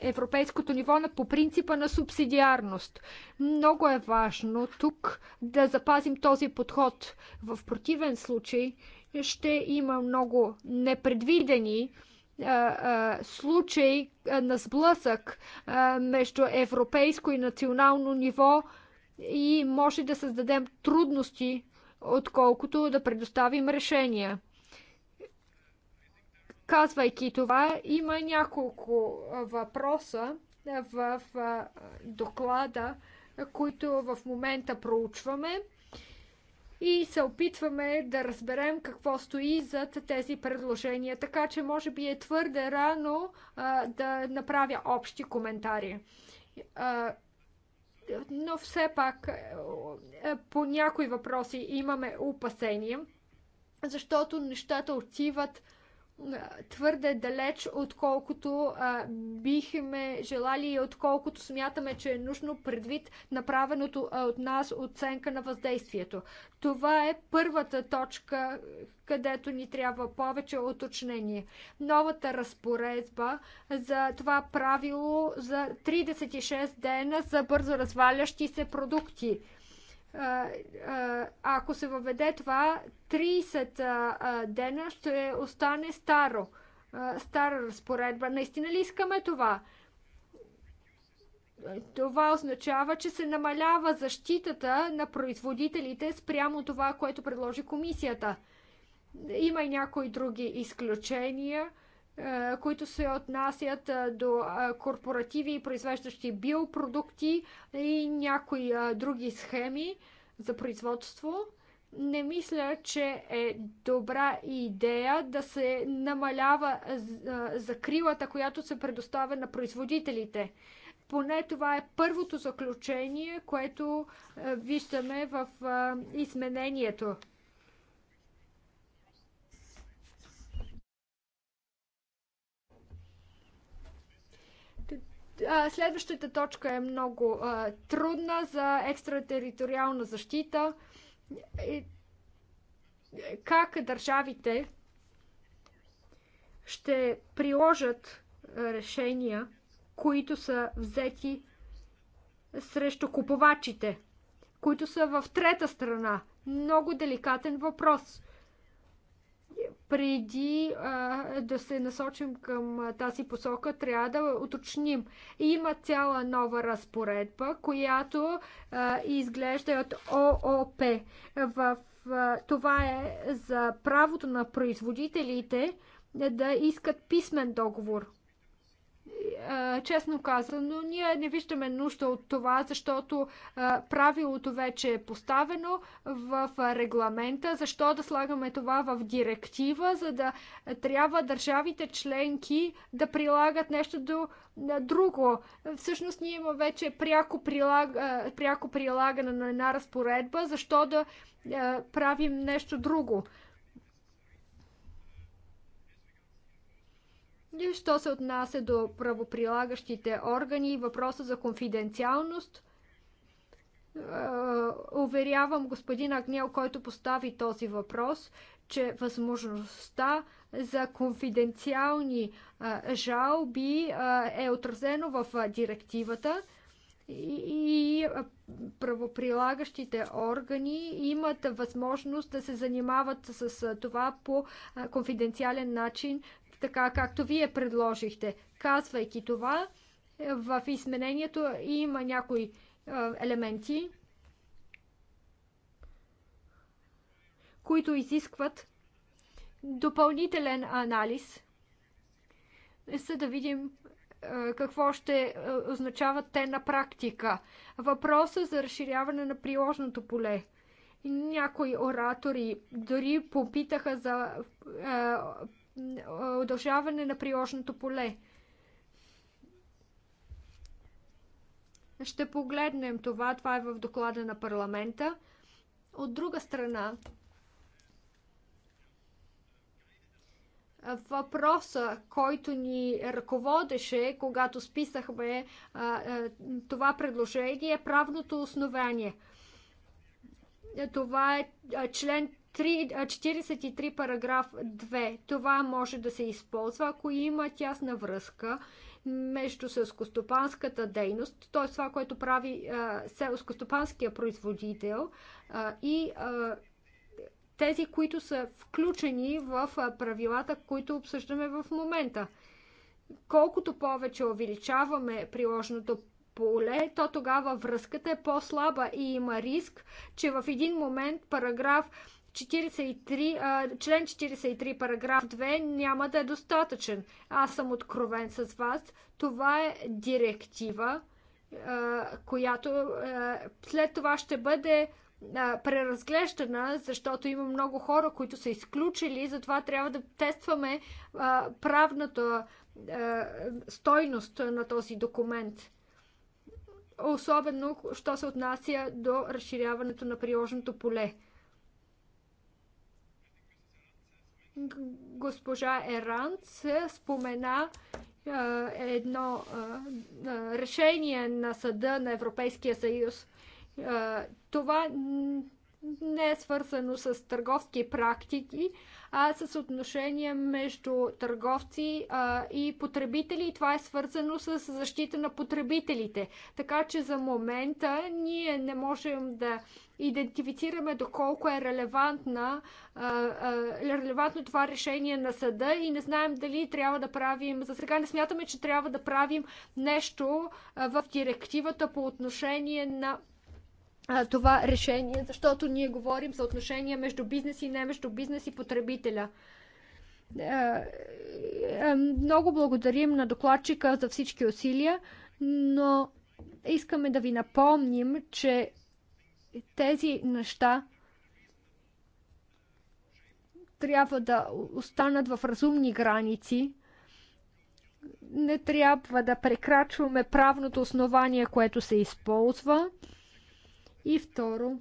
европейското ниво на по принципа на субсидиарност. Много е важно тук да запазим този подход. В противен случай ще има много непредвидени случаи на сблъсък между европейско и национално ниво и може да създадем трудности, отколкото да предоставим решения. Казвайки това, има няколко въпроса в доклада, които в момента проучваме и се опитваме да разберем какво стои зад тези предложения. Така че може би е твърде рано а, да направя общи коментари. А, но все пак по някои въпроси имаме опасения, защото нещата отиват твърде далеч, отколкото а, бихме желали и отколкото смятаме, че е нужно предвид направеното от нас оценка на въздействието. Това е първата точка, където ни трябва повече уточнение. Новата разпоредба за това правило за 36 дена за бързо развалящи се продукти – ако се въведе това, 30 дена ще остане старо. Стара разпоредба. Наистина ли искаме това? Това означава, че се намалява защитата на производителите спрямо това, което предложи комисията. Има и някои други изключения – е, които се отнасят е, до е, корпоративи, произвеждащи биопродукти и някои други схеми за производство. Не мисля, че е добра идея да се намалява закрилата, която се предоставя на производителите. Поне това е първото заключение, което виждаме в изменението. Следващата точка е много трудна за екстратериториална защита. Как държавите ще приложат решения, които са взети срещу купувачите, които са в трета страна? Много деликатен въпрос преди а, да се насочим към а, тази посока, трябва да уточним. Има цяла нова разпоредба, която а, изглежда от ООП. В, а, това е за правото на производителите да искат писмен договор честно казано, ние не виждаме нужда от това, защото правилото вече е поставено в регламента. Защо да слагаме това в директива, за да трябва държавите членки да прилагат нещо до друго. Всъщност ние има вече пряко, прилаг, пряко прилагане на една разпоредба, защо да правим нещо друго. И що се отнася до правоприлагащите органи и въпроса за конфиденциалност, е, уверявам господин Агнел, който постави този въпрос, че възможността за конфиденциални е, жалби е, е отразено в директивата и правоприлагащите органи имат възможност да се занимават с това по конфиденциален начин така както вие предложихте. Казвайки това, в изменението има някои е, елементи, които изискват допълнителен анализ, за да видим е, какво ще е, означават те на практика. Въпроса за разширяване на приложното поле. Някои оратори дори попитаха за удължаване на приложното поле. Ще погледнем това. Това е в доклада на парламента. От друга страна, въпроса, който ни ръководеше, когато списахме а, а, това предложение, е правното основание. Това е член 43 параграф 2. Това може да се използва, ако има тясна връзка между селскостопанската дейност, т.е. това, което прави селскостопанския производител и тези, които са включени в правилата, които обсъждаме в момента. Колкото повече увеличаваме приложното поле, то тогава връзката е по-слаба и има риск, че в един момент параграф 43, член 43, параграф 2 няма да е достатъчен. Аз съм откровен с вас. Това е директива, която след това ще бъде преразглеждана, защото има много хора, които са изключили, затова трябва да тестваме правната стойност на този документ. Особено, що се отнася до разширяването на приложното поле. госпожа Еранц спомена едно решение на съда на Европейския съюз. Това не е свързано с търговски практики, а с отношения между търговци а, и потребители. И това е свързано с защита на потребителите. Така че за момента ние не можем да идентифицираме доколко е релевантна, а, а, релевантно това решение на съда и не знаем дали трябва да правим, за сега не смятаме, че трябва да правим нещо в директивата по отношение на това решение, защото ние говорим за отношения между бизнес и не между бизнес и потребителя. Е, е, е, много благодарим на докладчика за всички усилия, но искаме да ви напомним, че тези неща трябва да останат в разумни граници. Не трябва да прекрачваме правното основание, което се използва. И второ, е,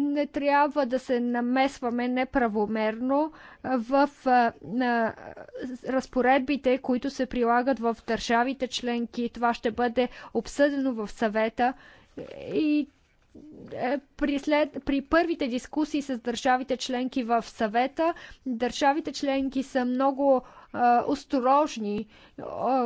не трябва да се намесваме неправомерно в е, е, разпоредбите, които се прилагат в държавите членки. Това ще бъде обсъдено в съвета и при, след, при първите дискусии с държавите членки в съвета, държавите членки са много осторожни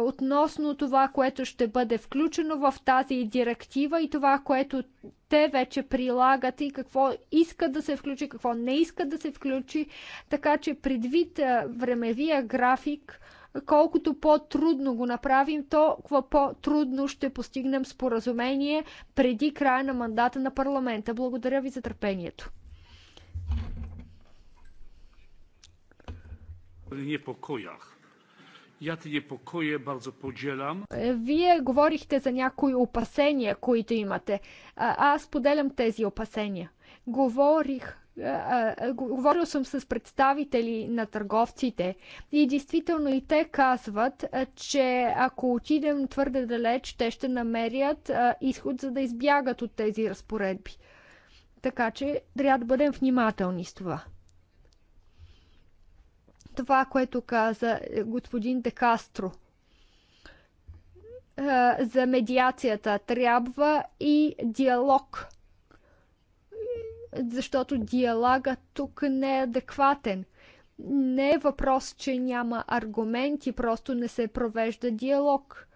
относно това, което ще бъде включено в тази директива и това, което те вече прилагат и какво иска да се включи, какво не иска да се включи. Така че предвид времевия график, колкото по-трудно го направим, толкова по-трудно ще постигнем споразумение преди края на мандата на парламента. Благодаря ви за търпението. Я Ja te niepokoje e, Вие говорихте за някои опасения, които имате. А, аз поделям тези опасения. Говорих е, е, е, говорил съм с представители на търговците и действително и те казват, че ако отидем твърде далеч, те ще намерят изход, за да избягат от тези разпоредби. Така че трябва да бъдем внимателни с това това, което каза е, господин Декастро е, за медиацията. Трябва и диалог. Защото диалогът тук не е адекватен. Не е въпрос, че няма аргументи, просто не се провежда диалог.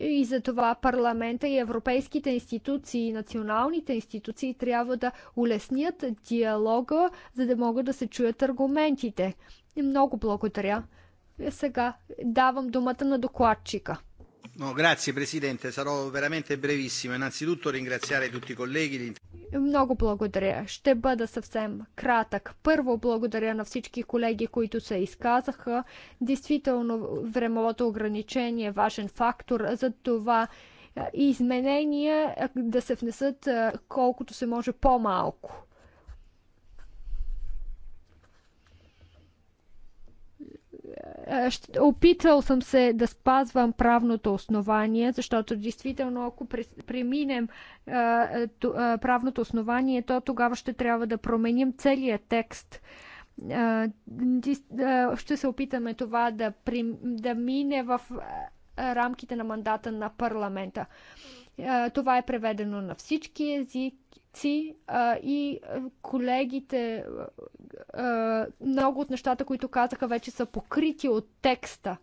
И затова парламента и европейските институции, и националните институции трябва да улеснят диалога, за да могат да се чуят аргументите. много благодаря. Е, сега давам думата на докладчика. Grazie Innanzitutto ringraziare tutti i colleghi. Много благодаря. Ще бъда съвсем кратък. Първо благодаря на всички колеги, които се изказаха. Действително времевото ограничение е важен фактор за това е, изменения е, да се внесат е, колкото се може по-малко. Е, Опитвал съм се да спазвам правното основание, защото действително, ако преминем е, е, правното основание, то тогава ще трябва да променим целия текст ще се опитаме това да, да мине в рамките на мандата на парламента. Това е преведено на всички езици и колегите, много от нещата, които казаха, вече са покрити от текста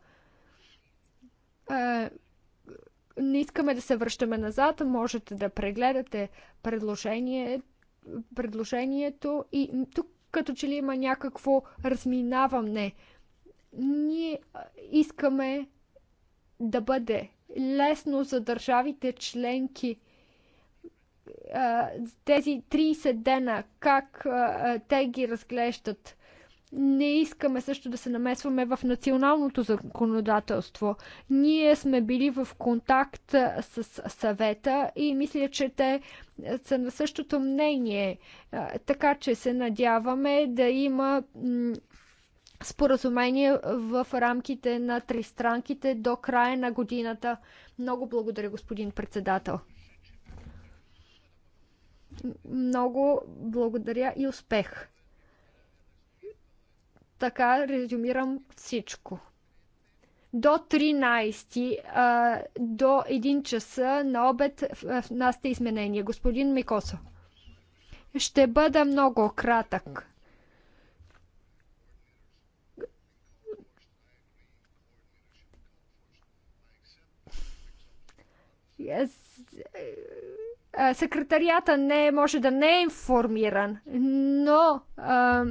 не искаме да се връщаме назад, можете да прегледате предложение, предложението и тук като че ли има някакво разминаване. Ние искаме да бъде лесно за държавите членки тези 30 дена, как те ги разглеждат. Не искаме също да се намесваме в националното законодателство. Ние сме били в контакт с съвета и мисля, че те са на същото мнение. Така че се надяваме да има споразумение в рамките на тристранките до края на годината. Много благодаря, господин председател. Много благодаря и успех. Така резюмирам всичко. До 13, до 1 часа на обед в нас сте изменения. Господин Микосо, ще бъда много кратък секретарията не може да не е информиран, но а,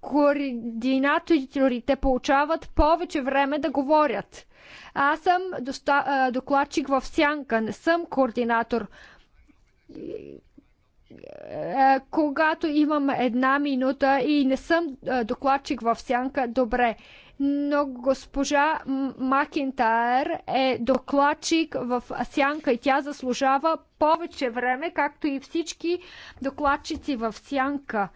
координаторите получават повече време да говорят. Аз съм доста, а, докладчик в сянка, не съм координатор. Когато имам една минута и не съм докладчик в сянка, добре но госпожа Макентайр е докладчик в Сянка и тя заслужава повече време, както и всички докладчици в Сянка.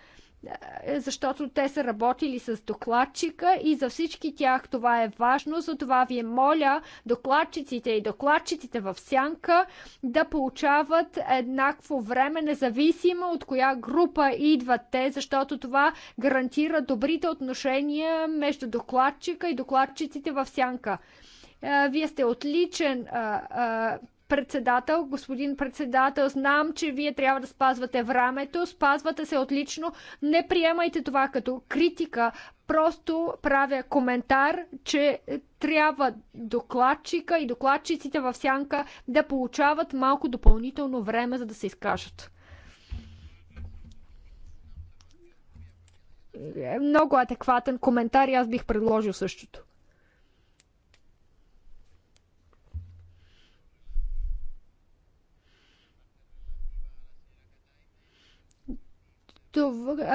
Е, защото те са работили с докладчика и за всички тях това е важно. Затова ви моля докладчиците и докладчиците в сянка да получават еднакво време, независимо от коя група идват те, защото това гарантира добрите отношения между докладчика и докладчиците в сянка. Е, вие сте отличен е, председател. Господин председател, знам, че вие трябва да спазвате времето. Спазвате се отлично. Не приемайте това като критика. Просто правя коментар, че трябва докладчика и докладчиците в сянка да получават малко допълнително време, за да се изкажат. Е, много адекватен коментар и аз бих предложил същото.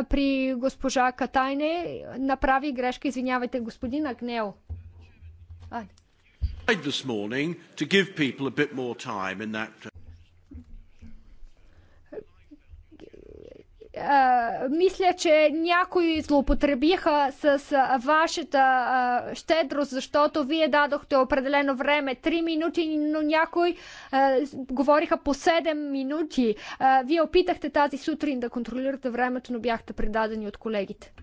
при госпожа Катайне направи грешка, извинявайте, господин Агнел. Айде. This morning to give people a bit more time in that uh, мисля, че някои злоупотребиха с вашата а, щедрост, защото вие дадохте определено време 3 минути, но някои а, говориха по 7 минути. А, вие опитахте тази сутрин да контролирате времето, но бяхте предадени от колегите.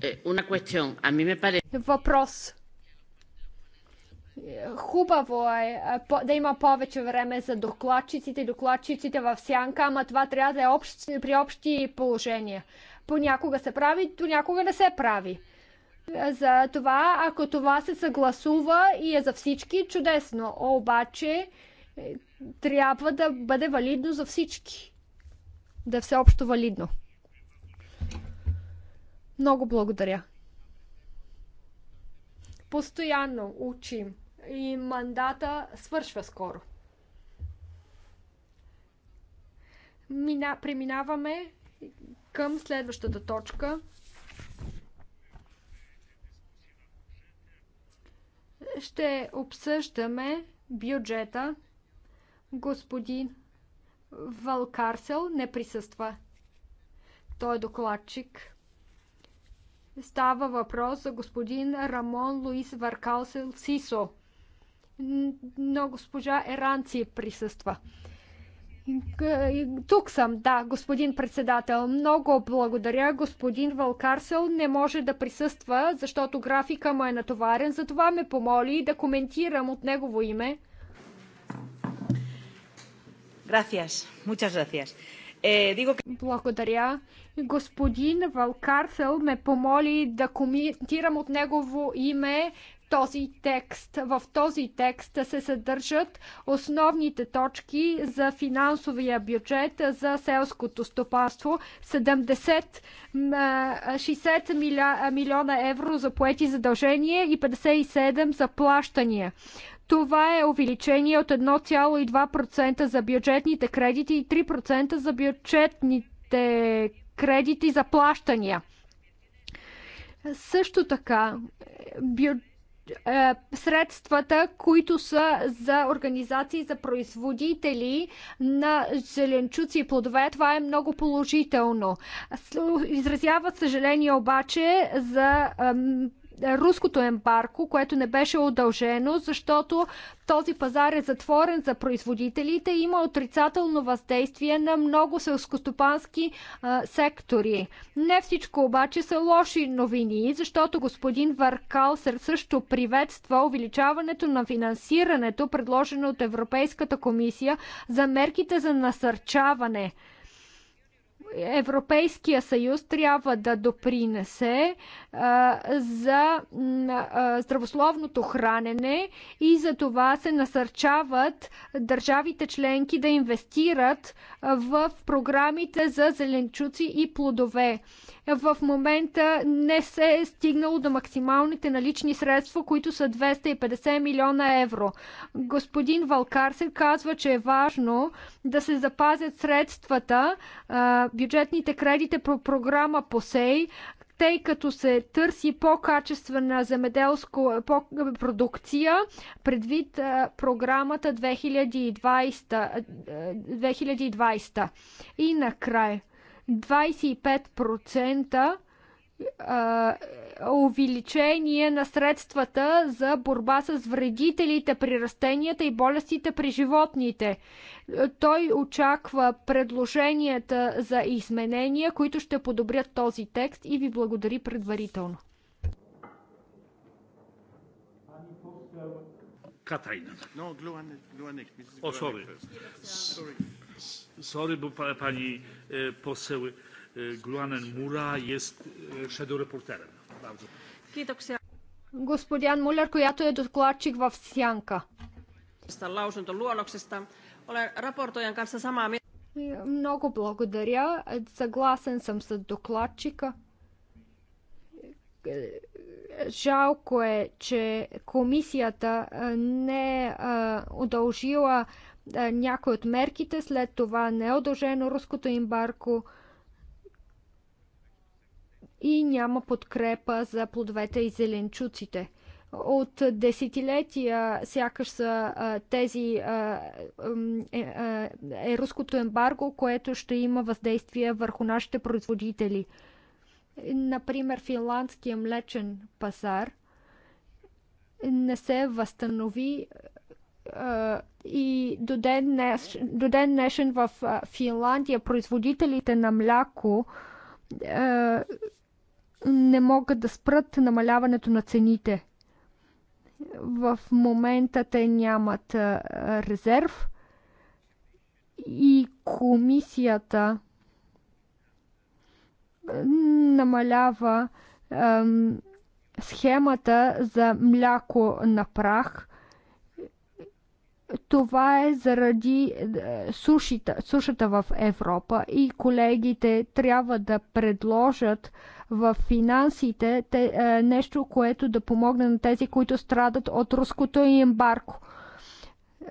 Eh, Вопрос. Хубаво е, е да има повече време за докладчиците, докладчиците в сянка, ама това трябва да е общ, при общи положения. Понякога се прави, понякога не се прави. За това, ако това се съгласува и е за всички, чудесно. Обаче, е, трябва да бъде валидно за всички. Да е всеобщо валидно. Много благодаря. Постоянно учим и мандата свършва скоро. Мина, преминаваме към следващата точка. Ще обсъждаме бюджета. Господин Валкарсел не присъства. Той е докладчик Става въпрос за господин Рамон Луис Варкалсел Сисо. Но госпожа Еранци присъства. Тук съм, да, господин председател. Много благодаря. Господин Валкарсел не може да присъства, защото графика му е натоварен. Затова ме помоли да коментирам от негово име. Gracias, muchas gracias. Е, диго... Благодаря. Господин Валкарсел ме помоли да коментирам от негово име този текст. В този текст се съдържат основните точки за финансовия бюджет за селското стопанство. 70 60 милиона евро за поети задължения и 57 за плащания. Това е увеличение от 1,2% за бюджетните кредити и 3% за бюджетните кредити за плащания. Също така, бю... Е, средствата, които са за организации за производители на зеленчуци и плодове, това е много положително. Изразяват съжаление обаче за руското ембарко, което не беше удължено, защото този пазар е затворен за производителите и има отрицателно въздействие на много селскостопански а, сектори. Не всичко обаче са лоши новини, защото господин Варкал също приветства увеличаването на финансирането, предложено от Европейската комисия за мерките за насърчаване. Европейския съюз трябва да допринесе за здравословното хранене и за това се насърчават държавите членки да инвестират в програмите за зеленчуци и плодове. В момента не се е стигнало до максималните налични средства, които са 250 милиона евро. Господин Валкар се казва, че е важно да се запазят средствата, бюджетните кредити по програма ПОСЕЙ, тъй като се търси по-качествена земеделска продукция предвид програмата 2020. 2020. И накрая 25% увеличение на средствата за борба с вредителите при растенията и болестите при животните. Той очаква предложенията за изменения, които ще подобрят този текст и ви благодари предварително. sorry. bo pani e, poseł e, Gluanen Mura jest e, shadow reporterem. Господин Мулер, която е докладчик в Сянка. Много благодаря. Съгласен съм с докладчика. Жалко е, че комисията не е удължила някои от мерките, след това не е удължено руското имбарко и няма подкрепа за плодовете и зеленчуците. От десетилетия сякаш са тези е, е руското ембарго, което ще има въздействие върху нашите производители. Например, финландския млечен пазар не се възстанови и до ден, днеш, до ден днешен в Финландия производителите на мляко не могат да спрат намаляването на цените. В момента те нямат резерв и комисията намалява ем, схемата за мляко на прах. Това е заради сушата, сушата в Европа и колегите трябва да предложат в финансите те, е, нещо, което да помогне на тези, които страдат от руското им ембарко.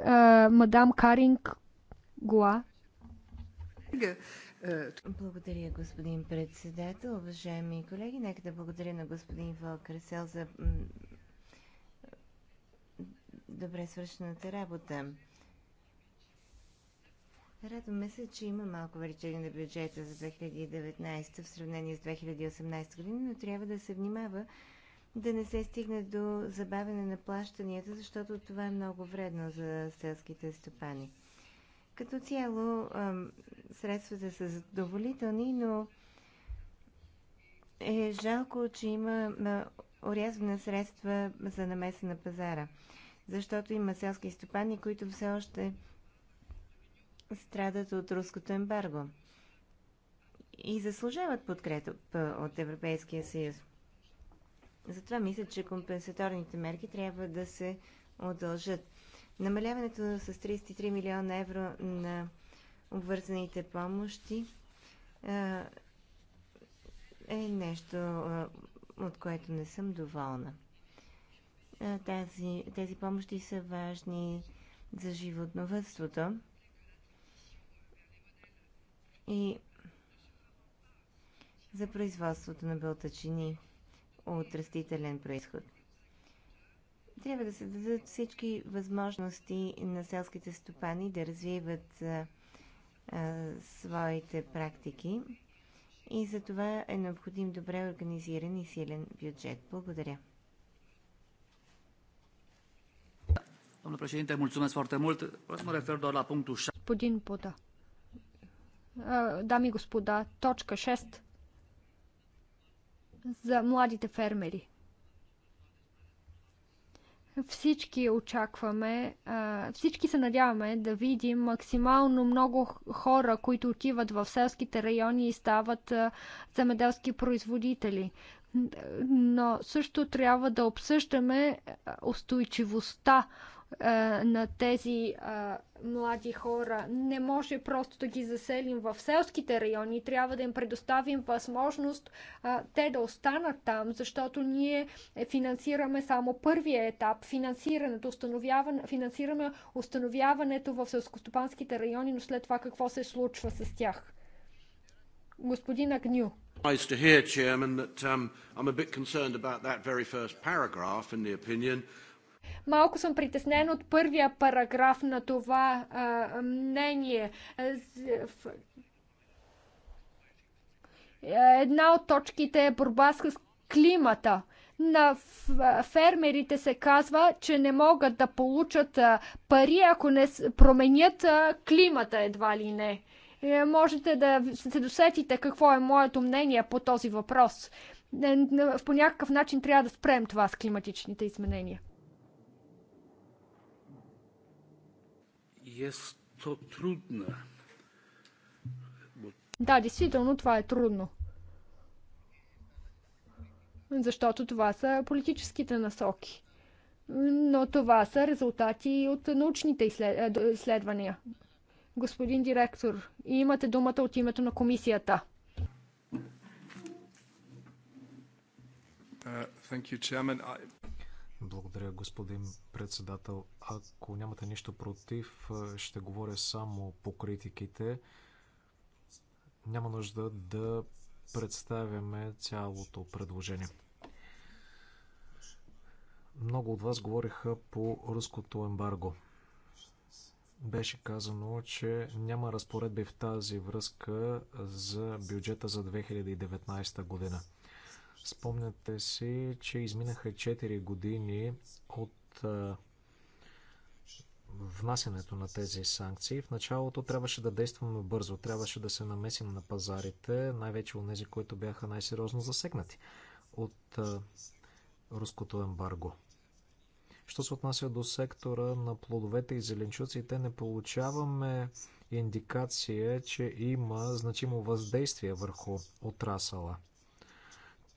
Е, мадам Каринг Гуа. Благодаря, господин председател. Уважаеми колеги, нека да благодаря на господин Вълкресел за добре свършената работа. Радваме се, че има малко увеличение на бюджета за 2019 в сравнение с 2018 година, но трябва да се внимава да не се стигне до забавяне на плащанията, защото това е много вредно за селските стопани. Като цяло средствата са задоволителни, но е жалко, че има орязване средства за намеса на пазара, защото има селски стопани, които все още страдат от руското ембарго и заслужават подкрепа от Европейския съюз. Затова мисля, че компенсаторните мерки трябва да се удължат. Намаляването с 33 милиона евро на обвързаните помощи е нещо, от което не съм доволна. Тези, тези помощи са важни за животновътството и за производството на бълтачини от растителен происход. Трябва да се дадат всички възможности на селските стопани да развиват а, а, своите практики и за това е необходим добре организиран и силен бюджет. Благодаря. Господин Пота, дами и господа, точка 6 за младите фермери. Всички очакваме, всички се надяваме да видим максимално много хора, които отиват в селските райони и стават земеделски производители. Но също трябва да обсъждаме устойчивостта на тези а, млади хора. Не може просто да ги заселим в селските райони. Трябва да им предоставим възможност а, те да останат там, защото ние финансираме само първия етап. Финансирането, установяване, финансираме установяването в селскостопанските райони, но след това какво се случва с тях. Господин Агню. Nice to hear, Chairman, that um, I'm a bit concerned about that very first paragraph in the opinion. Малко съм притеснен от първия параграф на това а, мнение. Една от точките е борба с климата на фермерите се казва, че не могат да получат пари, ако не променят климата едва ли не. Е, можете да се досетите какво е моето мнение по този въпрос. Е, по някакъв начин трябва да спрем това с климатичните изменения. Е да, действително това е трудно. Защото това са политическите насоки. Но това са резултати от научните е, изследвания. Господин директор, имате думата от името на комисията. Uh, you, благодаря, господин председател. Ако нямате нищо против, ще говоря само по критиките. Няма нужда да представяме цялото предложение. Много от вас говориха по руското ембарго. Беше казано, че няма разпоредби в тази връзка за бюджета за 2019 година. Спомняте си, че изминаха 4 години от внасянето на тези санкции. В началото трябваше да действаме бързо, трябваше да се намесим на пазарите, най-вече от тези, които бяха най-сериозно засегнати от руското ембарго. Що се отнася до сектора на плодовете и зеленчуците, не получаваме индикация, че има значимо въздействие върху отрасала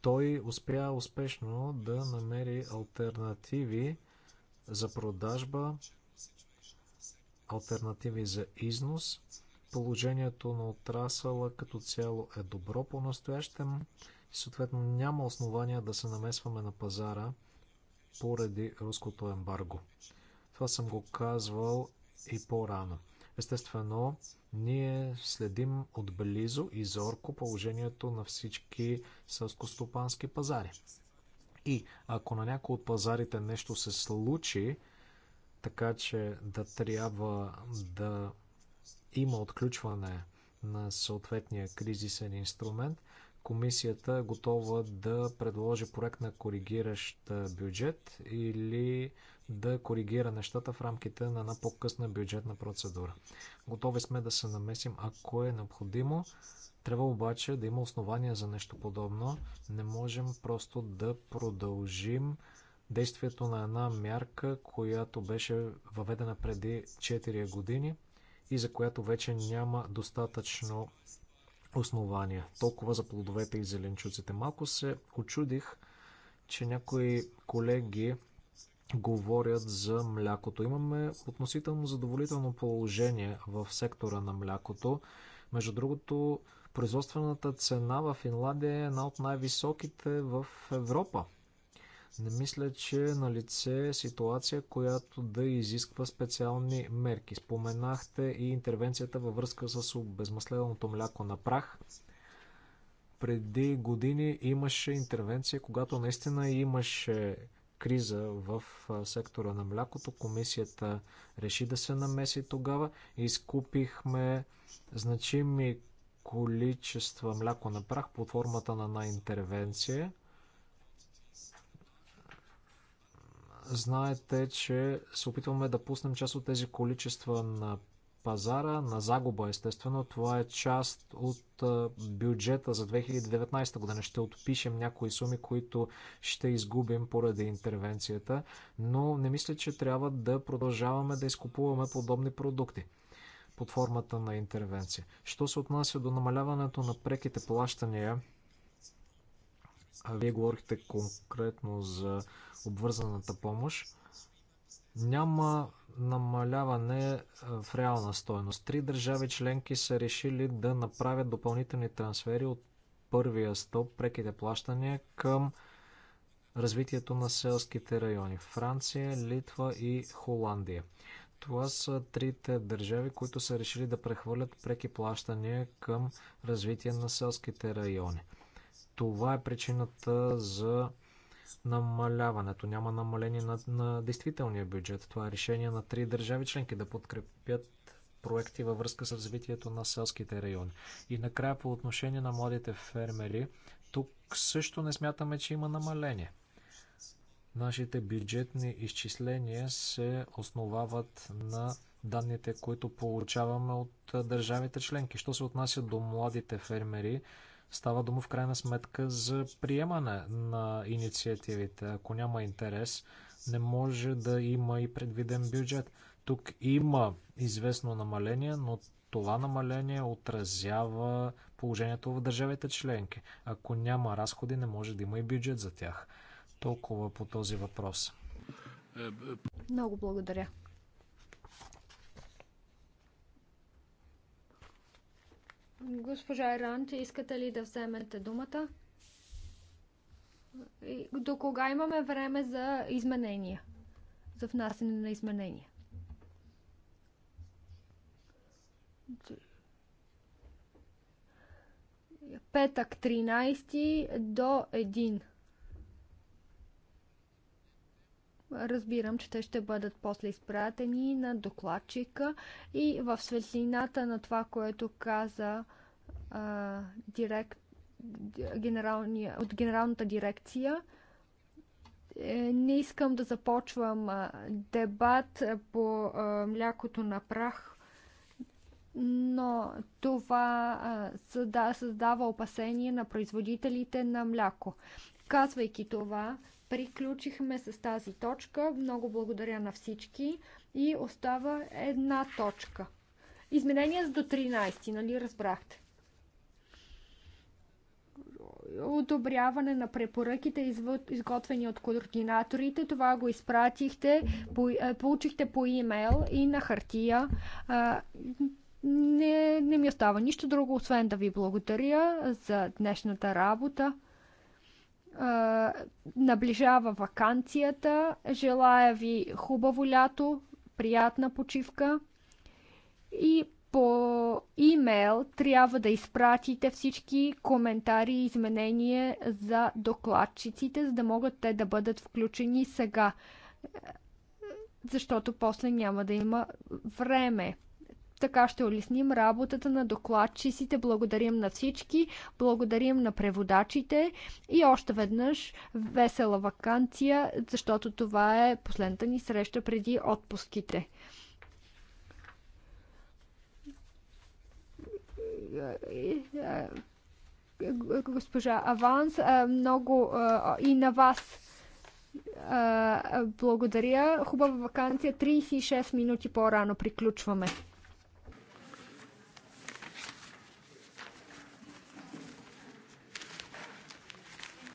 той успя успешно да намери альтернативи за продажба, альтернативи за износ. Положението на отрасъла като цяло е добро по-настоящем и съответно няма основания да се намесваме на пазара поради руското ембарго. Това съм го казвал и по-рано. Естествено, ние следим отблизо и зорко положението на всички сълскостопански пазари. И ако на някой от пазарите нещо се случи, така че да трябва да има отключване на съответния кризисен инструмент, комисията е готова да предложи проект на коригиращ бюджет или да коригира нещата в рамките на една по-късна бюджетна процедура. Готови сме да се намесим, ако е необходимо. Трябва обаче да има основания за нещо подобно. Не можем просто да продължим действието на една мярка, която беше въведена преди 4 години и за която вече няма достатъчно основания. Толкова за плодовете и зеленчуците. Малко се очудих, че някои колеги говорят за млякото. Имаме относително задоволително положение в сектора на млякото. Между другото, производствената цена в Финландия е една от най-високите в Европа. Не мисля, че е на лице ситуация, която да изисква специални мерки. Споменахте и интервенцията във връзка с обезмасленото мляко на прах. Преди години имаше интервенция, когато наистина имаше криза в сектора на млякото. Комисията реши да се намеси тогава. Изкупихме значими количества мляко на прах под формата на, на интервенция – Знаете, че се опитваме да пуснем част от тези количества на пазара, на загуба естествено. Това е част от бюджета за 2019 година. Ще отпишем някои суми, които ще изгубим поради интервенцията, но не мисля, че трябва да продължаваме да изкупуваме подобни продукти под формата на интервенция. Що се отнася до намаляването на преките плащания, а вие говорихте конкретно за обвързаната помощ. Няма намаляване е, в реална стоеност. Три държави членки са решили да направят допълнителни трансфери от първия стоп преките плащания към развитието на селските райони. Франция, Литва и Холандия. Това са трите държави, които са решили да прехвърлят преки плащания към развитие на селските райони. Това е причината за намаляването. Няма намаление на, на действителния бюджет. Това е решение на три държави членки да подкрепят проекти във връзка с развитието на селските райони. И накрая по отношение на младите фермери, тук също не смятаме, че има намаление. Нашите бюджетни изчисления се основават на данните, които получаваме от държавите членки. Що се отнася до младите фермери, Става дума в крайна сметка за приемане на инициативите. Ако няма интерес, не може да има и предвиден бюджет. Тук има известно намаление, но това намаление отразява положението в държавите членки. Ако няма разходи, не може да има и бюджет за тях. Толкова по този въпрос. Много благодаря. Госпожа че искате ли да вземете думата? До кога имаме време за изменения? За внасене на изменения? Петък 13 до 1. Разбирам, че те ще бъдат после изпратени на докладчика и в светлината на това, което каза а, директ, генералния, от генералната дирекция, е, не искам да започвам дебат по млякото на прах, но това създава опасение на производителите на мляко. Казвайки това, Приключихме с тази точка. Много благодаря на всички. И остава една точка. Изменения до 13, нали разбрахте? одобряване на препоръките, изготвени от координаторите. Това го изпратихте, е, получихте по имейл и на хартия. Не, не ми остава нищо друго, освен да ви благодаря за днешната работа наближава вакансията. Желая ви хубаво лято, приятна почивка и по имейл трябва да изпратите всички коментари и изменения за докладчиците, за да могат те да бъдат включени сега, защото после няма да има време. Така ще улесним работата на докладчиците. Благодарим на всички, благодарим на преводачите и още веднъж весела вакансия, защото това е последната ни среща преди отпуските. Госпожа Аванс, много и на вас благодаря. Хубава вакансия. 36 минути по-рано приключваме.